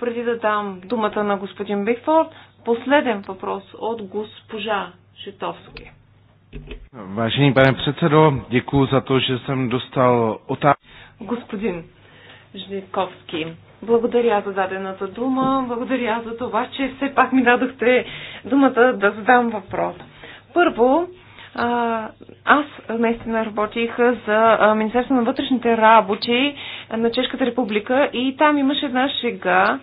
преди да дам думата на господин Бигфорд, последен въпрос от госпожа Шитовски. Vážený pane předsedo, děkuji za to, že jsem dostal otázku. Господин Жниковски, благодаря за дадената дума, благодаря за това, че все пак ми дадохте думата да задам въпрос. Първо, аз наистина работих за Министерство на вътрешните работи на Чешката република и там имаше една шега,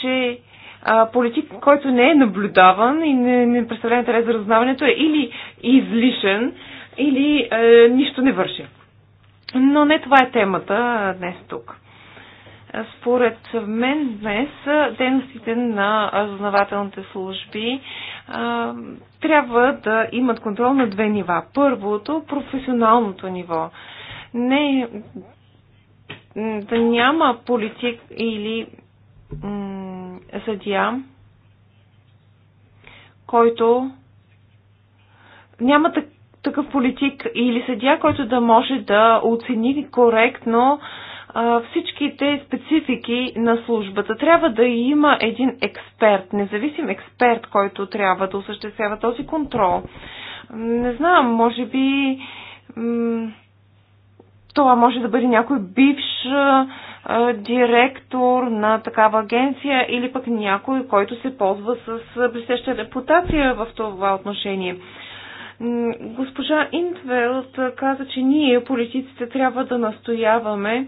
че а, политик, който не е наблюдаван и не, не представлява интерес за разузнаването, е или излишен, или е, нищо не върши. Но не това е темата днес тук. Според мен днес дейностите на разузнавателните служби а, трябва да имат контрол на две нива. Първото професионалното ниво. Не да няма политик или съдия, който няма такъв политик или съдия, който да може да оцени коректно всичките специфики на службата. Трябва да има един експерт, независим експерт, който трябва да осъществява този контрол. Не знам, може би това може да бъде някой бивш директор на такава агенция или пък някой, който се ползва с блестеща репутация в това отношение. Госпожа Интвелт каза, че ние, политиците, трябва да настояваме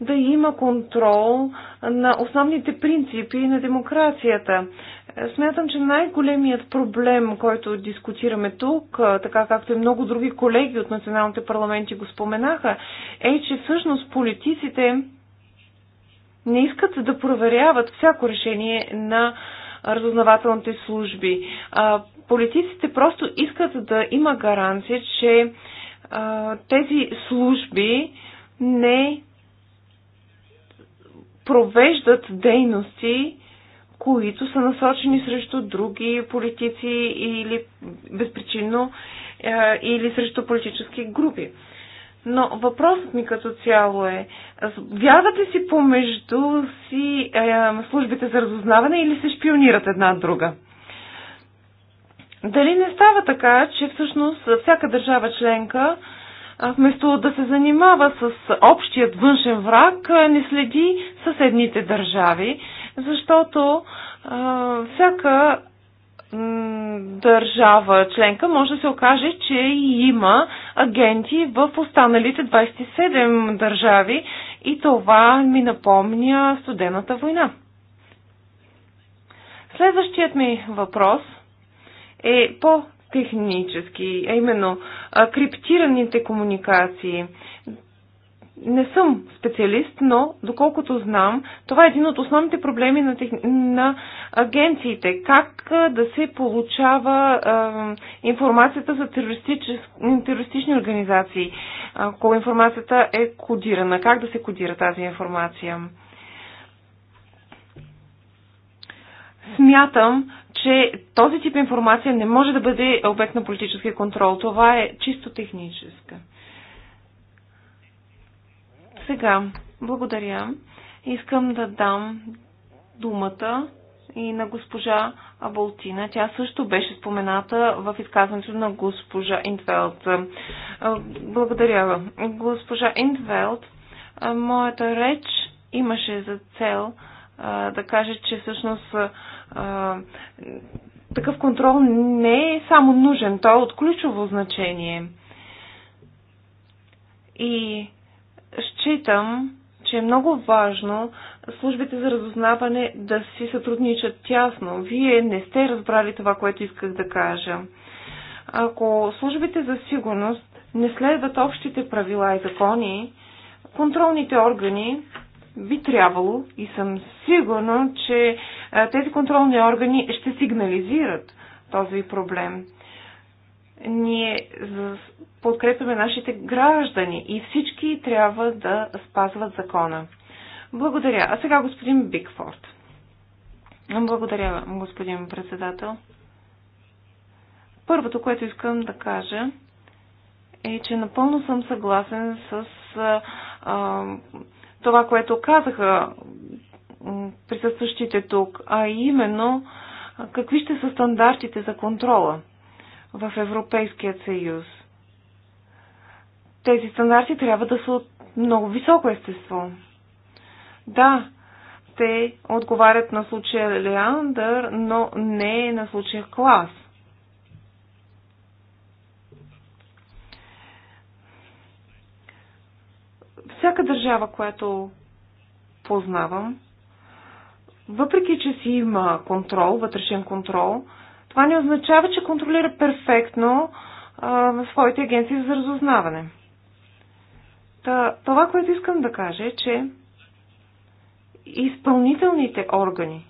да има контрол на основните принципи на демокрацията. Смятам, че най-големият проблем, който дискутираме тук, така както и много други колеги от националните парламенти го споменаха, е, че всъщност политиците не искат да проверяват всяко решение на разузнавателните служби. Политиците просто искат да има гаранция, че тези служби не провеждат дейности, които са насочени срещу други политици или безпричинно е, или срещу политически групи. Но въпросът ми като цяло е, вярвате си помежду си е, службите за разузнаване или се шпионират една друга? Дали не става така, че всъщност всяка държава членка, вместо да се занимава с общият външен враг, не следи съседните държави, защото а, всяка държава членка може да се окаже, че има агенти в останалите 27 държави и това ми напомня студената война. Следващият ми въпрос е по-технически, а именно криптираните комуникации. Не съм специалист, но доколкото знам, това е един от основните проблеми на, тех... на агенциите. Как да се получава е, информацията за терористич... терористични организации, ако информацията е кодирана? Как да се кодира тази информация? Смятам, че този тип информация не може да бъде обект на политически контрол. Това е чисто техническа. Сега, благодаря. Искам да дам думата и на госпожа Аболтина. Тя също беше спомената в изказването на госпожа Интвелт. Благодаря. Госпожа Интвелт, моята реч имаше за цел да каже, че всъщност такъв контрол не е само нужен, той е от ключово значение. И считам, че е много важно службите за разузнаване да си сътрудничат тясно. Вие не сте разбрали това, което исках да кажа. Ако службите за сигурност не следват общите правила и закони, контролните органи би трябвало и съм сигурна, че тези контролни органи ще сигнализират този проблем. Ние подкрепяме нашите граждани и всички трябва да спазват закона. Благодаря. А сега господин Бигфорд. Благодаря, господин председател. Първото, което искам да кажа, е, че напълно съм съгласен с а, това, което казаха присъстващите тук, а именно какви ще са стандартите за контрола в Европейския съюз тези стандарти трябва да са от много високо естество. Да, те отговарят на случая Леандър, но не на случая Клас. Всяка държава, която познавам, въпреки че си има контрол, вътрешен контрол, това не означава, че контролира перфектно а, своите агенции за разузнаване. Та, това, което искам да кажа е, че изпълнителните органи,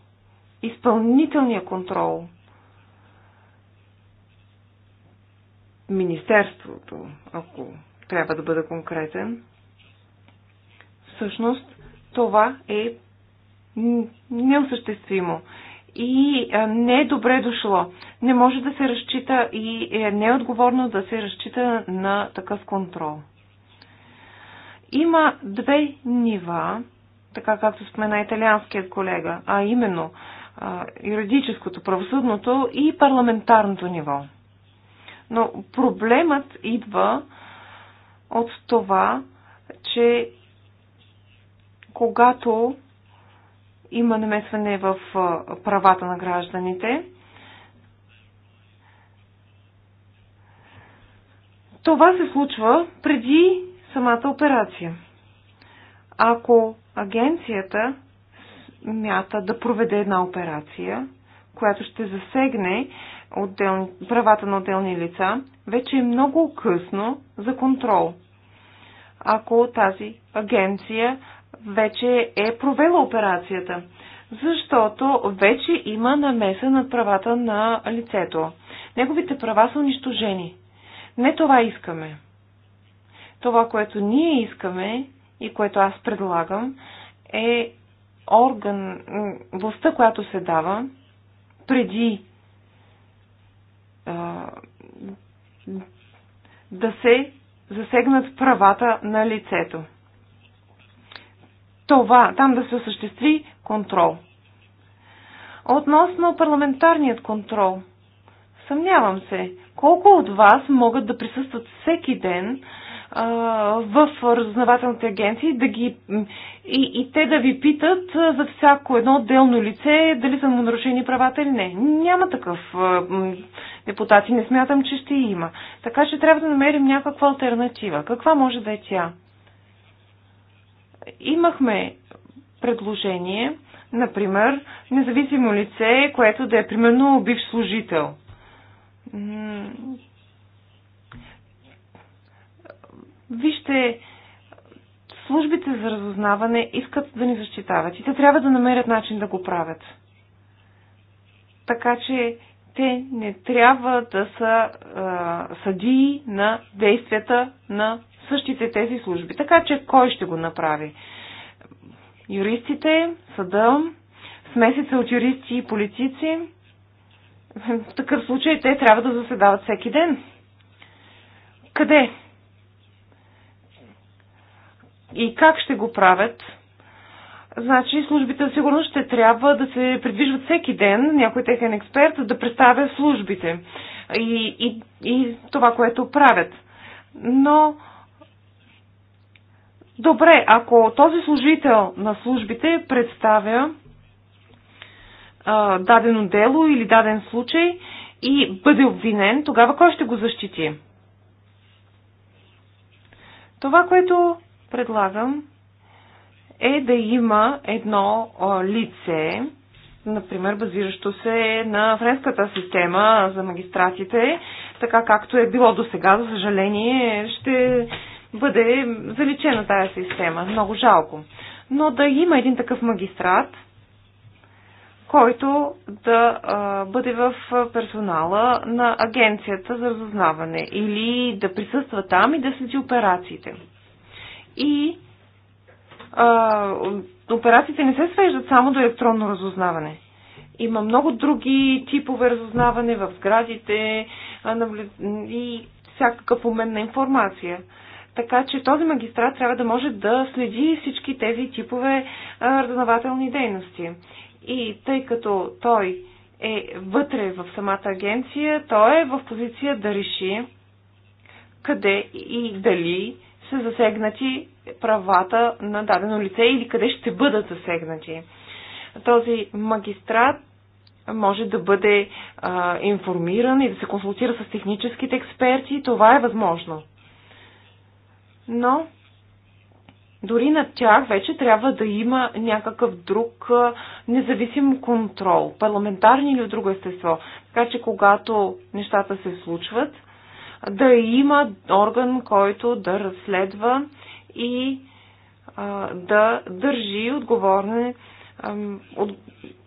изпълнителния контрол, Министерството, ако трябва да бъда конкретен, всъщност това е неосъществимо и не е добре дошло. Не може да се разчита и е неотговорно да се разчита на такъв контрол. Има две нива, така както спомена италианският колега, а именно юридическото, правосъдното и парламентарното ниво. Но проблемът идва от това, че когато има намесване в правата на гражданите, това се случва преди самата операция. Ако агенцията мята да проведе една операция, която ще засегне отделни, правата на отделни лица, вече е много късно за контрол. Ако тази агенция вече е провела операцията, защото вече има намеса над правата на лицето. Неговите права са унищожени. Не това искаме. Това, което ние искаме и което аз предлагам, е орган, властта, която се дава преди а, да се засегнат правата на лицето. Това, там да се осъществи контрол. Относно парламентарният контрол, съмнявам се, колко от вас могат да присъстват всеки ден в разузнавателните агенции да ги, и, и те да ви питат за всяко едно отделно лице дали са му нарушени правата или не. Няма такъв и не смятам, че ще има. Така че трябва да намерим някаква альтернатива. Каква може да е тя? Имахме предложение, например, независимо лице, което да е примерно бивш служител Вижте, службите за разузнаване искат да ни защитават и те трябва да намерят начин да го правят. Така че те не трябва да са а, съдии на действията на същите тези служби. Така че кой ще го направи? Юристите, съда, смесица от юристи и политици. В такъв случай те трябва да заседават всеки ден. Къде? и как ще го правят. Значи службите за сигурност ще трябва да се придвижват всеки ден, някой техен експерт да представя службите и, и, и това, което правят. Но Добре, ако този служител на службите представя а, дадено дело или даден случай и бъде обвинен, тогава кой ще го защити? Това, което предлагам е да има едно лице, например, базиращо се на френската система за магистратите, така както е било до сега, за съжаление, ще бъде заличена тая система. Много жалко. Но да има един такъв магистрат, който да а, бъде в персонала на агенцията за разузнаване или да присъства там и да следи операциите. И а, операциите не се свеждат само до електронно разузнаване. Има много други типове разузнаване в сградите и всякакъв момент на информация. Така че този магистрат трябва да може да следи всички тези типове разузнавателни дейности. И тъй като той е вътре в самата агенция, той е в позиция да реши къде и дали са засегнати правата на дадено лице или къде ще бъдат засегнати. Този магистрат може да бъде а, информиран и да се консултира с техническите експерти. Това е възможно. Но дори над тях вече трябва да има някакъв друг а, независим контрол, парламентарни или от друго естество. Така че когато нещата се случват, да има орган, който да разследва и а, да държи отговорни от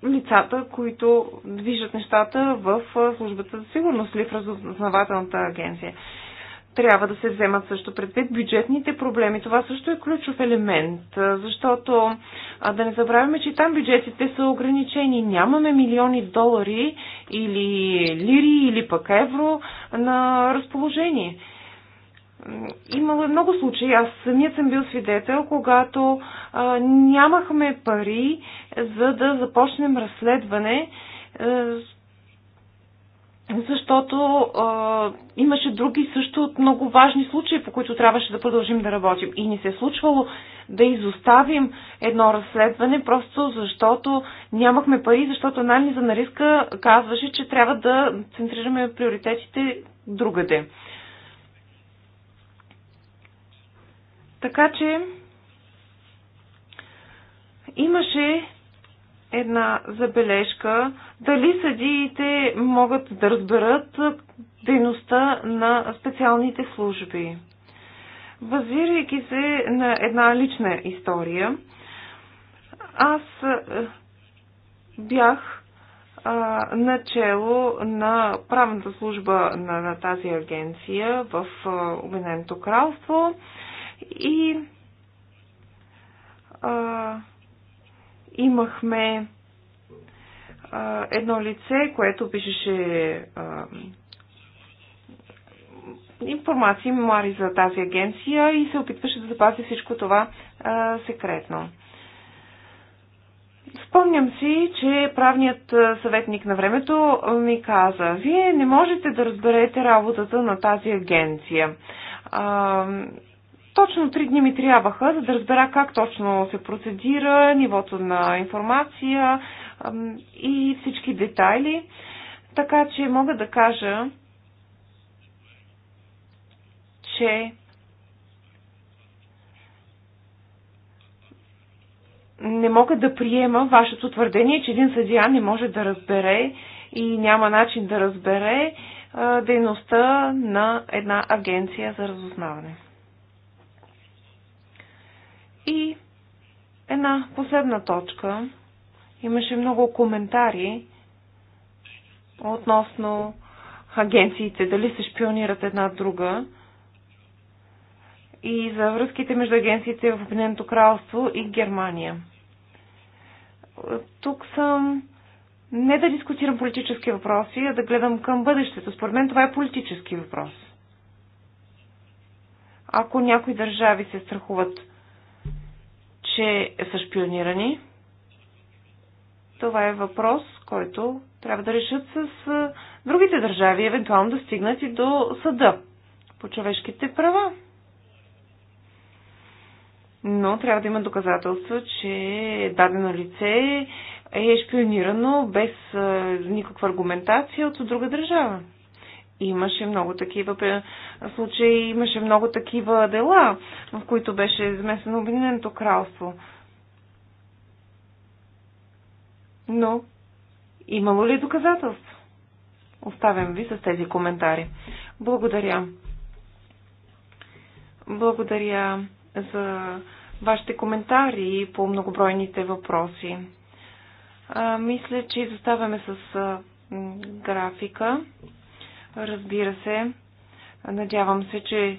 лицата, които движат нещата в службата за сигурност или в разузнавателната агенция. Трябва да се вземат също предвид бюджетните проблеми. Това също е ключов елемент, защото да не забравяме, че там бюджетите са ограничени. Нямаме милиони долари, или лири, или пък евро на разположение. Имало е много случаи. Аз самият съм бил свидетел, когато а, нямахме пари за да започнем разследване а, защото а, имаше други също много важни случаи, по които трябваше да продължим да работим. И ни се е случвало да изоставим едно разследване, просто защото нямахме пари, защото анализа на риска казваше, че трябва да центрираме приоритетите другаде. Така че имаше една забележка. Дали съдиите могат да разберат дейността на специалните служби? Базирайки се на една лична история, аз е, бях начало на правната служба на, на тази агенция в е, Обединеното кралство и а, имахме а, едно лице, което пишеше а, информации, мемуари за тази агенция и се опитваше да запази всичко това а, секретно. Спомням си, че правният съветник на времето ми каза, вие не можете да разберете работата на тази агенция. А, точно три дни ми трябваха, за да разбера как точно се процедира, нивото на информация и всички детайли. Така че мога да кажа, че не мога да приема вашето твърдение, че един съдия не може да разбере и няма начин да разбере дейността на една агенция за разузнаване. И една последна точка. Имаше много коментари относно агенциите, дали се шпионират една друга и за връзките между агенциите в Обединеното кралство и Германия. Тук съм не да дискутирам политически въпроси, а да гледам към бъдещето. Според мен това е политически въпрос. Ако някои държави се страхуват че са шпионирани. Това е въпрос, който трябва да решат с другите държави, евентуално да стигнат и до съда по човешките права. Но трябва да има доказателства, че дадено лице е шпионирано без никаква аргументация от друга държава. Имаше много такива случаи, имаше много такива дела, в които беше измесено Обединеното кралство. Но, имало ли доказателство? Оставям ви с тези коментари. Благодаря. Благодаря за вашите коментари по многобройните въпроси. А, мисля, че изоставяме с а, графика. Разбира се, надявам се, че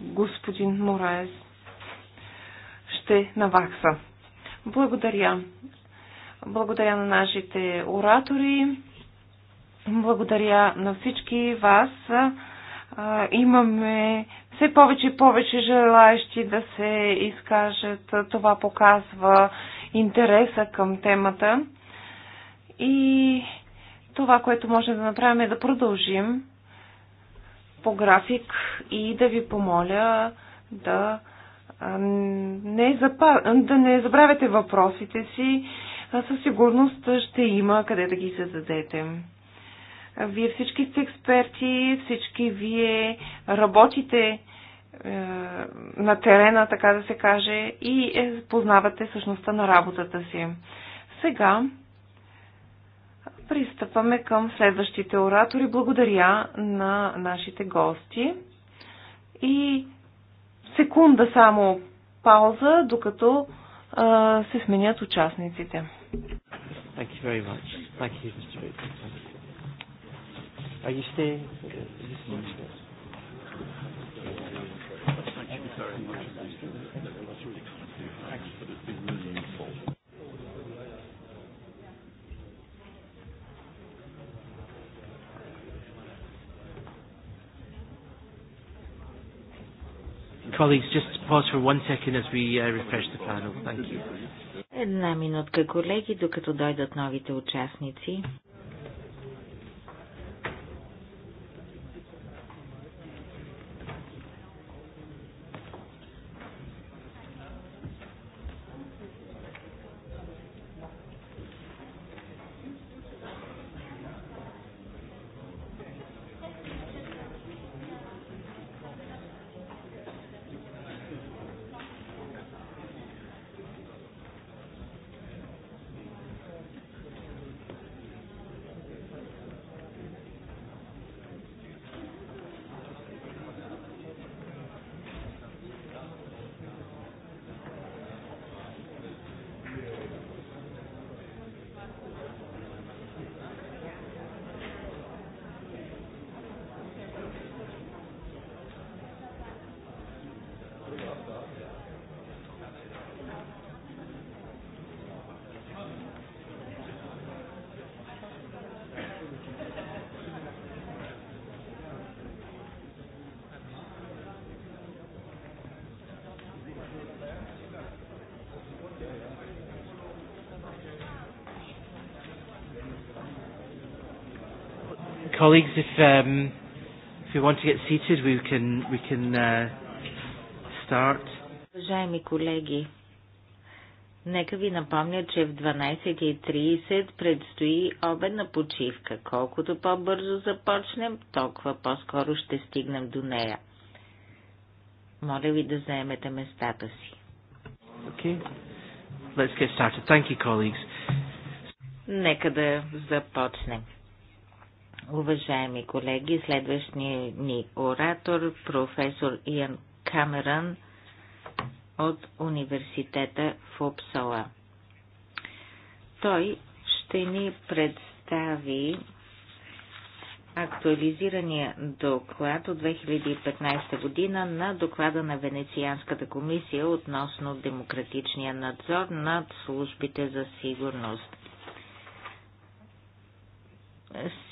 господин Мораес ще навакса. Благодаря. Благодаря на нашите оратори. Благодаря на всички вас. Имаме все повече и повече желаящи да се изкажат. Това показва интереса към темата. И това, което можем да направим е да продължим по график и да ви помоля да не, запа... да не забравяте въпросите си. Със сигурност ще има къде да ги зададете. Вие всички сте експерти, всички вие работите е, на терена, така да се каже, и е, познавате същността на работата си. Сега Пристъпваме към следващите оратори. Благодаря на нашите гости. И секунда само пауза, докато а, се сменят участниците. Thank you very much. Thank you, Mr. Are you staying? Uh, Colleagues, just pause for one second as we uh, refresh the panel. Thank you. Една минутка, колеги, докато дойдат новите участници. Colleagues, if um, if you want to get seated, we can we can uh, start. Уважаеми колеги, нека ви напомня, че в 12.30 предстои обедна почивка. Колкото по-бързо започнем, толкова по-скоро ще стигнем до нея. Моля ви да заемете местата си. Okay. Let's get started. Thank you, colleagues. Нека да започнем. Уважаеми колеги, следващият ни оратор, професор Иан Камерън от университета в Упсала. Той ще ни представи актуализирания доклад от 2015 година на доклада на Венецианската комисия относно демократичния надзор над службите за сигурност.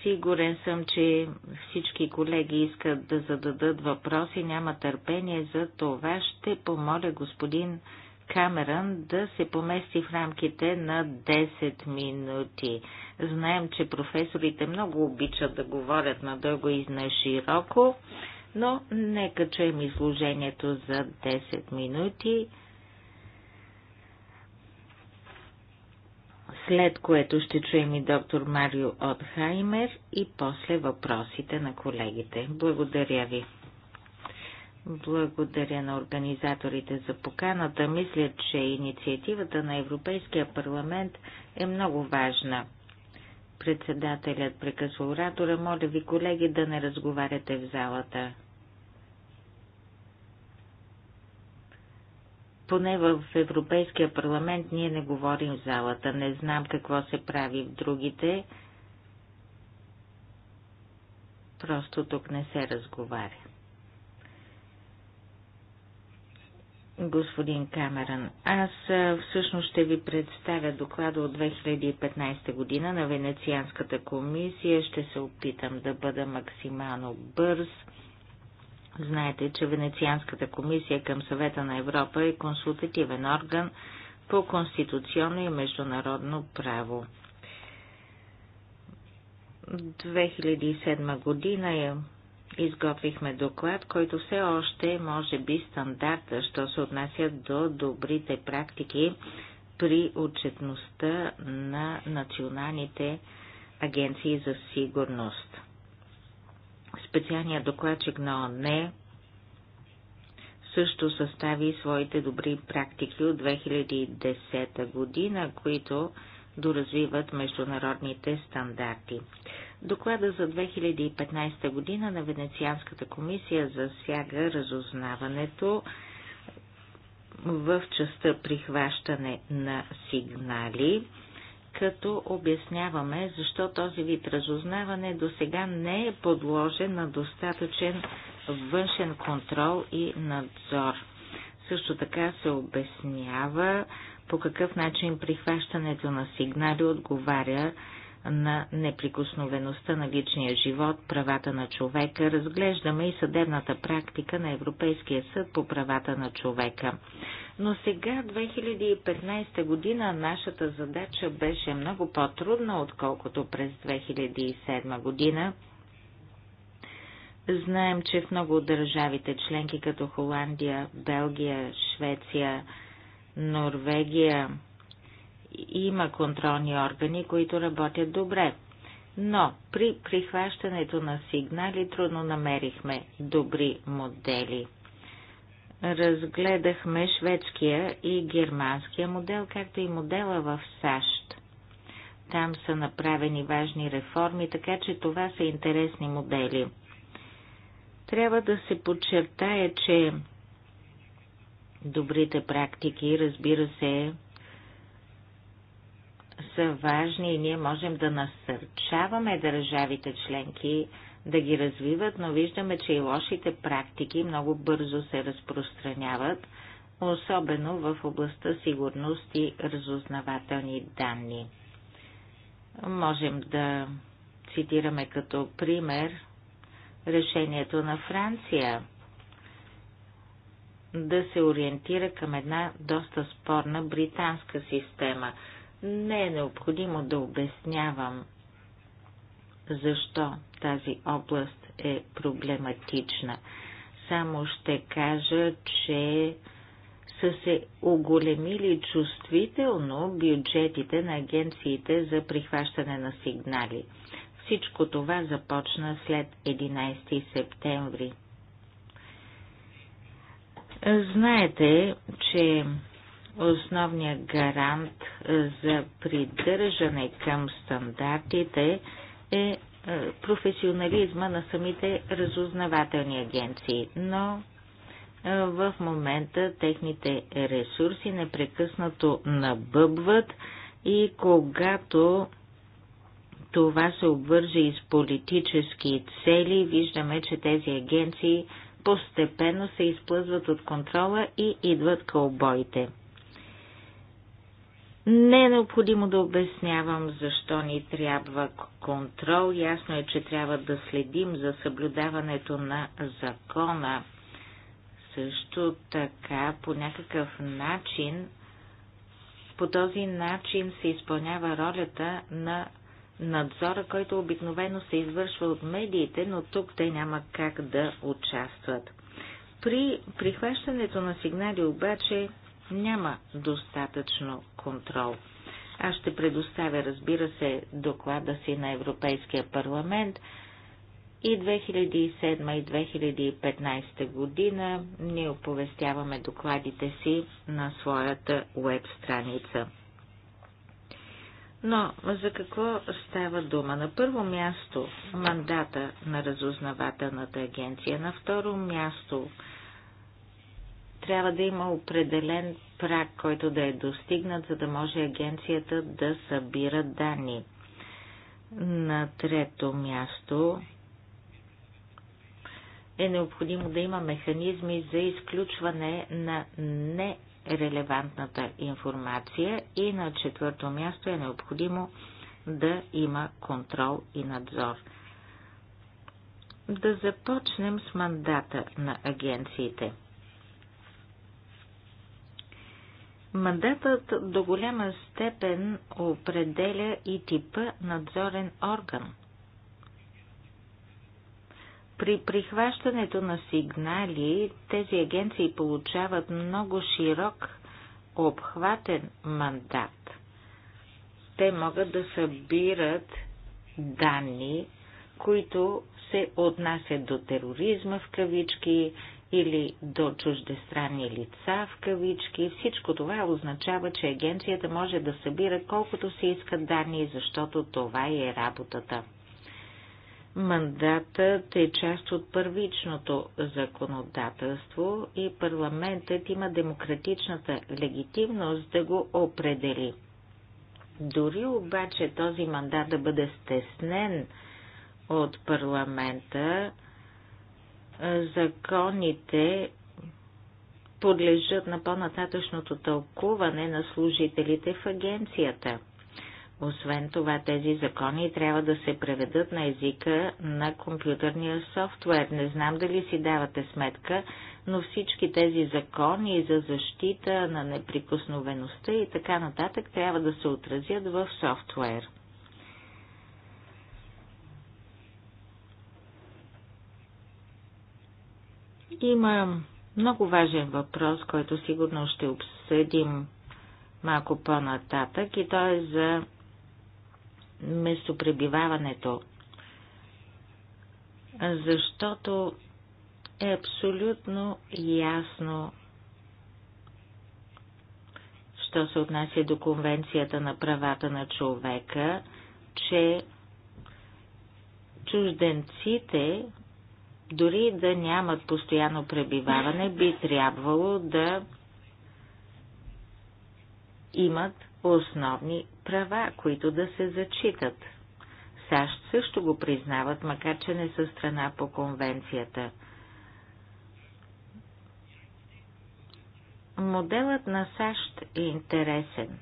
Сигурен съм, че всички колеги искат да зададат въпроси, няма търпение за това. Ще помоля господин Камерън да се помести в рамките на 10 минути. Знаем, че професорите много обичат да говорят надълго и на широко, но нека чуем изложението за 10 минути. след което ще чуем и доктор Марио Отхаймер и после въпросите на колегите. Благодаря ви. Благодаря на организаторите за поканата. Мисля, че инициативата на Европейския парламент е много важна. Председателят прекъсва оратора. Моля ви, колеги, да не разговаряте в залата. Поне в Европейския парламент ние не говорим в залата. Не знам какво се прави в другите. Просто тук не се разговаря. господин Камеран. Аз всъщност ще ви представя доклада от 2015 година на Венецианската комисия. Ще се опитам да бъда максимално бърз. Знаете, че Венецианската комисия към съвета на Европа е консултативен орган по конституционно и международно право. 2007 година изготвихме доклад, който все още може би, стандарта, що се отнася до добрите практики при отчетността на националните агенции за сигурност. Специалният докладчик на ОНЕ също състави своите добри практики от 2010 година, които доразвиват международните стандарти. Доклада за 2015 година на Венецианската комисия засяга разузнаването в частта прихващане на сигнали като обясняваме защо този вид разузнаване до сега не е подложен на достатъчен външен контрол и надзор. Също така се обяснява по какъв начин прихващането на сигнали отговаря на неприкосновеността на личния живот, правата на човека, разглеждаме и съдебната практика на Европейския съд по правата на човека. Но сега, 2015 година, нашата задача беше много по-трудна, отколкото през 2007 година. Знаем, че в много от държавите членки, като Холандия, Белгия, Швеция, Норвегия, има контролни органи, които работят добре. Но при прихващането на сигнали трудно намерихме добри модели разгледахме шведския и германския модел, както и модела в САЩ. Там са направени важни реформи, така че това са интересни модели. Трябва да се подчертая, че добрите практики, разбира се, са важни и ние можем да насърчаваме държавите членки да ги развиват, но виждаме, че и лошите практики много бързо се разпространяват, особено в областта сигурност и разузнавателни данни. Можем да цитираме като пример решението на Франция да се ориентира към една доста спорна британска система. Не е необходимо да обяснявам защо тази област е проблематична. Само ще кажа, че са се оголемили чувствително бюджетите на агенциите за прихващане на сигнали. Всичко това започна след 11 септември. Знаете, че основният гарант за придържане към стандартите е е, професионализма на самите разузнавателни агенции, но е, в момента техните ресурси непрекъснато набъбват и когато това се обвърже и с политически цели, виждаме, че тези агенции постепенно се изплъзват от контрола и идват кълбоите. Не е необходимо да обяснявам защо ни трябва контрол. Ясно е, че трябва да следим за съблюдаването на закона. Също така, по някакъв начин, по този начин се изпълнява ролята на надзора, който обикновено се извършва от медиите, но тук те няма как да участват. При прихващането на сигнали обаче няма достатъчно контрол. Аз ще предоставя, разбира се, доклада си на Европейския парламент и 2007 и 2015 година ние оповестяваме докладите си на своята веб страница. Но за какво става дума? На първо място мандата на разузнавателната агенция, на второ място трябва да има определен прак, който да е достигнат, за да може агенцията да събира данни. На трето място е необходимо да има механизми за изключване на нерелевантната информация и на четвърто място е необходимо да има контрол и надзор. Да започнем с мандата на агенциите – Мандатът до голяма степен определя и типа надзорен орган. При прихващането на сигнали тези агенции получават много широк обхватен мандат. Те могат да събират данни, които се отнасят до тероризма в кавички, или до чуждестранни лица в кавички. Всичко това означава, че агенцията може да събира колкото се искат данни, защото това е работата. Мандатът е част от първичното законодателство и парламентът има демократичната легитимност да го определи. Дори обаче този мандат да бъде стеснен от парламента, законите подлежат на по-нататъчното тълкуване на служителите в агенцията. Освен това, тези закони трябва да се преведат на езика на компютърния софтуер. Не знам дали си давате сметка, но всички тези закони за защита на неприкосновеността и така нататък трябва да се отразят в софтуер. Има много важен въпрос, който сигурно ще обсъдим малко по-нататък и то е за местопребиваването. Защото е абсолютно ясно, що се отнася до Конвенцията на правата на човека, че чужденците дори да нямат постоянно пребиваване, би трябвало да имат основни права, които да се зачитат. САЩ също го признават, макар че не са страна по конвенцията. Моделът на САЩ е интересен.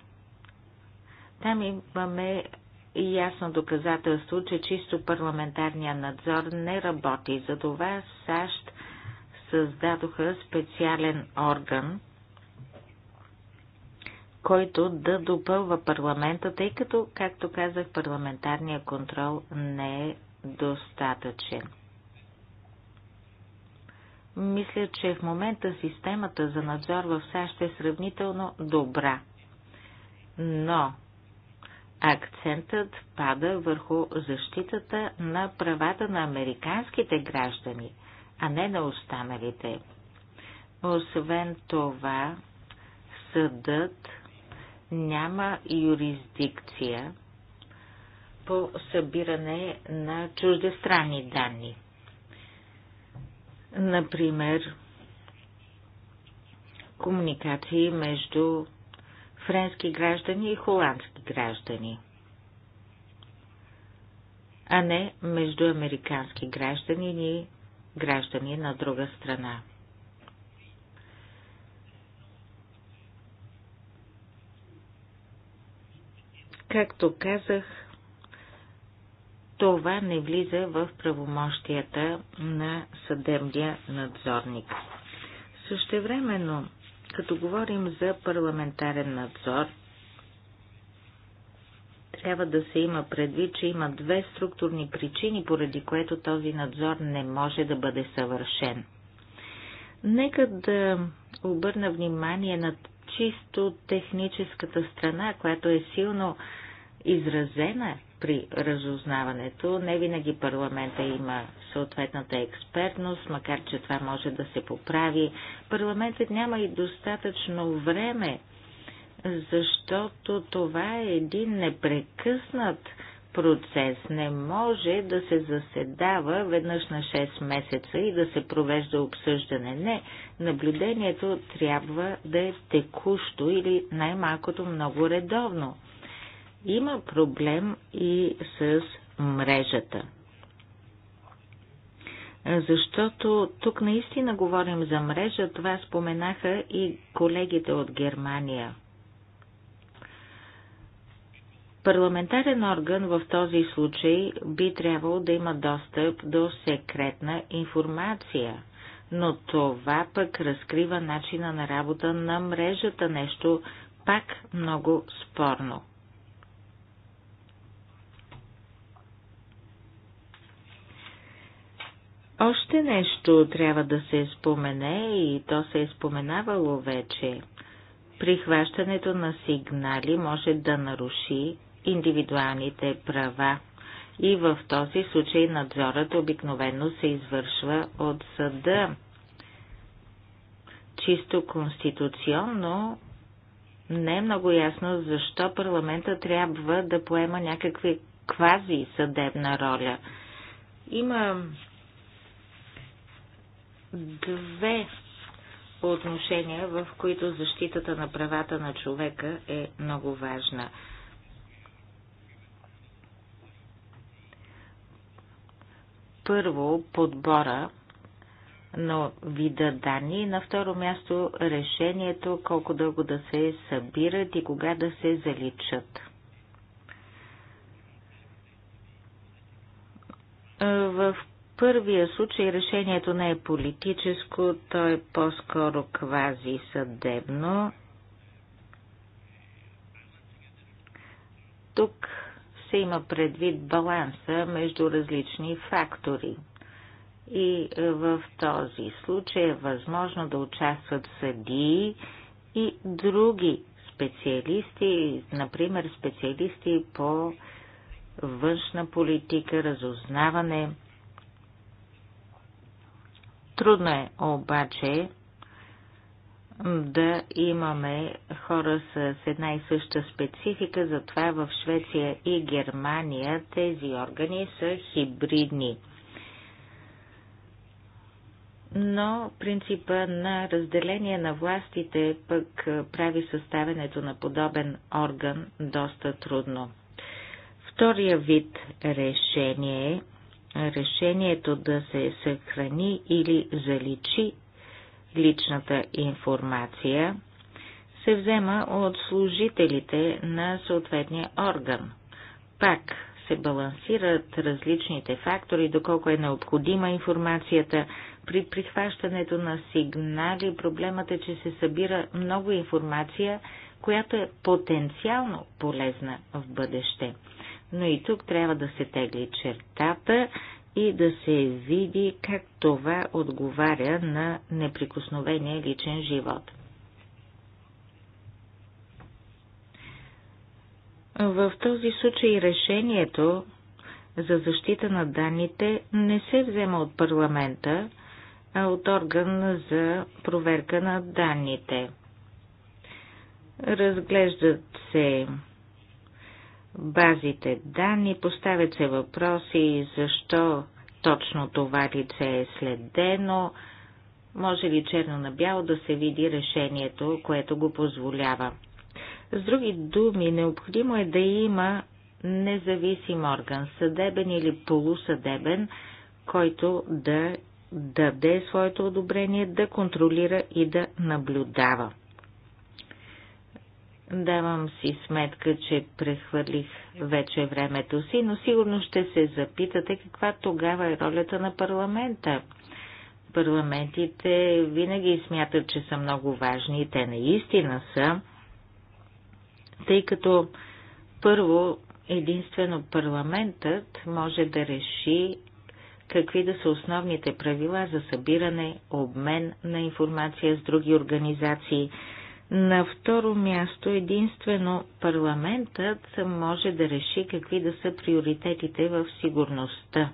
Там имаме ясно доказателство, че чисто парламентарния надзор не работи. Затова САЩ създадоха специален орган, който да допълва парламента, тъй като, както казах, парламентарния контрол не е достатъчен. Мисля, че в момента системата за надзор в САЩ е сравнително добра, но акцентът пада върху защитата на правата на американските граждани, а не на останалите. Освен това, съдът няма юрисдикция по събиране на чуждестранни данни. Например, комуникации между френски граждани и холандски граждани, а не между американски граждани и граждани на друга страна. Както казах, това не влиза в правомощията на съдебния надзорник. Същевременно, като говорим за парламентарен надзор, трябва да се има предвид, че има две структурни причини, поради което този надзор не може да бъде съвършен. Нека да обърна внимание на чисто техническата страна, която е силно изразена при разузнаването. Не винаги парламента има съответната експертност, макар че това може да се поправи. Парламентът няма и достатъчно време защото това е един непрекъснат процес. Не може да се заседава веднъж на 6 месеца и да се провежда обсъждане. Не, наблюдението трябва да е текущо или най-малкото много редовно. Има проблем и с мрежата. Защото тук наистина говорим за мрежа, това споменаха и колегите от Германия. Парламентарен орган в този случай би трябвало да има достъп до секретна информация, но това пък разкрива начина на работа на мрежата, нещо пак много спорно. Още нещо трябва да се спомене и то се е споменавало вече. Прихващането на сигнали може да наруши индивидуалните права. И в този случай надзорът обикновено се извършва от съда. Чисто конституционно не е много ясно защо парламента трябва да поема някакви квази съдебна роля. Има две отношения, в които защитата на правата на човека е много важна. първо подбора на вида данни и на второ място решението колко дълго да се събират и кога да се заличат. В първия случай решението не е политическо, то е по-скоро квази съдебно. Тук се има предвид баланса между различни фактори. И е, в този случай е възможно да участват съдии и други специалисти, например специалисти по външна политика, разузнаване. Трудно е обаче да имаме хора с една и съща специфика, затова в Швеция и Германия тези органи са хибридни. Но принципа на разделение на властите пък прави съставянето на подобен орган доста трудно. Втория вид решение е решението да се съхрани или заличи личната информация се взема от служителите на съответния орган. Пак се балансират различните фактори, доколко е необходима информацията. При прихващането на сигнали проблемът е, че се събира много информация, която е потенциално полезна в бъдеще. Но и тук трябва да се тегли чертата и да се види как това отговаря на неприкосновения личен живот. В този случай решението за защита на данните не се взема от парламента, а от орган за проверка на данните. Разглеждат се базите данни, поставят се въпроси защо точно това лице е следено, може ли черно на бяло да се види решението, което го позволява. С други думи, необходимо е да има независим орган, съдебен или полусъдебен, който да даде своето одобрение, да контролира и да наблюдава. Давам си сметка, че прехвърлих вече времето си, но сигурно ще се запитате каква тогава е ролята на парламента. Парламентите винаги смятат, че са много важни и те наистина са, тъй като първо единствено парламентът може да реши какви да са основните правила за събиране, обмен на информация с други организации – на второ място единствено парламентът може да реши какви да са приоритетите в сигурността.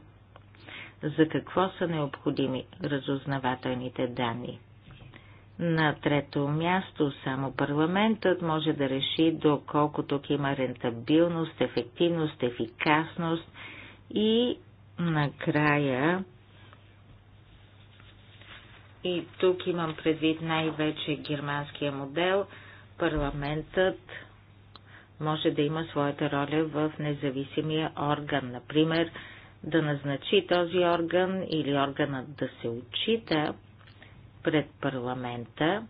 За какво са необходими разузнавателните данни? На трето място само парламентът може да реши доколко тук има рентабилност, ефективност, ефикасност и накрая и тук имам предвид най-вече германския модел. Парламентът може да има своята роля в независимия орган. Например, да назначи този орган или органът да се отчита пред парламента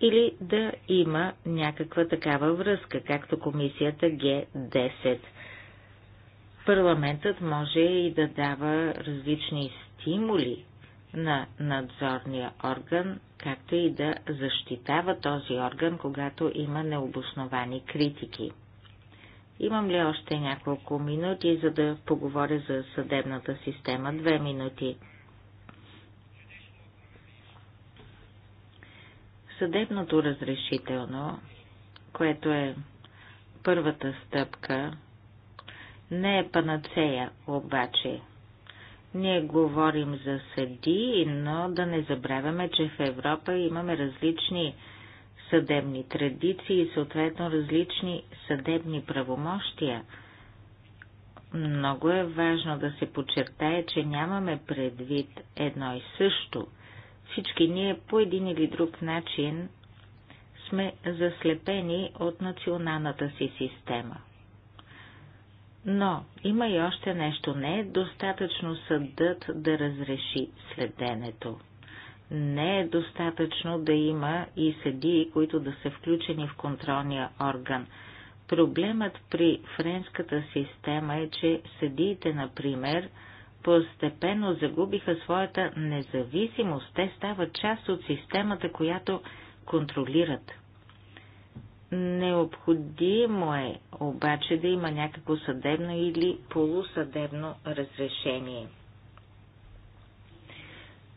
или да има някаква такава връзка, както комисията Г10. Парламентът може и да дава различни стимули на надзорния орган, както и да защитава този орган, когато има необосновани критики. Имам ли още няколко минути, за да поговоря за съдебната система? Две минути. Съдебното разрешително, което е първата стъпка, не е панацея, обаче. Ние говорим за съди, но да не забравяме, че в Европа имаме различни съдебни традиции и съответно различни съдебни правомощия. Много е важно да се подчертае, че нямаме предвид едно и също. Всички ние по един или друг начин сме заслепени от националната си система. Но има и още нещо. Не е достатъчно съдът да разреши следенето. Не е достатъчно да има и съдии, които да са включени в контролния орган. Проблемът при френската система е, че съдиите, например, постепенно загубиха своята независимост. Те стават част от системата, която контролират. Необходимо е обаче да има някакво съдебно или полусъдебно разрешение.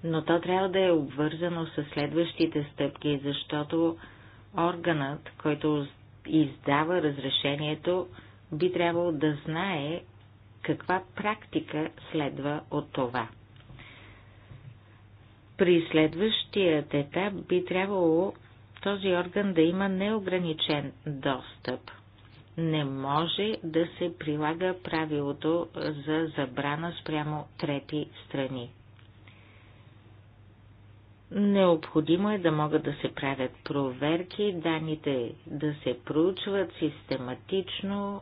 Но то трябва да е обвързано с следващите стъпки, защото органът, който издава разрешението, би трябвало да знае каква практика следва от това. При следващият етап би трябвало този орган да има неограничен достъп. Не може да се прилага правилото за забрана спрямо трети страни. Необходимо е да могат да се правят проверки, данните да се проучват систематично.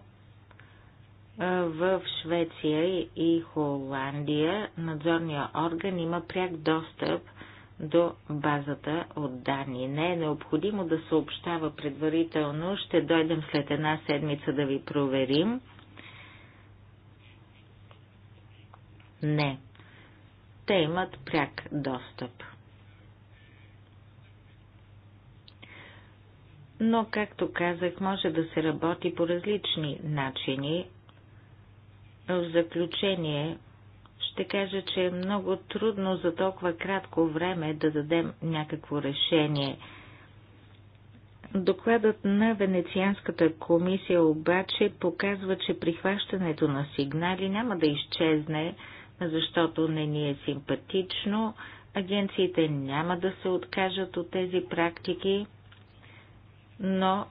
В Швеция и Холандия надзорния орган има пряк достъп – до базата от данни. Не е необходимо да съобщава предварително, ще дойдем след една седмица да ви проверим. Не. Те имат пряк достъп. Но, както казах, може да се работи по различни начини. В заключение, ще кажа, че е много трудно за толкова кратко време да дадем някакво решение. Докладът на Венецианската комисия обаче показва, че прихващането на сигнали няма да изчезне, защото не ни е симпатично, агенциите няма да се откажат от тези практики, но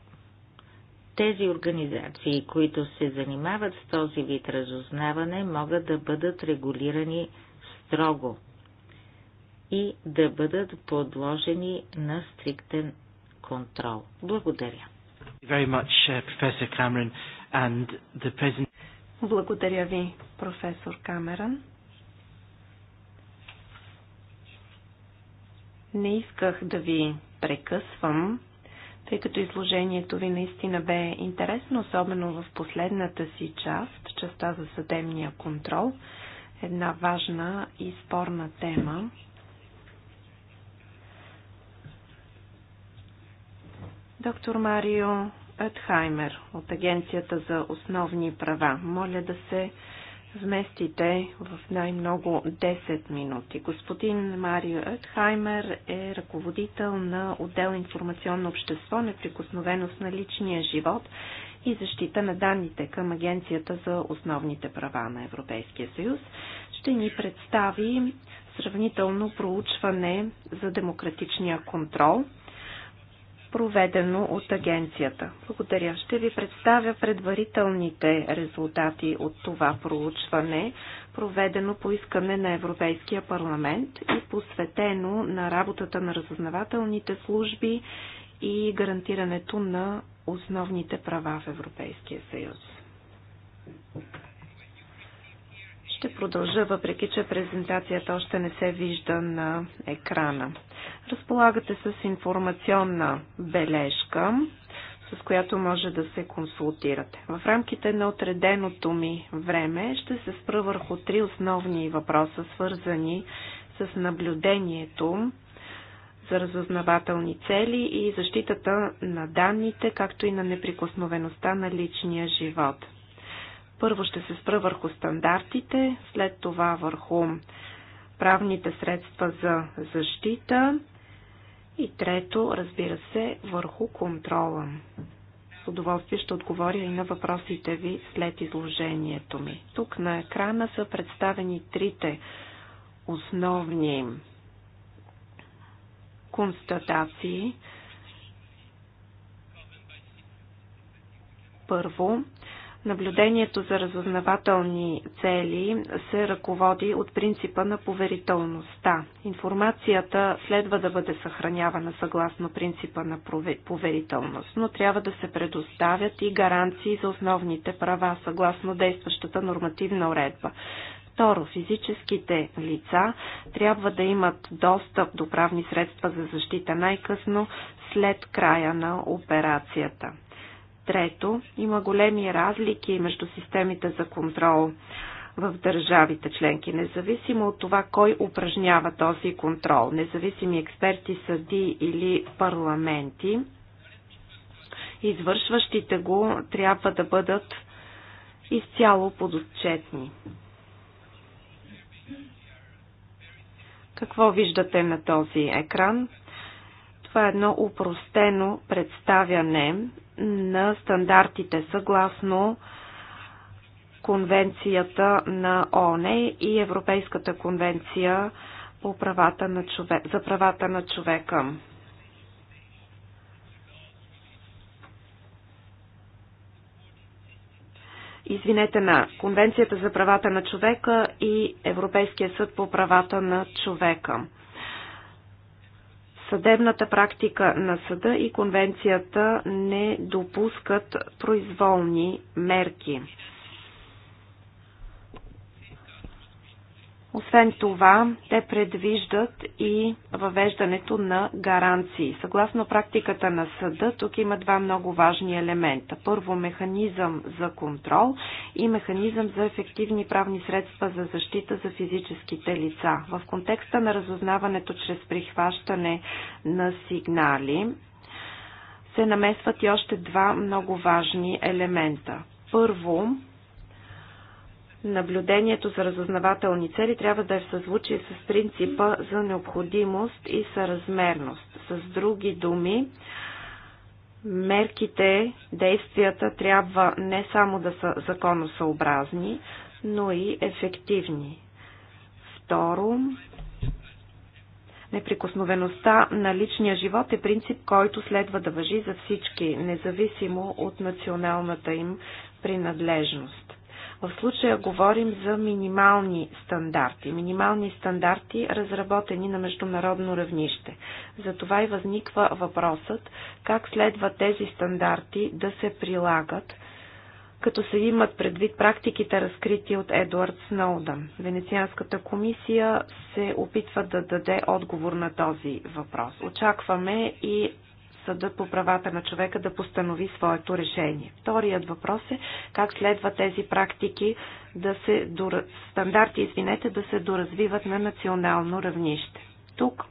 тези организации, които се занимават с този вид разузнаване, могат да бъдат регулирани строго и да бъдат подложени на стриктен контрол. Благодаря. Uh, Благодаря ви, професор Камеран. Не исках да ви прекъсвам, тъй като изложението ви наистина бе интересно, особено в последната си част, частта за съдебния контрол, една важна и спорна тема. Доктор Марио Етхаймер от Агенцията за основни права. Моля да се вместите в най-много 10 минути. Господин Марио Етхаймер е ръководител на отдел информационно общество, неприкосновеност на личния живот и защита на данните към Агенцията за основните права на Европейския съюз. Ще ни представи сравнително проучване за демократичния контрол проведено от агенцията. Благодаря. Ще ви представя предварителните резултати от това проучване, проведено по искане на Европейския парламент и посветено на работата на разузнавателните служби и гарантирането на основните права в Европейския съюз. Ще продължа, въпреки че презентацията още не се вижда на екрана. Разполагате с информационна бележка, с която може да се консултирате. В рамките на отреденото ми време ще се спра върху три основни въпроса, свързани с наблюдението за разузнавателни цели и защитата на данните, както и на неприкосновеността на личния живот – първо ще се спра върху стандартите, след това върху правните средства за защита и трето, разбира се, върху контрола. С удоволствие ще отговоря и на въпросите ви след изложението ми. Тук на екрана са представени трите основни констатации. Първо, Наблюдението за разузнавателни цели се ръководи от принципа на поверителността. Информацията следва да бъде съхранявана съгласно принципа на поверителност, но трябва да се предоставят и гаранции за основните права съгласно действащата нормативна уредба. Второ, физическите лица трябва да имат достъп до правни средства за защита най-късно след края на операцията. Трето, има големи разлики между системите за контрол в държавите членки, независимо от това кой упражнява този контрол, независими експерти, съди или парламенти, извършващите го трябва да бъдат изцяло подотчетни. Какво виждате на този екран? Това е едно упростено представяне на стандартите съгласно Конвенцията на ООН и Европейската конвенция по правата на човек, за правата на човека. извинете, на Конвенцията за правата на човека и Европейския съд по правата на човека. Съдебната практика на съда и конвенцията не допускат произволни мерки. Освен това, те предвиждат и въвеждането на гаранции. Съгласно практиката на съда, тук има два много важни елемента. Първо, механизъм за контрол и механизъм за ефективни правни средства за защита за физическите лица. В контекста на разузнаването чрез прихващане на сигнали, се намесват и още два много важни елемента. Първо, наблюдението за разузнавателни цели трябва да е в съзвучие с принципа за необходимост и съразмерност. С други думи, мерките, действията трябва не само да са законосъобразни, но и ефективни. Второ, неприкосновеността на личния живот е принцип, който следва да въжи за всички, независимо от националната им принадлежност. В случая говорим за минимални стандарти. Минимални стандарти, разработени на международно равнище. Затова и възниква въпросът как следва тези стандарти да се прилагат като се имат предвид практиките разкрити от Едуард Сноудън. Венецианската комисия се опитва да даде отговор на този въпрос. Очакваме и съдът по правата на човека да постанови своето решение. Вторият въпрос е как следва тези практики да се стандарти, извинете, да се доразвиват на национално равнище. Тук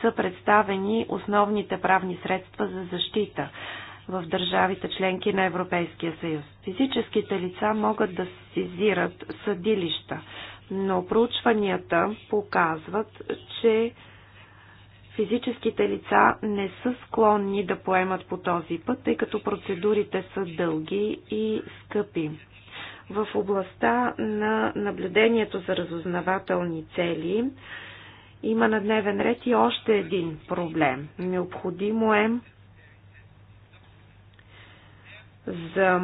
са представени основните правни средства за защита в държавите членки на Европейския съюз. Физическите лица могат да сезират съдилища, но проучванията показват, че физическите лица не са склонни да поемат по този път, тъй като процедурите са дълги и скъпи. В областта на наблюдението за разузнавателни цели има на дневен ред и още един проблем. Необходимо е за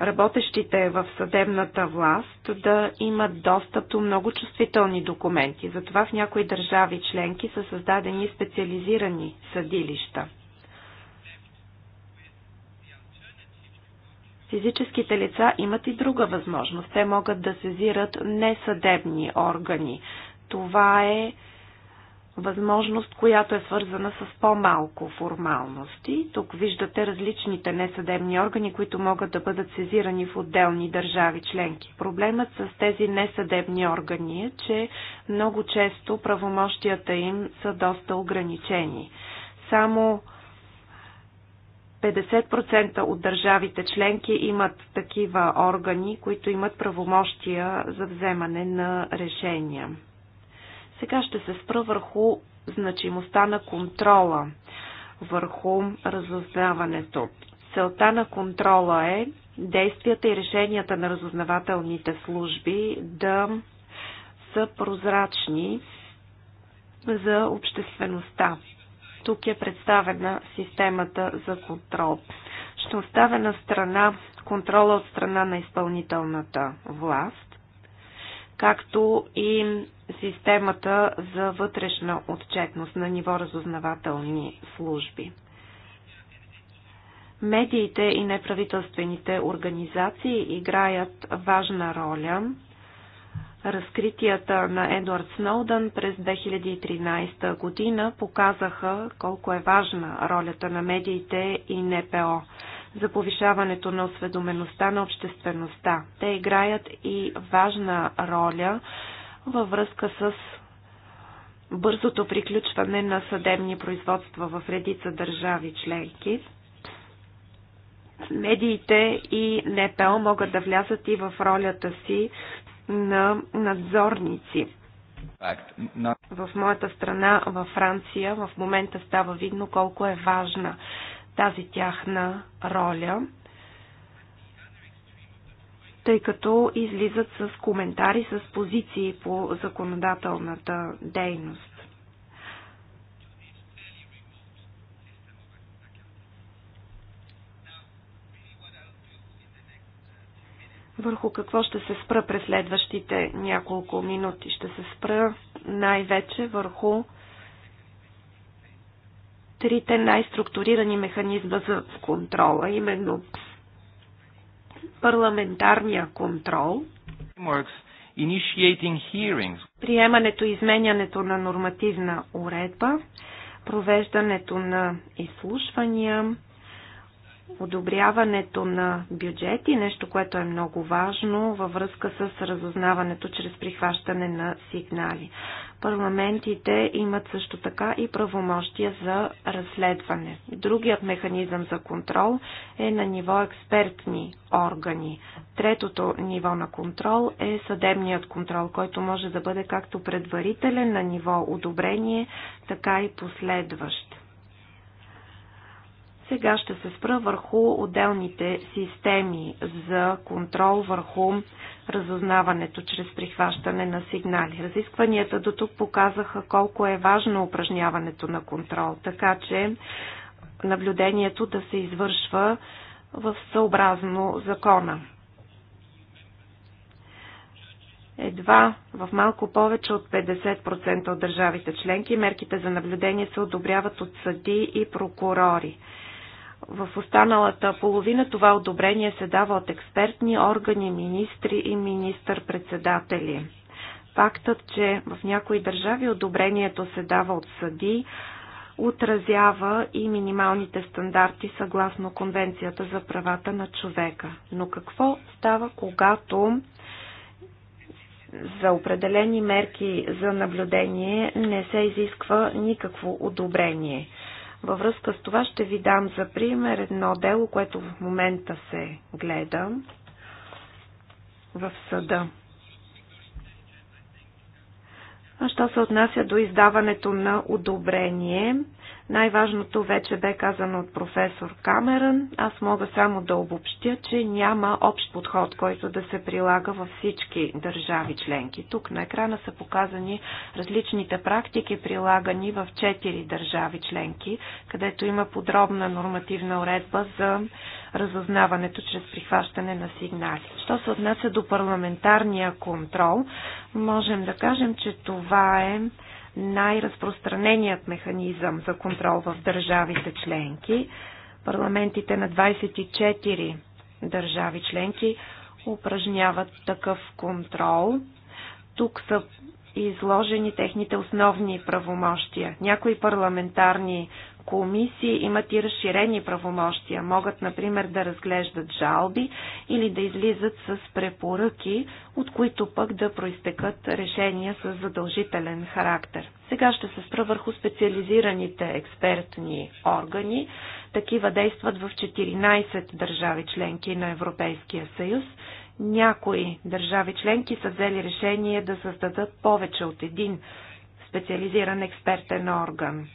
работещите в съдебната власт да имат достъп до много чувствителни документи. Затова в някои държави членки са създадени специализирани съдилища. Физическите лица имат и друга възможност. Те могат да сезират несъдебни органи. Това е възможност, която е свързана с по-малко формалности. Тук виждате различните несъдебни органи, които могат да бъдат сезирани в отделни държави членки. Проблемът с тези несъдебни органи е, че много често правомощията им са доста ограничени. Само 50% от държавите членки имат такива органи, които имат правомощия за вземане на решения. Сега ще се спра върху значимостта на контрола, върху разузнаването. Целта на контрола е действията и решенията на разузнавателните служби да са прозрачни за обществеността. Тук е представена системата за контрол. Ще оставя на страна контрола от страна на изпълнителната власт, както и системата за вътрешна отчетност на ниво разузнавателни служби. Медиите и неправителствените организации играят важна роля. Разкритията на Едуард Сноудън през 2013 година показаха колко е важна ролята на медиите и НПО за повишаването на осведомеността на обществеността. Те играят и важна роля във връзка с бързото приключване на съдебни производства в редица държави членки. Медиите и НПО могат да влязат и в ролята си на надзорници. В моята страна, във Франция, в момента става видно колко е важна тази тяхна роля тъй като излизат с коментари, с позиции по законодателната дейност. върху какво ще се спра през следващите няколко минути. Ще се спра най-вече върху трите най-структурирани механизма за контрола, именно парламентарния контрол, приемането и изменянето на нормативна уредба, провеждането на изслушвания, одобряването на бюджети, нещо, което е много важно във връзка с разузнаването чрез прихващане на сигнали. Парламентите имат също така и правомощия за разследване. Другият механизъм за контрол е на ниво експертни органи. Третото ниво на контрол е съдебният контрол, който може да бъде както предварителен на ниво одобрение, така и последващ. Сега ще се спра върху отделните системи за контрол върху разузнаването чрез прихващане на сигнали. Разискванията до тук показаха колко е важно упражняването на контрол, така че наблюдението да се извършва в съобразно закона. Едва в малко повече от 50% от държавите членки мерките за наблюдение се одобряват от съди и прокурори. В останалата половина това одобрение се дава от експертни органи, министри и министър-председатели. Фактът, че в някои държави одобрението се дава от съди, отразява и минималните стандарти съгласно Конвенцията за правата на човека. Но какво става, когато за определени мерки за наблюдение не се изисква никакво одобрение? Във връзка с това ще ви дам за пример едно дело, което в момента се гледа в съда. А що се отнася до издаването на одобрение, най-важното вече бе казано от професор Камерън. Аз мога само да обобщя, че няма общ подход, който да се прилага във всички държави членки. Тук на екрана са показани различните практики, прилагани в четири държави членки, където има подробна нормативна уредба за разузнаването чрез прихващане на сигнали. Що се отнася до парламентарния контрол, можем да кажем, че това е най-разпространеният механизъм за контрол в държавите членки. Парламентите на 24 държави членки упражняват такъв контрол. Тук са изложени техните основни правомощия. Някои парламентарни комисии имат и разширени правомощия. Могат, например, да разглеждат жалби или да излизат с препоръки, от които пък да проистекат решения с задължителен характер. Сега ще се спра върху специализираните експертни органи. Такива действат в 14 държави членки на Европейския съюз. Някои държави членки са взели решение да създадат повече от един специализиран експертен орган.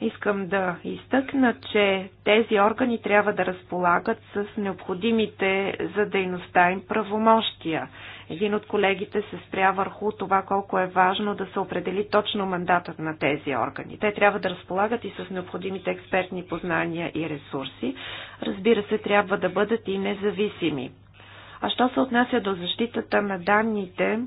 Искам да изтъкна, че тези органи трябва да разполагат с необходимите за дейността им правомощия. Един от колегите се спря върху това колко е важно да се определи точно мандатът на тези органи. Те трябва да разполагат и с необходимите експертни познания и ресурси. Разбира се, трябва да бъдат и независими. А що се отнася до защитата на данните,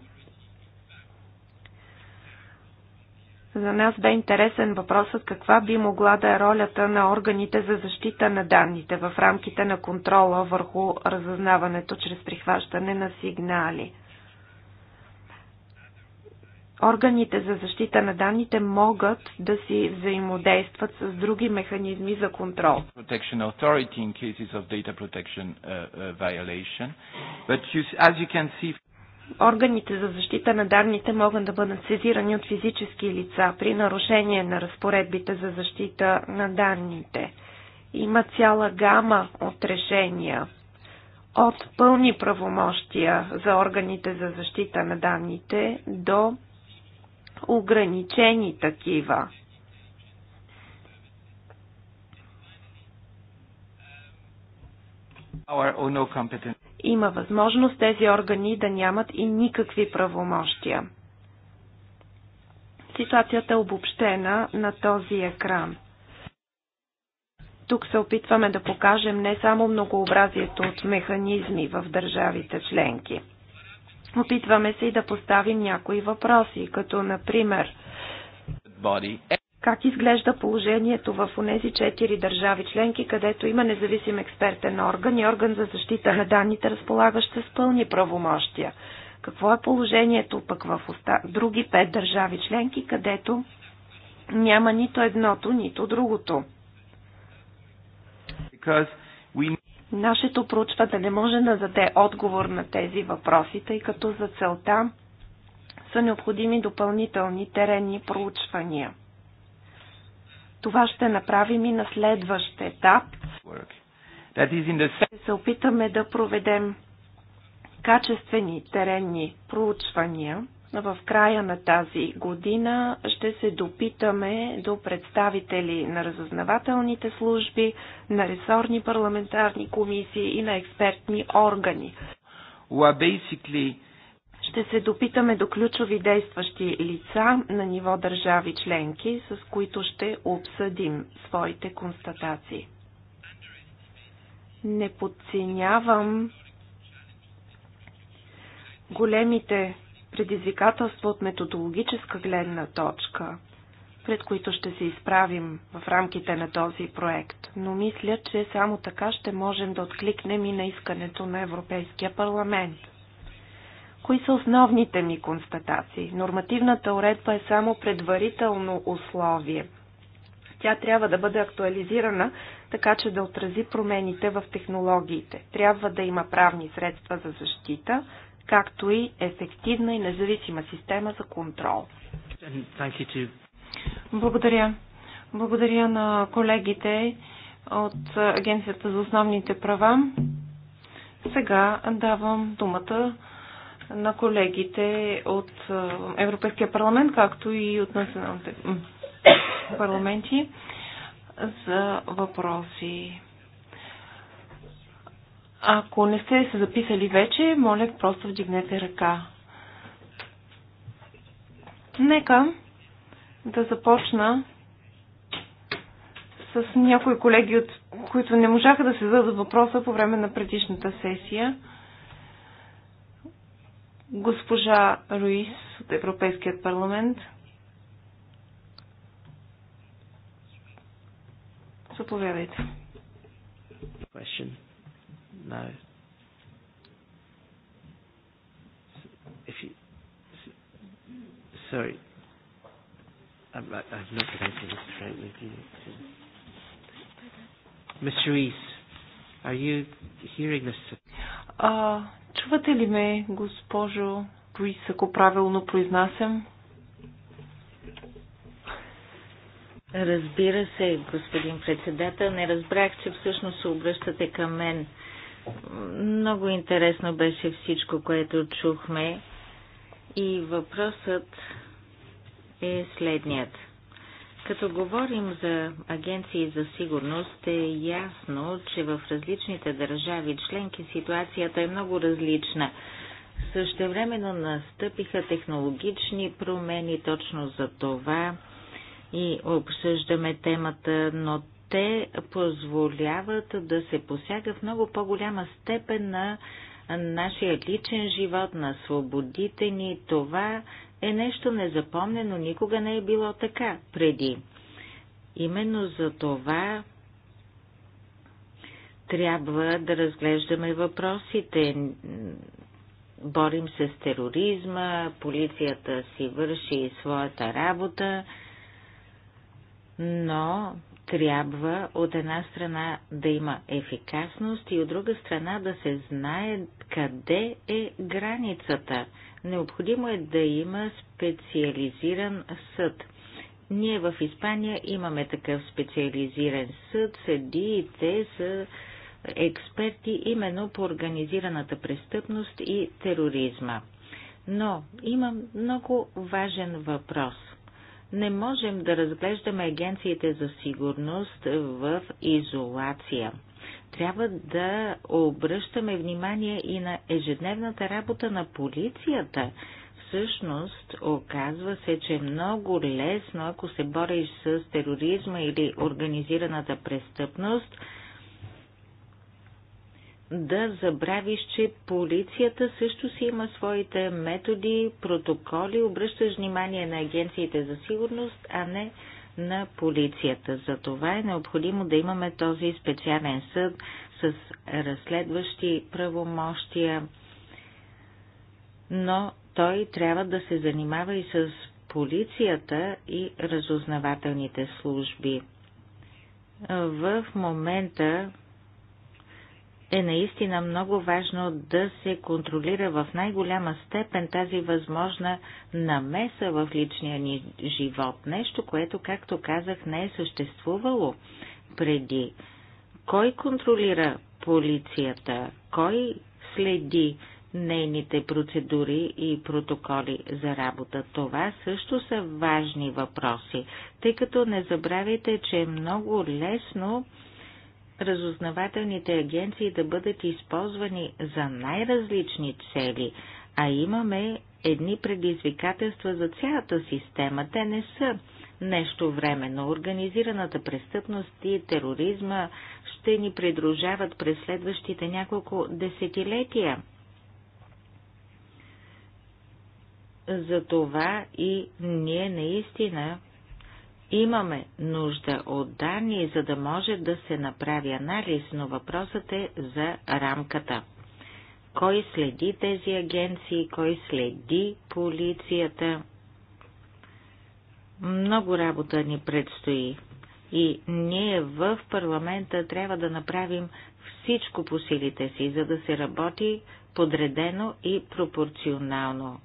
За нас бе интересен въпросът каква би могла да е ролята на органите за защита на данните в рамките на контрола върху разъзнаването чрез прихващане на сигнали. Органите за защита на данните могат да си взаимодействат с други механизми за контрол органите за защита на данните могат да бъдат сезирани от физически лица при нарушение на разпоредбите за защита на данните. Има цяла гама от решения от пълни правомощия за органите за защита на данните до ограничени такива. Our or no competence. Има възможност тези органи да нямат и никакви правомощия. Ситуацията е обобщена на този екран. Тук се опитваме да покажем не само многообразието от механизми в държавите членки. Опитваме се и да поставим някои въпроси, като например как изглежда положението в тези четири държави членки, където има независим експертен орган и орган за защита на данните, разполагащ с пълни правомощия? Какво е положението пък в оста... други пет държави членки, където няма нито едното, нито другото? We... Нашето проучване не може да даде отговор на тези въпроси, тъй като за целта са необходими допълнителни теренни проучвания. Това ще направим и на следващ етап. Ще се опитаме да проведем качествени теренни проучвания. В края на тази година ще се допитаме до представители на разузнавателните служби, на ресорни парламентарни комисии и на експертни органи. basically ще се допитаме до ключови действащи лица на ниво държави членки, с които ще обсъдим своите констатации. Не подценявам големите предизвикателства от методологическа гледна точка, пред които ще се изправим в рамките на този проект, но мисля, че само така ще можем да откликнем и на искането на Европейския парламент – Кои са основните ми констатации? Нормативната уредба е само предварително условие. Тя трябва да бъде актуализирана, така че да отрази промените в технологиите. Трябва да има правни средства за защита, както и ефективна и независима система за контрол. Благодаря. Благодаря на колегите от Агенцията за основните права. Сега давам думата на колегите от Европейския парламент, както и от националните парламенти за въпроси. Ако не сте се записали вече, моля, просто вдигнете ръка. Нека да започна с някои колеги, от които не можаха да се зададат въпроса по време на предишната сесия госпожа Руис от Европейският парламент. Заповядайте. Question. No. sorry, I'm, I'm not to pronouncing with you. Miss Ruiz. Are you hearing this? чувате ли ме, госпожо Руис, ако правилно произнасям? Разбира се, господин председател. Не разбрах, че всъщност се обръщате към мен. Много интересно беше всичко, което чухме. И въпросът е следният – като говорим за агенции за сигурност, е ясно, че в различните държави членки ситуацията е много различна. Същевременно настъпиха технологични промени точно за това и обсъждаме темата, но те позволяват да се посяга в много по-голяма степен на нашия личен живот, на свободите ни. Това е нещо незапомнено, никога не е било така преди. Именно за това трябва да разглеждаме въпросите. Борим се с тероризма, полицията си върши своята работа, но трябва от една страна да има ефикасност и от друга страна да се знае къде е границата – Необходимо е да има специализиран съд. Ние в Испания имаме такъв специализиран съд. Съдиите са експерти именно по организираната престъпност и тероризма. Но има много важен въпрос. Не можем да разглеждаме агенциите за сигурност в изолация. Трябва да обръщаме внимание и на ежедневната работа на полицията. Всъщност, оказва се, че е много лесно, ако се бориш с тероризма или организираната престъпност, да забравиш, че полицията също си има своите методи, протоколи, обръщаш внимание на агенциите за сигурност, а не на полицията. За това е необходимо да имаме този специален съд с разследващи правомощия, но той трябва да се занимава и с полицията и разузнавателните служби. В момента е наистина много важно да се контролира в най-голяма степен тази възможна намеса в личния ни живот. Нещо, което, както казах, не е съществувало преди. Кой контролира полицията? Кой следи нейните процедури и протоколи за работа. Това също са важни въпроси, тъй като не забравяйте, че е много лесно разузнавателните агенции да бъдат използвани за най-различни цели, а имаме едни предизвикателства за цялата система. Те не са нещо временно. Организираната престъпност и тероризма ще ни придружават през следващите няколко десетилетия. Затова и ние наистина Имаме нужда от данни, за да може да се направи анализ, но въпросът е за рамката. Кой следи тези агенции, кой следи полицията? Много работа ни предстои и ние в парламента трябва да направим всичко по силите си, за да се работи подредено и пропорционално.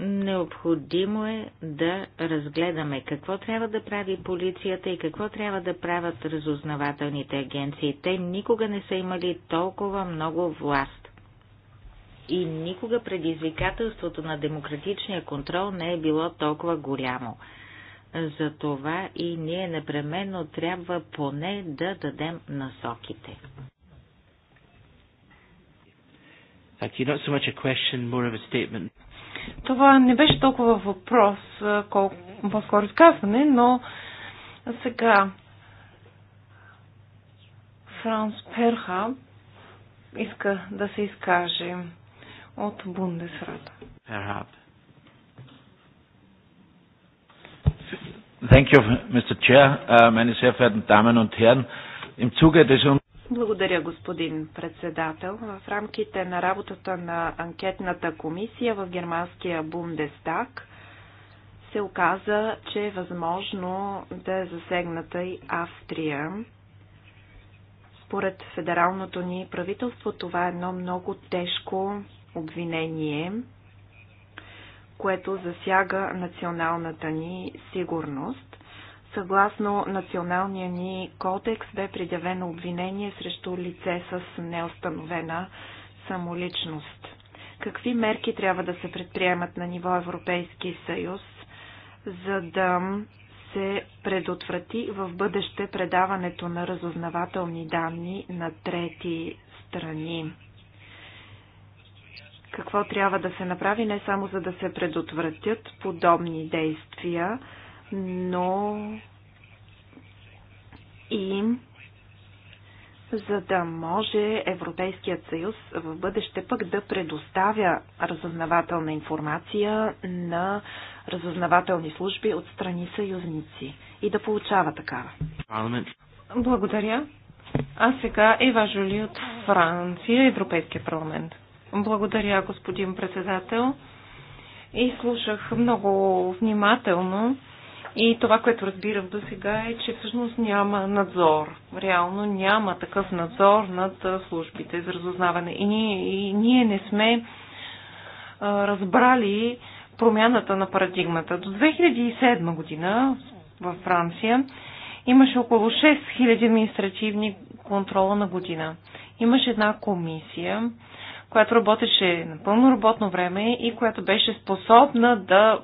Необходимо е да разгледаме какво трябва да прави полицията и какво трябва да правят разузнавателните агенции. Те никога не са имали толкова много власт. И никога предизвикателството на демократичния контрол не е било толкова голямо. Затова и ние непременно трябва поне да дадем насоките. Actually, Not so much a question, more of a statement. Това не беше толкова въпрос, колко по-скоро изказване, но сега Франс Перха иска да се изкаже от Бундесрата. Perhaps. Thank you, Mr. Chair, uh, meine sehr verehrten Damen und Herren. Im Zuge des благодаря, господин председател. В рамките на работата на анкетната комисия в германския Бундестаг се оказа, че е възможно да е засегната и Австрия. Според федералното ни правителство това е едно много тежко обвинение, което засяга националната ни сигурност. Съгласно националния ни кодекс бе предявено обвинение срещу лице с неустановена самоличност. Какви мерки трябва да се предприемат на ниво Европейски съюз, за да се предотврати в бъдеще предаването на разузнавателни данни на трети страни? Какво трябва да се направи не само за да се предотвратят подобни действия, но и за да може Европейският съюз в бъдеще пък да предоставя разузнавателна информация на разузнавателни служби от страни съюзници и да получава такава. Благодаря. А сега Ева Жули от Франция, Европейския парламент. Благодаря, господин председател. И слушах много внимателно и това, което разбирам до сега е, че всъщност няма надзор. Реално няма такъв надзор над службите за разузнаване. И ние, и ние не сме а, разбрали промяната на парадигмата. До 2007 година във Франция имаше около 6000 административни контрола на година. Имаше една комисия, която работеше на пълно работно време и която беше способна да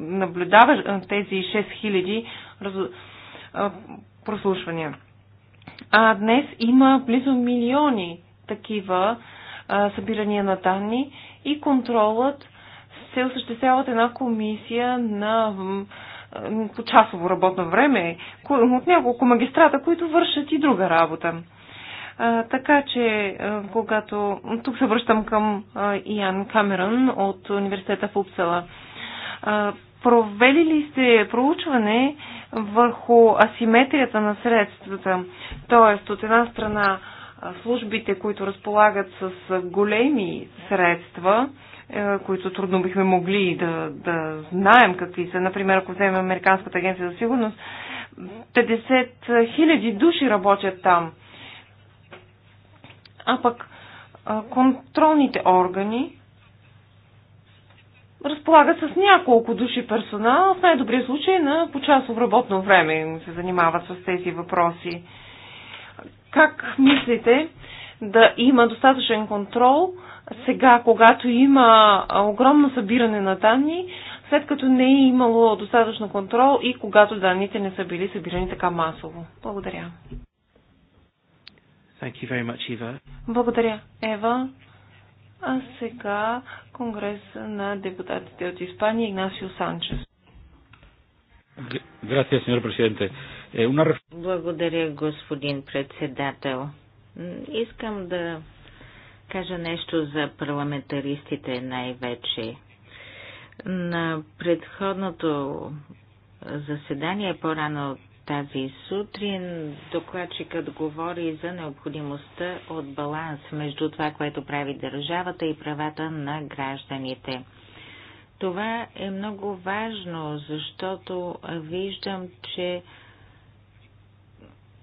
наблюдава тези 6000 прослушвания. А днес има близо милиони такива събирания на данни и контролът се осъществява от една комисия на по часово работно време от няколко магистрата, които вършат и друга работа. А, така че, а, когато... Тук се връщам към а, Иан Камерън от университета в Упсала. А, провели ли сте проучване върху асиметрията на средствата? Тоест, от една страна, службите, които разполагат с големи средства, които трудно бихме могли да, да знаем какви са. Например, ако вземем Американската агенция за сигурност, 50 хиляди души работят там – а пък контролните органи разполагат с няколко души персонал, в най-добрия случай на почасов работно време се занимават с тези въпроси. Как мислите да има достатъчен контрол сега, когато има огромно събиране на данни, след като не е имало достатъчно контрол и когато данните не са били събирани така масово? Благодаря. Thank you very much, Eva. Благодаря, Ева. А сега Конгрес на депутатите от Испания Игнасио Санчес. Gracias, señor presidente. Благодаря, господин председател. Искам да кажа нещо за парламентаристите най-вече. На предходното заседание по-рано от тази сутрин. Докладчикът говори за необходимостта от баланс между това, което прави държавата и правата на гражданите. Това е много важно, защото виждам, че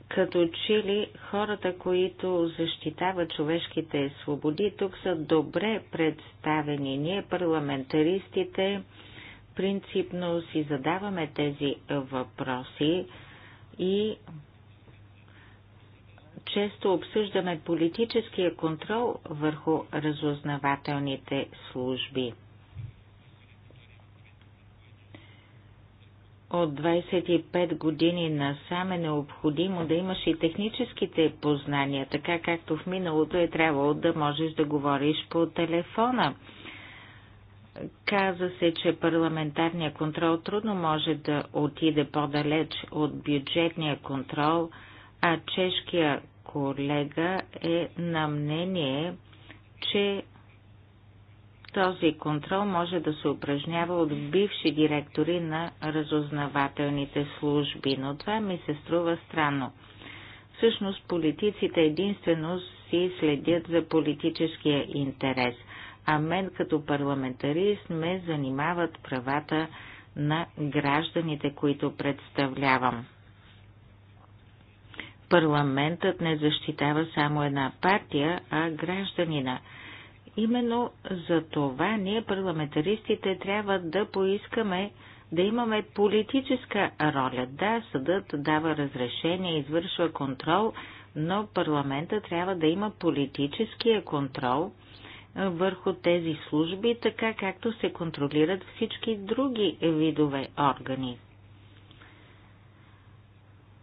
като че ли хората, които защитават човешките свободи, тук са добре представени. Ние, парламентаристите, принципно си задаваме тези въпроси и често обсъждаме политическия контрол върху разузнавателните служби. От 25 години насам е необходимо да имаш и техническите познания, така както в миналото е трябвало да можеш да говориш по телефона. Каза се, че парламентарния контрол трудно може да отиде по-далеч от бюджетния контрол, а чешкия колега е на мнение, че този контрол може да се упражнява от бивши директори на разузнавателните служби, но това ми се струва странно. Всъщност политиците единствено си следят за политическия интерес – а мен като парламентарист ме занимават правата на гражданите, които представлявам. Парламентът не защитава само една партия, а гражданина. Именно за това ние парламентаристите трябва да поискаме да имаме политическа роля. Да, съдът дава разрешение, извършва контрол, но парламента трябва да има политическия контрол – върху тези служби, така както се контролират всички други видове органи.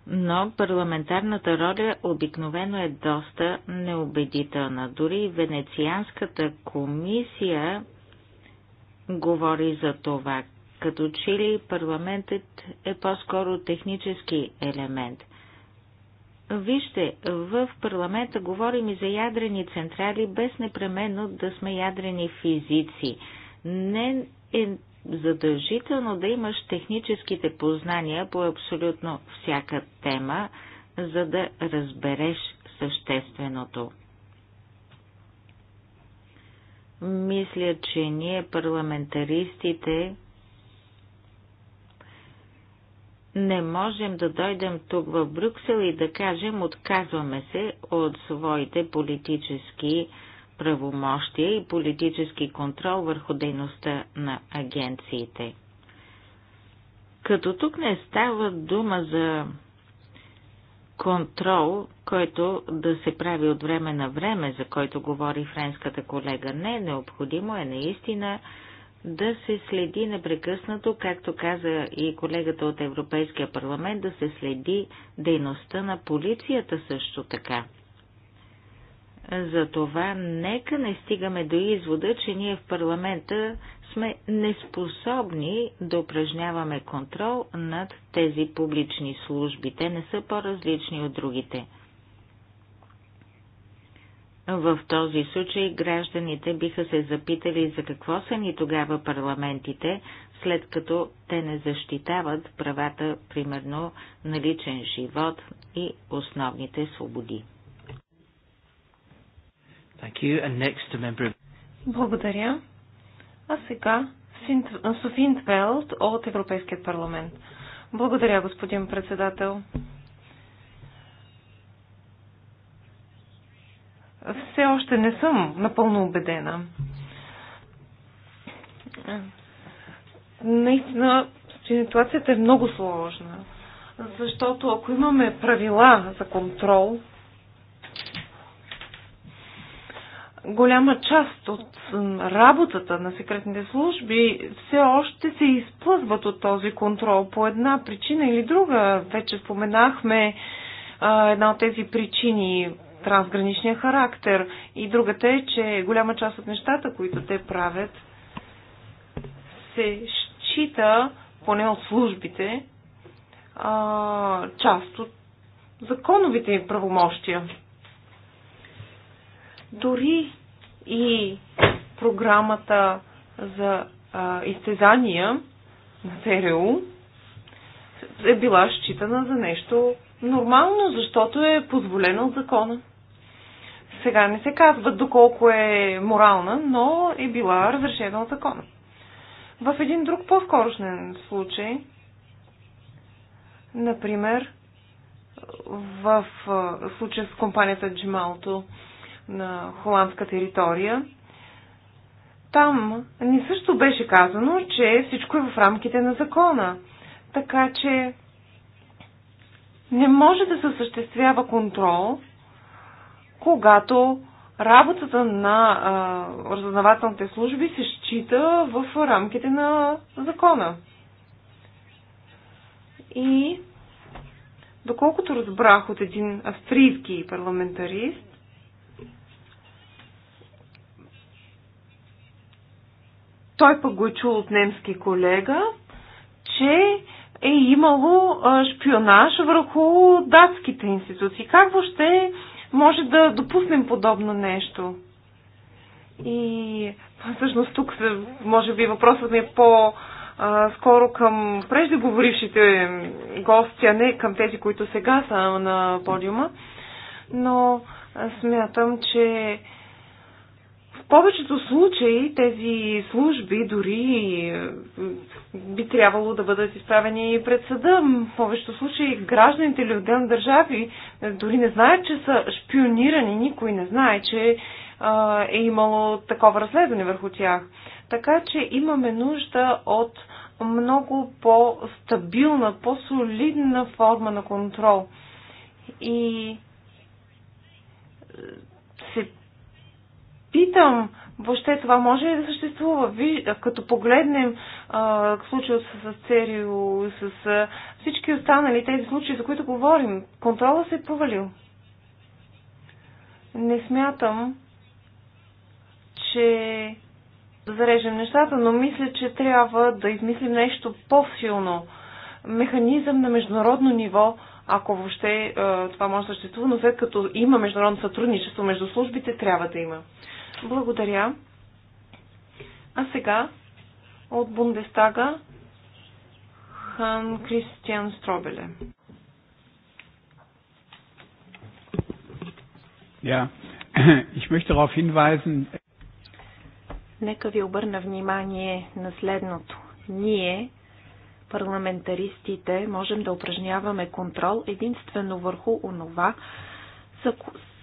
Но парламентарната роля обикновено е доста неубедителна. Дори Венецианската комисия говори за това, като че ли парламентът е по-скоро технически елемент. Вижте, в парламента говорим и за ядрени централи, без непременно да сме ядрени физици. Не е задължително да имаш техническите познания по абсолютно всяка тема, за да разбереш същественото. Мисля, че ние парламентаристите не можем да дойдем тук в Брюксел и да кажем отказваме се от своите политически правомощия и политически контрол върху дейността на агенциите. Като тук не става дума за контрол, който да се прави от време на време, за който говори френската колега. Не е необходимо е наистина да се следи непрекъснато, както каза и колегата от Европейския парламент, да се следи дейността на полицията също така. Затова нека не стигаме до извода, че ние в парламента сме неспособни да упражняваме контрол над тези публични служби. Те не са по-различни от другите. В този случай гражданите биха се запитали за какво са ни тогава парламентите, след като те не защитават правата, примерно, на личен живот и основните свободи. Благодаря. А сега Софин Твелт от Европейският парламент. Благодаря, господин председател. все още не съм напълно убедена. Наистина, ситуацията е много сложна, защото ако имаме правила за контрол, голяма част от работата на секретните служби все още се изплъзват от този контрол по една причина или друга. Вече споменахме а, една от тези причини трансграничния характер. И другата е, че голяма част от нещата, които те правят, се счита, поне от службите, а, част от законовите им правомощия. Дори и програмата за а, изтезания на ЦРУ е била считана за нещо нормално, защото е позволено от закона сега не се казва доколко е морална, но е била разрешена от закона. В един друг по-скорошен случай, например, в случая с компанията Джималто на холандска територия, там ни също беше казано, че всичко е в рамките на закона. Така че не може да се съществява контрол когато работата на а, разузнавателните служби се счита в рамките на закона. И доколкото разбрах от един австрийски парламентарист, той пък го е чул от немски колега, че е имало шпионаж върху датските институции. Как въобще може да допуснем подобно нещо. И всъщност тук може би въпросът ми е по- скоро към преждеговорившите гости, а не към тези, които сега са на подиума. Но смятам, че повечето случаи тези служби дори е, би трябвало да бъдат изправени пред съда. В повечето случаи гражданите или отделни държави е, дори не знаят, че са шпионирани. Никой не знае, че е, е имало такова разследване върху тях. Така че имаме нужда от много по-стабилна, по-солидна форма на контрол. И се питам, въобще това може ли да съществува? Виж, като погледнем а, случаят с, с Церио, с а, всички останали тези случаи, за които говорим, контрола се е повалил. Не смятам, че зарежем нещата, но мисля, че трябва да измислим нещо по-силно. Механизъм на международно ниво, ако въобще това може да съществува, но след като има международно сътрудничество между службите, трябва да има. Благодаря. А сега от Бундестага Хан Кристиан Стробеле. Ja, [clears throat] ich möchte darauf hinweisen. Нека ви обърна внимание на следното. Ние, парламентаристите, можем да упражняваме контрол единствено върху онова,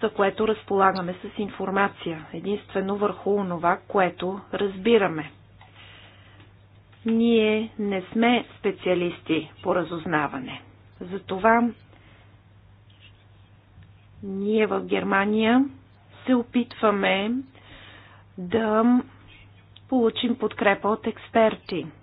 за което разполагаме с информация, единствено върху онова, което разбираме. Ние не сме специалисти по разузнаване. Затова ние в Германия се опитваме да получим подкрепа от експерти –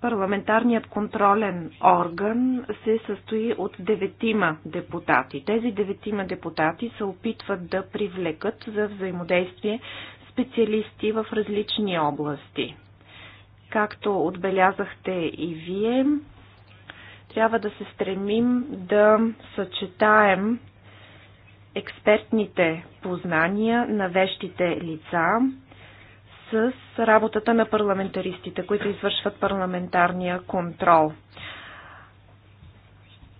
Парламентарният контролен орган се състои от деветима депутати. Тези деветима депутати се опитват да привлекат за взаимодействие специалисти в различни области. Както отбелязахте и вие, трябва да се стремим да съчетаем експертните познания на вещите лица с работата на парламентаристите, които извършват парламентарния контрол.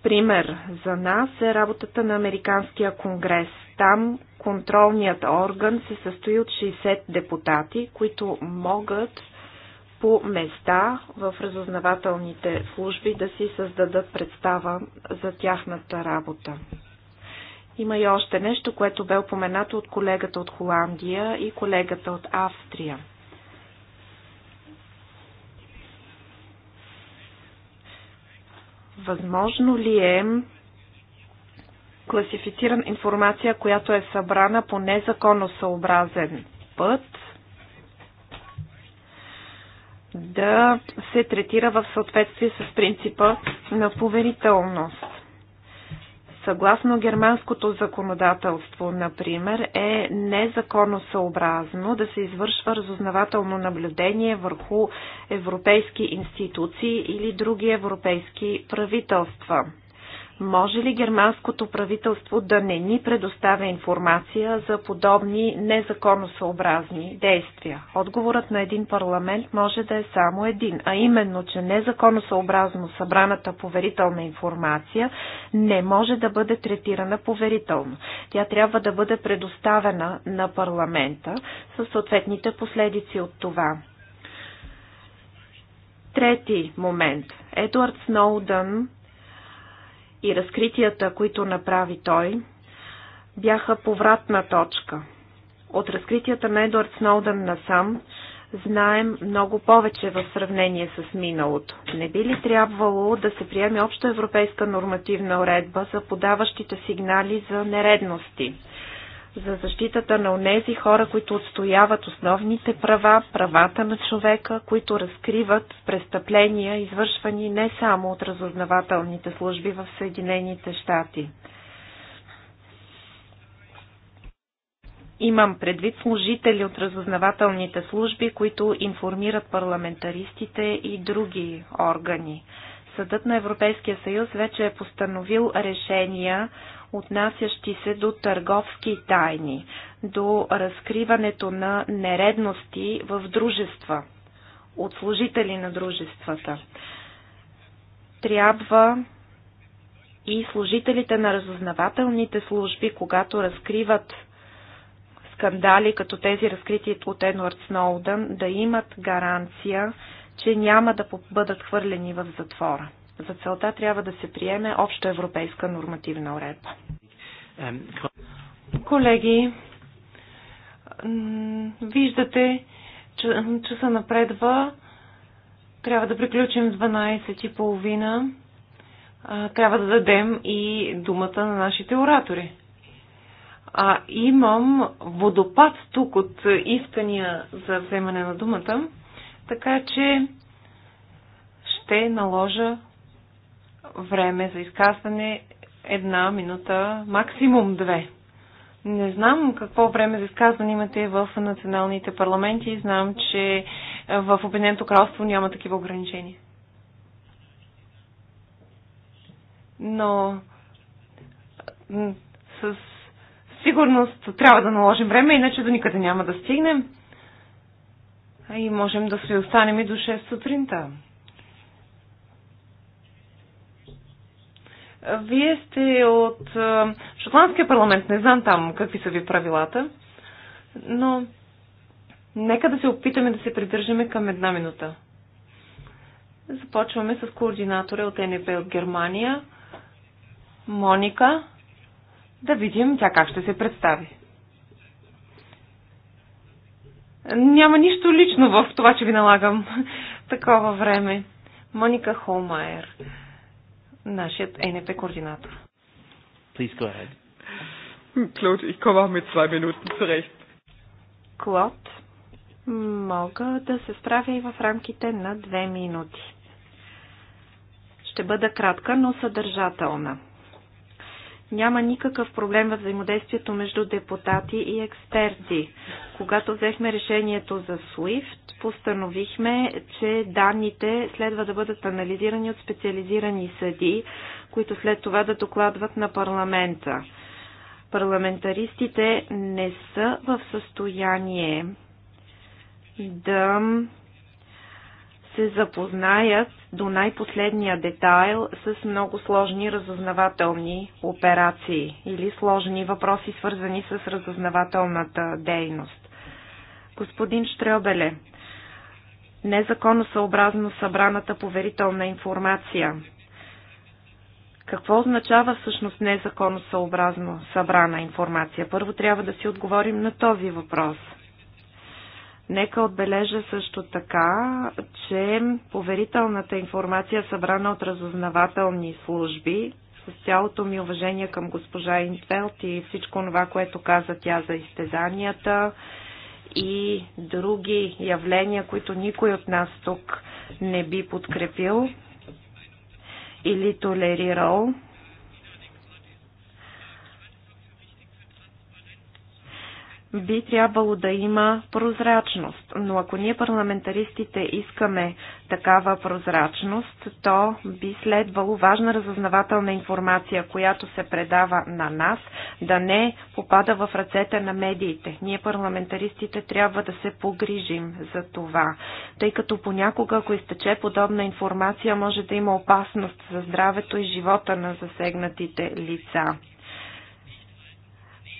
Пример за нас е работата на Американския конгрес. Там контролният орган се състои от 60 депутати, които могат по места в разузнавателните служби да си създадат представа за тяхната работа. Има и още нещо, което бе упоменато от колегата от Холандия и колегата от Австрия. Възможно ли е класифицирана информация, която е събрана по незаконосъобразен път, да се третира в съответствие с принципа на поверителност? съгласно германското законодателство, например, е незаконосъобразно да се извършва разузнавателно наблюдение върху европейски институции или други европейски правителства. Може ли германското правителство да не ни предоставя информация за подобни незаконосъобразни действия? Отговорът на един парламент може да е само един, а именно, че незаконосъобразно събраната поверителна информация не може да бъде третирана поверително. Тя трябва да бъде предоставена на парламента със съответните последици от това. Трети момент. Едуард Сноудън и разкритията, които направи той, бяха повратна точка. От разкритията на Едуард Сноудън насам знаем много повече в сравнение с миналото. Не би ли трябвало да се приеме обща европейска нормативна уредба за подаващите сигнали за нередности? за защитата на онези хора, които отстояват основните права, правата на човека, които разкриват престъпления, извършвани не само от разузнавателните служби в Съединените щати. Имам предвид служители от разузнавателните служби, които информират парламентаристите и други органи. Съдът на Европейския съюз вече е постановил решения отнасящи се до търговски тайни, до разкриването на нередности в дружества, от служители на дружествата. Трябва и служителите на разузнавателните служби, когато разкриват скандали, като тези разкрити от Едвард Сноудън, да имат гаранция, че няма да бъдат хвърлени в затвора. За целта трябва да се приеме обща европейска нормативна уредба. Колеги, виждате, че часа напредва. Трябва да приключим в 12.30. Трябва да дадем и думата на нашите оратори. А имам водопад тук от искания за вземане на думата, така че ще наложа време за изказване една минута, максимум две. Не знам какво време за изказване имате в националните парламенти. Знам, че в Обединеното кралство няма такива ограничения. Но с сигурност трябва да наложим време, иначе до никъде няма да стигнем. И можем да се останем и до 6 сутринта. Вие сте от Шотландския парламент, не знам там какви са ви правилата, но нека да се опитаме да се придържаме към една минута. Започваме с координатора от НП от Германия, Моника, да видим тя как ще се представи. Няма нищо лично в това, че ви налагам [laughs] такова време. Моника Холмайер нашият НП координатор. Please go ahead. Клод, ich komme auch mit zwei Minuten zurecht. Клод, мога да се справя и в рамките на две минути. Ще бъда кратка, но съдържателна. Няма никакъв проблем в взаимодействието между депутати и експерти. Когато взехме решението за SWIFT, постановихме, че данните следва да бъдат анализирани от специализирани съди, които след това да докладват на парламента. Парламентаристите не са в състояние да се запознаят до най-последния детайл с много сложни разузнавателни операции или сложни въпроси, свързани с разузнавателната дейност. Господин Штребеле, незаконосъобразно събраната поверителна информация. Какво означава всъщност незаконосъобразно събрана информация? Първо трябва да си отговорим на този въпрос – Нека отбележа също така, че поверителната информация, събрана от разузнавателни служби, с цялото ми уважение към госпожа Инфелт и всичко това, което каза тя за изтезанията и други явления, които никой от нас тук не би подкрепил или толерирал, би трябвало да има прозрачност. Но ако ние парламентаристите искаме такава прозрачност, то би следвало важна разузнавателна информация, която се предава на нас, да не попада в ръцете на медиите. Ние парламентаристите трябва да се погрижим за това, тъй като понякога, ако изтече подобна информация, може да има опасност за здравето и живота на засегнатите лица.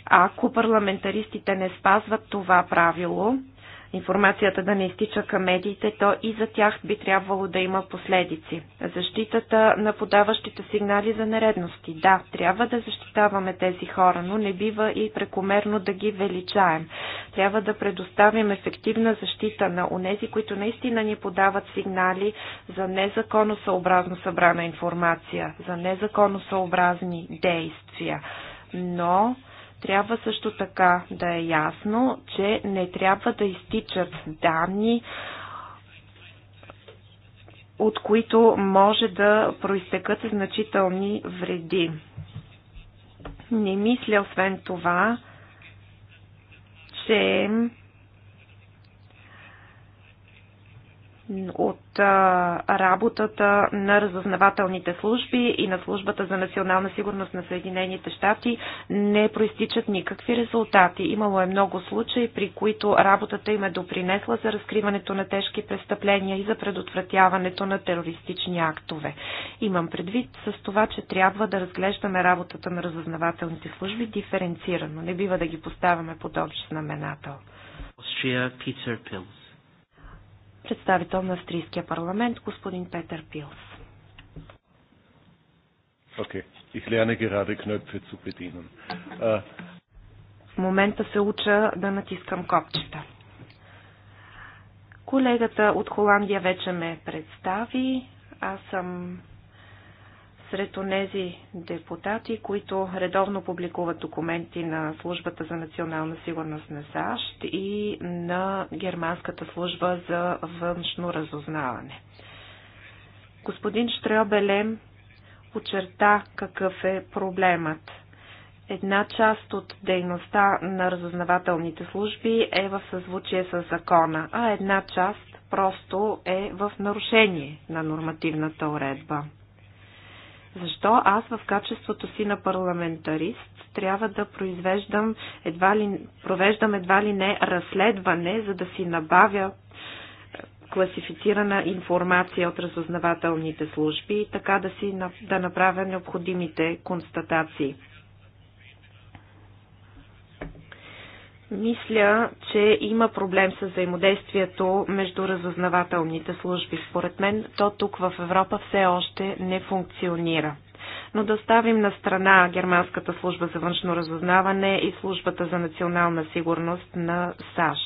Ако парламентаристите не спазват това правило, информацията да не изтича към медиите, то и за тях би трябвало да има последици. Защитата на подаващите сигнали за нередности. Да, трябва да защитаваме тези хора, но не бива и прекомерно да ги величаем. Трябва да предоставим ефективна защита на онези, които наистина ни подават сигнали за незаконосъобразно събрана информация, за незаконосъобразни действия. Но трябва също така да е ясно, че не трябва да изтичат данни, от които може да проистекат значителни вреди. Не мисля освен това, че от а, работата на разузнавателните служби и на службата за национална сигурност на Съединените щати не проистичат никакви резултати. Имало е много случаи, при които работата им е допринесла за разкриването на тежки престъпления и за предотвратяването на терористични актове. Имам предвид с това, че трябва да разглеждаме работата на разузнавателните служби диференцирано. Не бива да ги поставяме под общ знаменател. Austria, Peter Pills представител на Австрийския парламент, господин Петър Пилс. В момента се уча да натискам копчета. Колегата от Холандия вече ме представи. Аз съм сред онези депутати, които редовно публикуват документи на Службата за национална сигурност на САЩ и на Германската служба за външно разузнаване. Господин Штребелем очерта какъв е проблемът. Една част от дейността на разузнавателните служби е в съзвучие с закона, а една част просто е в нарушение на нормативната уредба. Защо аз в качеството си на парламентарист трябва да произвеждам едва ли, провеждам едва ли не разследване, за да си набавя е, класифицирана информация от разузнавателните служби и така да, си, да направя необходимите констатации. Мисля, че има проблем с взаимодействието между разузнавателните служби. Според мен то тук в Европа все още не функционира. Но да оставим на страна Германската служба за външно разузнаване и службата за национална сигурност на САЩ.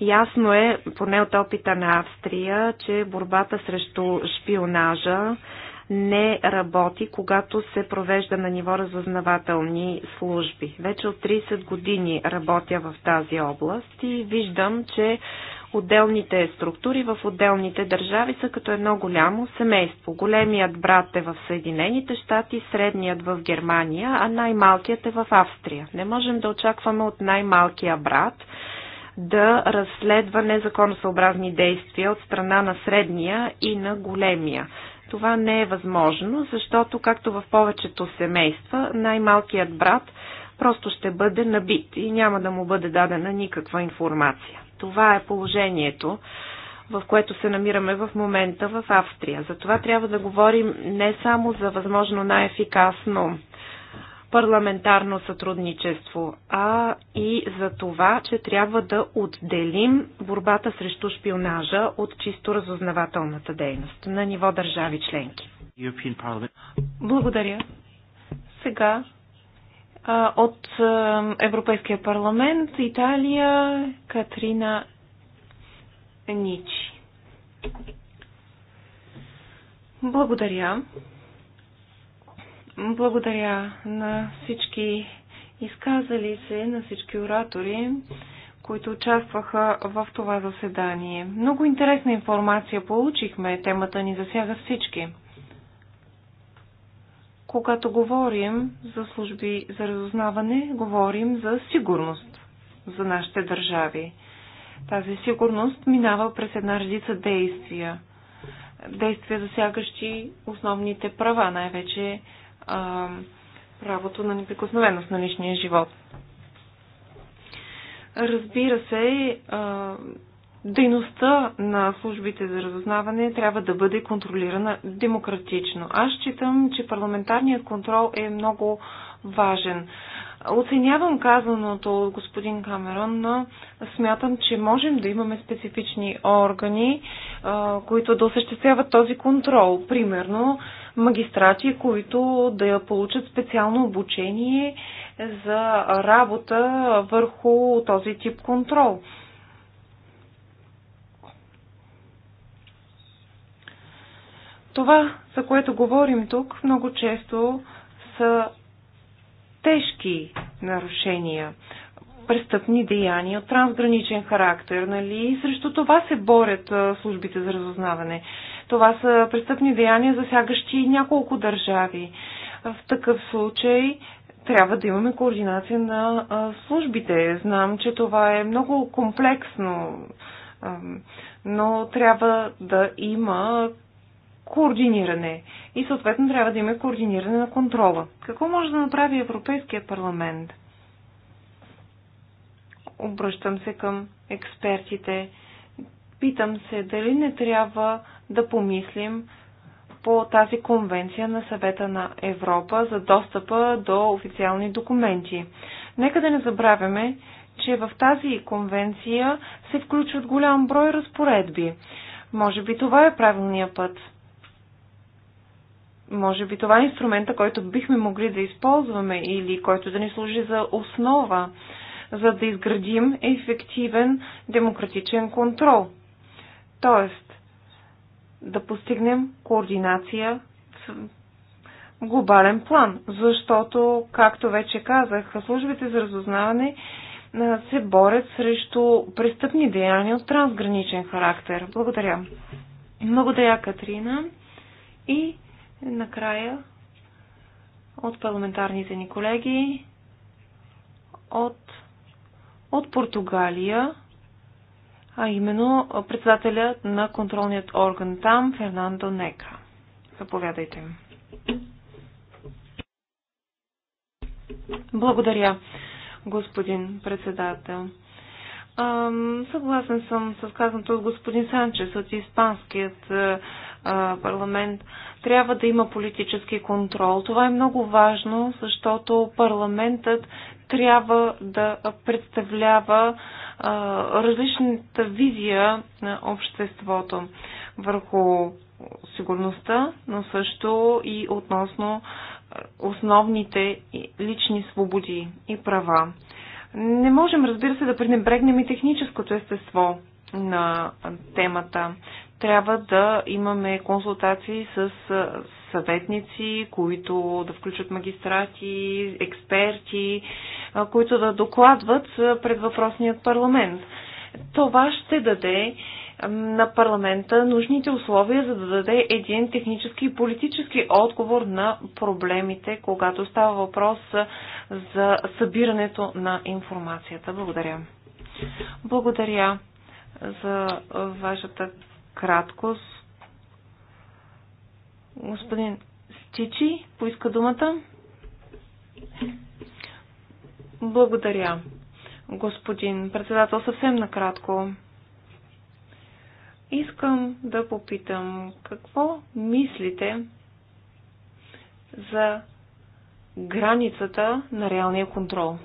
Ясно е, поне от опита на Австрия, че борбата срещу шпионажа не работи, когато се провежда на ниво разузнавателни служби. Вече от 30 години работя в тази област и виждам, че отделните структури в отделните държави са като едно голямо семейство. Големият брат е в Съединените щати, средният в Германия, а най-малкият е в Австрия. Не можем да очакваме от най-малкия брат да разследва незаконосъобразни действия от страна на средния и на големия. Това не е възможно, защото, както в повечето семейства, най-малкият брат просто ще бъде набит и няма да му бъде дадена никаква информация. Това е положението, в което се намираме в момента в Австрия. Затова трябва да говорим не само за възможно най-ефикасно парламентарно сътрудничество, а и за това, че трябва да отделим борбата срещу шпионажа от чисто разузнавателната дейност на ниво държави членки. Благодаря. Сега от Европейския парламент Италия Катрина Ничи. Благодаря. Благодаря на всички изказали се, на всички оратори, които участваха в това заседание. Много интересна информация получихме. Темата ни засяга всички. Когато говорим за служби за разузнаване, говорим за сигурност за нашите държави. Тази сигурност минава през една редица действия. Действия, засягащи основните права, най-вече а, правото на неприкосновеност на личния живот. Разбира се, а, дейността на службите за разузнаване трябва да бъде контролирана демократично. Аз считам, че парламентарният контрол е много важен. Оценявам казаното от господин Камерон, но смятам, че можем да имаме специфични органи, които да осъществяват този контрол. Примерно, магистрати, които да получат специално обучение за работа върху този тип контрол. Това, за което говорим тук, много често са тежки нарушения, престъпни деяния от трансграничен характер, нали? И срещу това се борят службите за разузнаване. Това са престъпни деяния, засягащи няколко държави. В такъв случай трябва да имаме координация на службите. Знам, че това е много комплексно, но трябва да има координиране и съответно трябва да има координиране на контрола. Какво може да направи Европейския парламент? Обръщам се към експертите. Питам се дали не трябва да помислим по тази конвенция на съвета на Европа за достъпа до официални документи. Нека да не забравяме, че в тази конвенция се включват голям брой разпоредби. Може би това е правилният път. Може би това е инструмента, който бихме могли да използваме или който да ни служи за основа, за да изградим ефективен демократичен контрол. Тоест, да постигнем координация в глобален план, защото, както вече казах, службите за разузнаване се борят срещу престъпни деяния от трансграничен характер. Благодаря. Благодаря, Катрина. И накрая от парламентарните ни колеги от, от Португалия а именно председателя на контролният орган там, Фернандо Нека. Заповядайте. Благодаря, господин председател. Съгласен съм с казаното от господин Санчес от Испанският е, парламент. Трябва да има политически контрол. Това е много важно, защото парламентът трябва да представлява различната визия на обществото върху сигурността, но също и относно основните лични свободи и права. Не можем, разбира се, да пренебрегнем и техническото естество на темата. Трябва да имаме консултации с съветници, които да включат магистрати, експерти, които да докладват пред въпросният парламент. Това ще даде на парламента нужните условия, за да даде един технически и политически отговор на проблемите, когато става въпрос за събирането на информацията. Благодаря. Благодаря за вашата краткост Господин Стичи поиска думата. Благодаря, господин председател. Съвсем накратко. Искам да попитам какво мислите за границата на реалния контрол.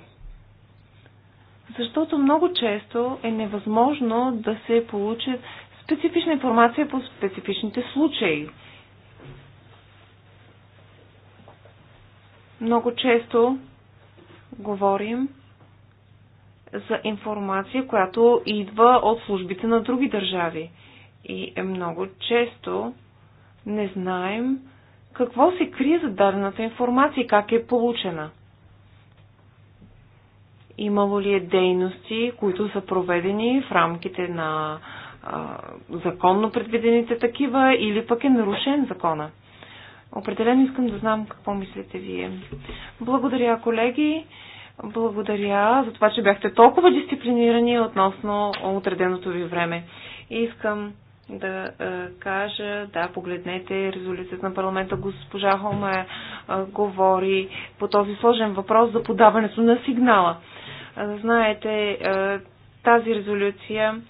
Защото много често е невъзможно да се получи специфична информация по специфичните случаи. Много често говорим за информация, която идва от службите на други държави. И е много често не знаем какво се крие за дадената информация и как е получена. Имало ли е дейности, които са проведени в рамките на а, законно предвидените такива или пък е нарушен закона? Определено искам да знам какво мислите вие. Благодаря, колеги. Благодаря за това, че бяхте толкова дисциплинирани относно отреденото ви време. И искам да е, кажа, да, погледнете резолюцията на парламента. Госпожа Хома е, е говори по този сложен въпрос за подаването на сигнала. Е, знаете, е, тази резолюция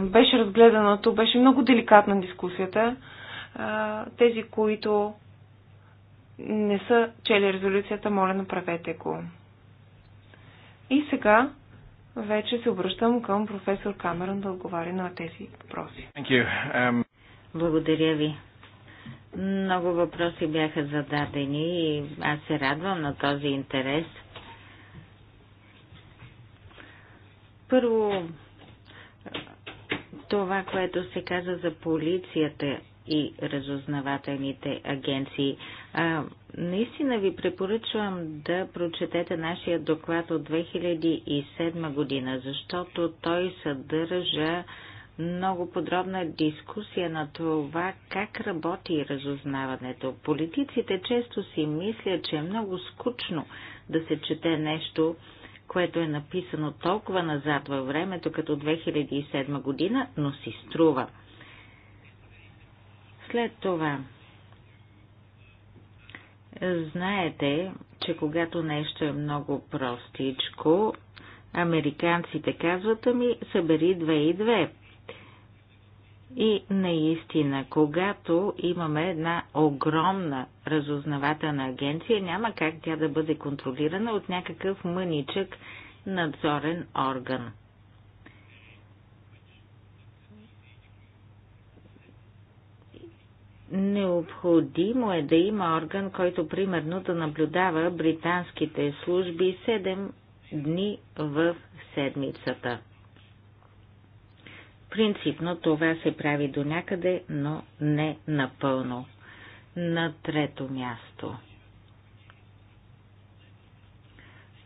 беше разгледана, тук беше много деликатна дискусията тези, които не са чели резолюцията, моля, направете го. И сега вече се обръщам към професор Камерон да отговаря на тези въпроси. Um... Благодаря ви. Много въпроси бяха зададени и аз се радвам на този интерес. Първо, това, което се каза за полицията и разузнавателните агенции. А, наистина ви препоръчвам да прочетете нашия доклад от 2007 година, защото той съдържа много подробна дискусия на това как работи разузнаването. Политиците често си мислят, че е много скучно да се чете нещо, което е написано толкова назад във времето, като 2007 година, но си струва. След това, знаете, че когато нещо е много простичко, американците казват, ми събери 2 и 2. И наистина, когато имаме една огромна разузнавателна агенция, няма как тя да бъде контролирана от някакъв мъничък надзорен орган. Необходимо е да има орган, който примерно да наблюдава британските служби 7 дни в седмицата. Принципно това се прави до някъде, но не напълно. На трето място.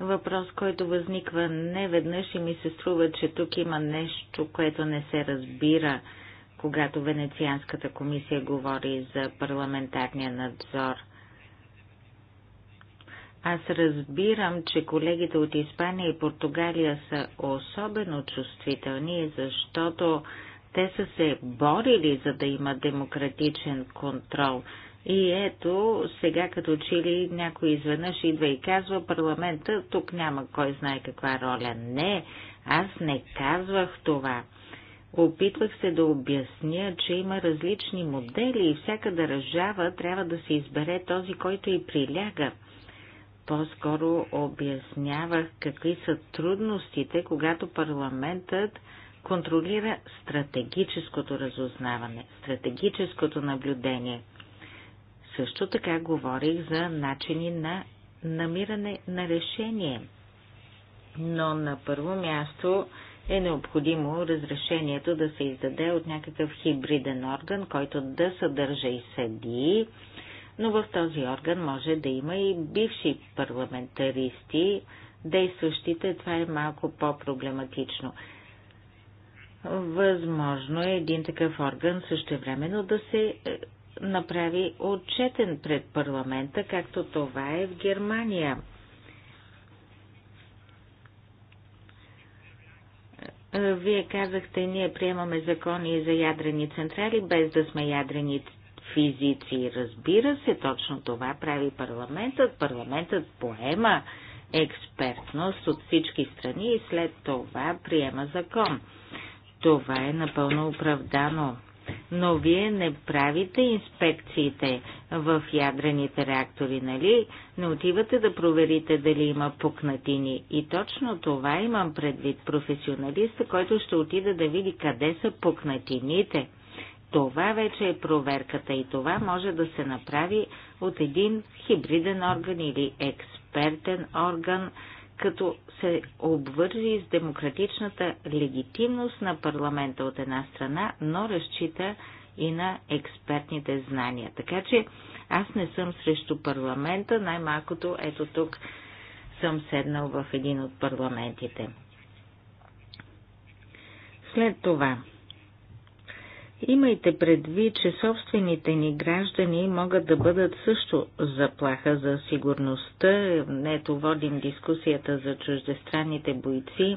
Въпрос, който възниква неведнъж и ми се струва, че тук има нещо, което не се разбира – когато Венецианската комисия говори за парламентарния надзор. Аз разбирам, че колегите от Испания и Португалия са особено чувствителни, защото те са се борили, за да има демократичен контрол. И ето, сега като че ли някой изведнъж идва и казва парламента, тук няма кой знае каква роля. Не, аз не казвах това. Опитвах се да обясня, че има различни модели и всяка държава трябва да се избере този, който и приляга. По-скоро обяснявах какви са трудностите, когато парламентът контролира стратегическото разузнаване, стратегическото наблюдение. Също така говорих за начини на намиране на решение. Но на първо място е необходимо разрешението да се издаде от някакъв хибриден орган, който да съдържа и съдии, но в този орган може да има и бивши парламентаристи, действащите, това е малко по-проблематично. Възможно е един такъв орган същевременно да се е, направи отчетен пред парламента, както това е в Германия. Е, вие казахте, ние приемаме закони за ядрени централи, без да сме ядрени физици. Разбира се, точно това прави парламентът. Парламентът поема експертност от всички страни и след това приема закон. Това е напълно оправдано но вие не правите инспекциите в ядрените реактори, нали? Не отивате да проверите дали има пукнатини. И точно това имам предвид професионалиста, който ще отида да види къде са пукнатините. Това вече е проверката и това може да се направи от един хибриден орган или експертен орган, като се обвържи с демократичната легитимност на парламента от една страна, но разчита и на експертните знания. Така че аз не съм срещу парламента, най-малкото ето тук съм седнал в един от парламентите. След това Имайте предвид, че собствените ни граждани могат да бъдат също заплаха за сигурността. Ето водим дискусията за чуждестранните бойци.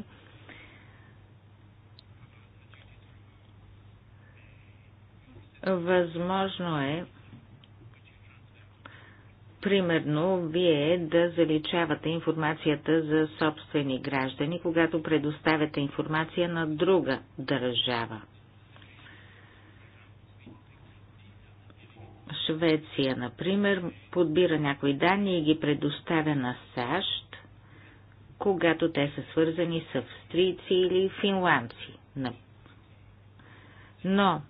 Възможно е, примерно, вие да заличавате информацията за собствени граждани, когато предоставяте информация на друга държава. Швеция, например, подбира някои данни и ги предоставя на САЩ, когато те са свързани с австрийци или финландци. Но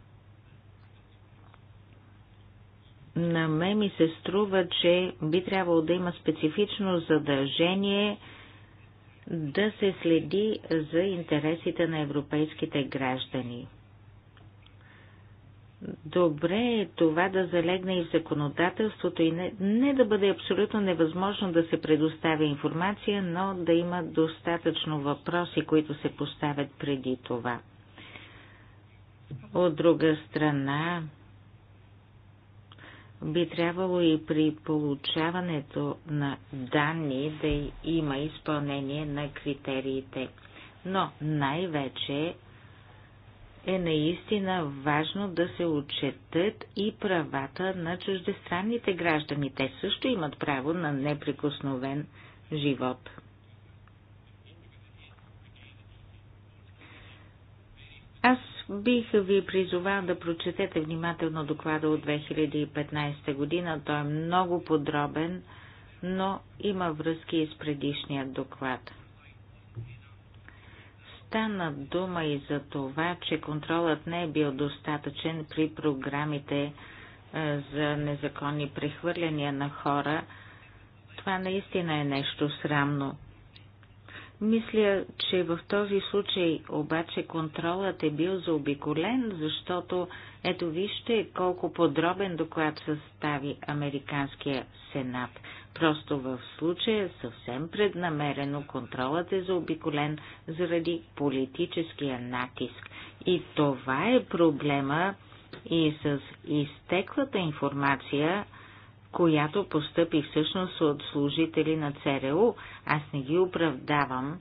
на мен ми се струва, че би трябвало да има специфично задължение да се следи за интересите на европейските граждани. Добре е това да залегне и в законодателството и не, не да бъде абсолютно невъзможно да се предоставя информация, но да има достатъчно въпроси, които се поставят преди това. От друга страна, би трябвало и при получаването на данни да има изпълнение на критериите. Но най-вече е наистина важно да се отчетат и правата на чуждестранните граждани. Те също имат право на неприкосновен живот. Аз бих ви призовал да прочетете внимателно доклада от 2015 година. Той е много подробен, но има връзки и с предишния доклад. Стана дума и за това, че контролът не е бил достатъчен при програмите е, за незаконни прехвърляния на хора. Това наистина е нещо срамно. Мисля, че в този случай обаче контролът е бил заобиколен, защото ето вижте колко подробен доклад състави Американския сенат. Просто в случая съвсем преднамерено контролът е заобиколен заради политическия натиск. И това е проблема и с изтеклата информация, която постъпи всъщност от служители на ЦРУ. Аз не ги оправдавам,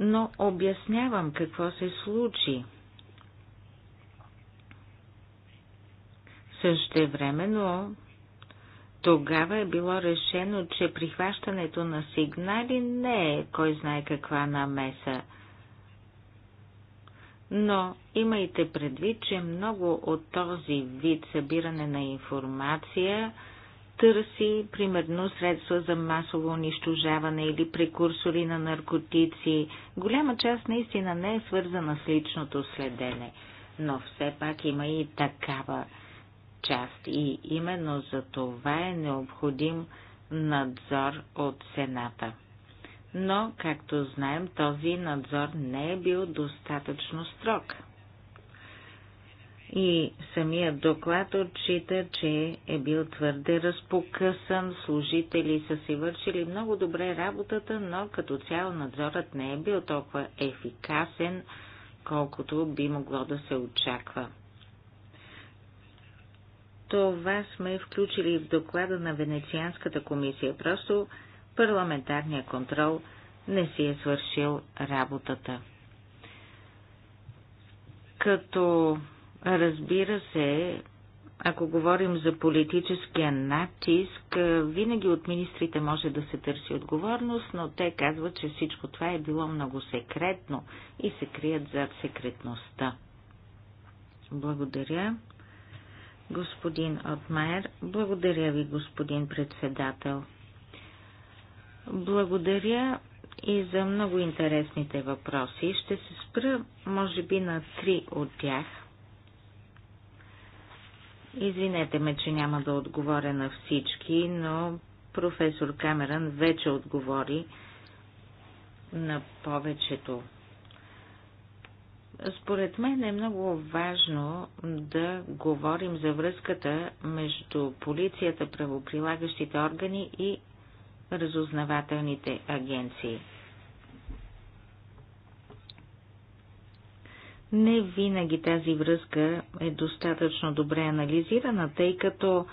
но обяснявам какво се случи. Също но тогава е било решено, че прихващането на сигнали не е кой знае каква намеса. Но имайте предвид, че много от този вид събиране на информация търси, примерно, средства за масово унищожаване или прекурсори на наркотици. Голяма част наистина не е свързана с личното следене, но все пак има и такава част и именно за това е необходим надзор от Сената. Но, както знаем, този надзор не е бил достатъчно строг. И самият доклад отчита, че е бил твърде разпокъсан, служители са си вършили много добре работата, но като цяло надзорът не е бил толкова ефикасен, колкото би могло да се очаква. Това сме включили в доклада на Венецианската комисия. Просто парламентарния контрол не си е свършил работата. Като разбира се, ако говорим за политическия натиск, винаги от министрите може да се търси отговорност, но те казват, че всичко това е било много секретно и се крият зад секретността. Благодаря господин Отмайер. Благодаря ви, господин председател. Благодаря и за много интересните въпроси. Ще се спра, може би, на три от тях. Извинете ме, че няма да отговоря на всички, но професор Камеран вече отговори на повечето според мен е много важно да говорим за връзката между полицията, правоприлагащите органи и разузнавателните агенции. Не винаги тази връзка е достатъчно добре анализирана, тъй като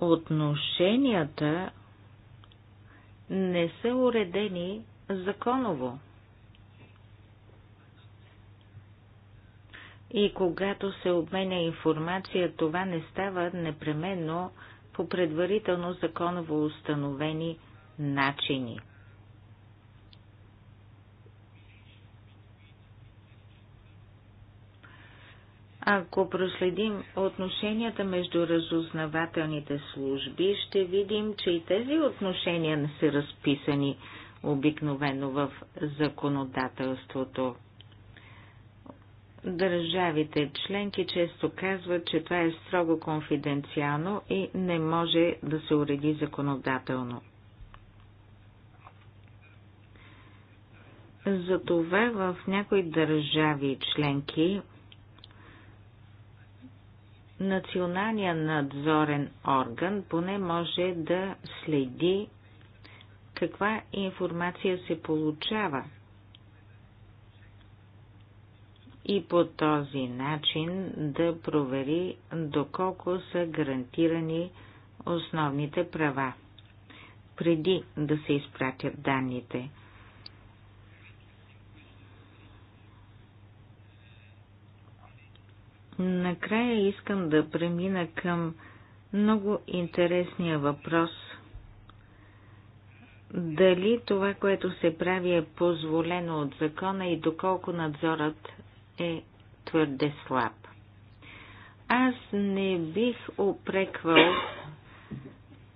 отношенията не са уредени законово. И когато се обменя информация, това не става непременно по предварително законово установени начини. Ако проследим отношенията между разузнавателните служби, ще видим, че и тези отношения не са разписани обикновено в законодателството. Държавите членки често казват, че това е строго конфиденциално и не може да се уреди законодателно. Затова в някои държави членки националният надзорен орган поне може да следи каква информация се получава и по този начин да провери доколко са гарантирани основните права, преди да се изпратят данните. Накрая искам да премина към много интересния въпрос. Дали това, което се прави е позволено от закона и доколко надзорът е твърде слаб. Аз не бих опреквал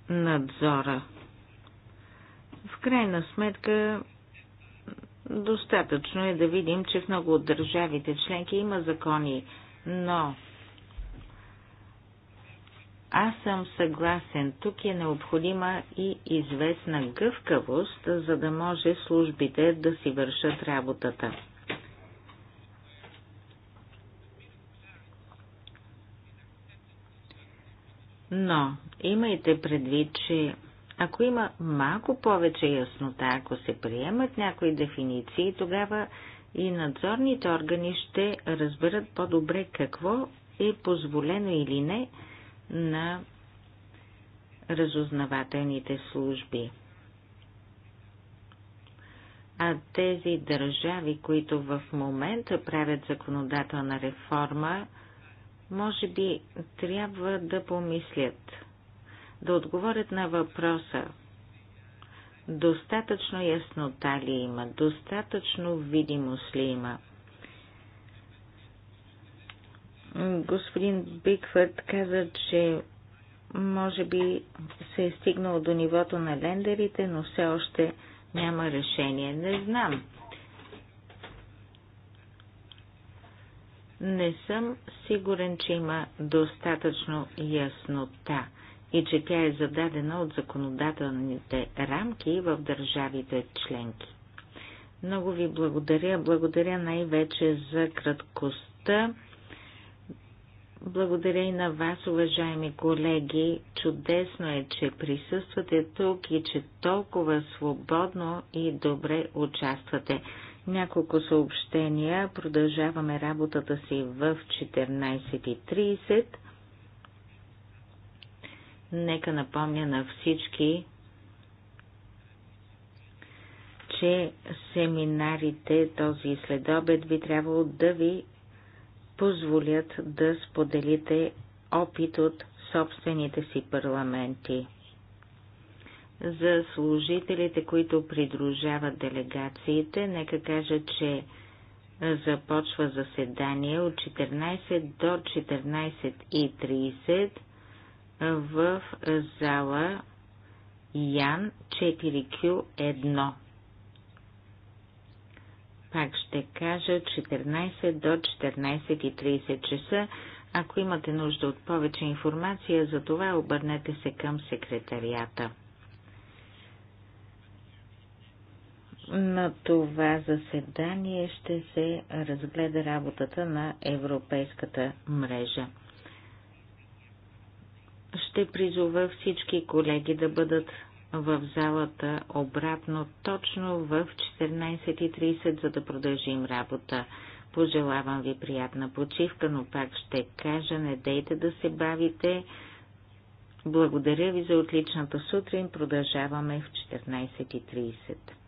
надзора. В крайна сметка, достатъчно е да видим, че в много от държавите членки има закони, но аз съм съгласен, тук е необходима и известна гъвкавост, за да може службите да си вършат работата. Но имайте предвид, че ако има малко повече яснота, ако се приемат някои дефиниции, тогава и надзорните органи ще разберат по-добре какво е позволено или не на разузнавателните служби. А тези държави, които в момента правят законодателна реформа, може би трябва да помислят, да отговорят на въпроса. Достатъчно яснота ли има? Достатъчно видимост ли има? Господин Бикфърд каза, че може би се е стигнал до нивото на лендерите, но все още няма решение. Не знам. Не съм сигурен, че има достатъчно яснота и че тя е зададена от законодателните рамки в държавите членки. Много ви благодаря. Благодаря най-вече за краткостта. Благодаря и на вас, уважаеми колеги. Чудесно е, че присъствате тук и че толкова свободно и добре участвате. Няколко съобщения. Продължаваме работата си в 14.30. Нека напомня на всички, че семинарите този следобед би трябвало да ви позволят да споделите опит от собствените си парламенти за служителите, които придружават делегациите. Нека кажа, че започва заседание от 14 до 14.30 в зала Ян 4Q1. Пак ще кажа 14 до 14.30 часа. Ако имате нужда от повече информация за това, обърнете се към секретарията. На това заседание ще се разгледа работата на Европейската мрежа. Ще призова всички колеги да бъдат в залата обратно точно в 14.30, за да продължим работа. Пожелавам ви приятна почивка, но пак ще кажа, не дейте да се бавите. Благодаря ви за отличната сутрин. Продължаваме в 14.30.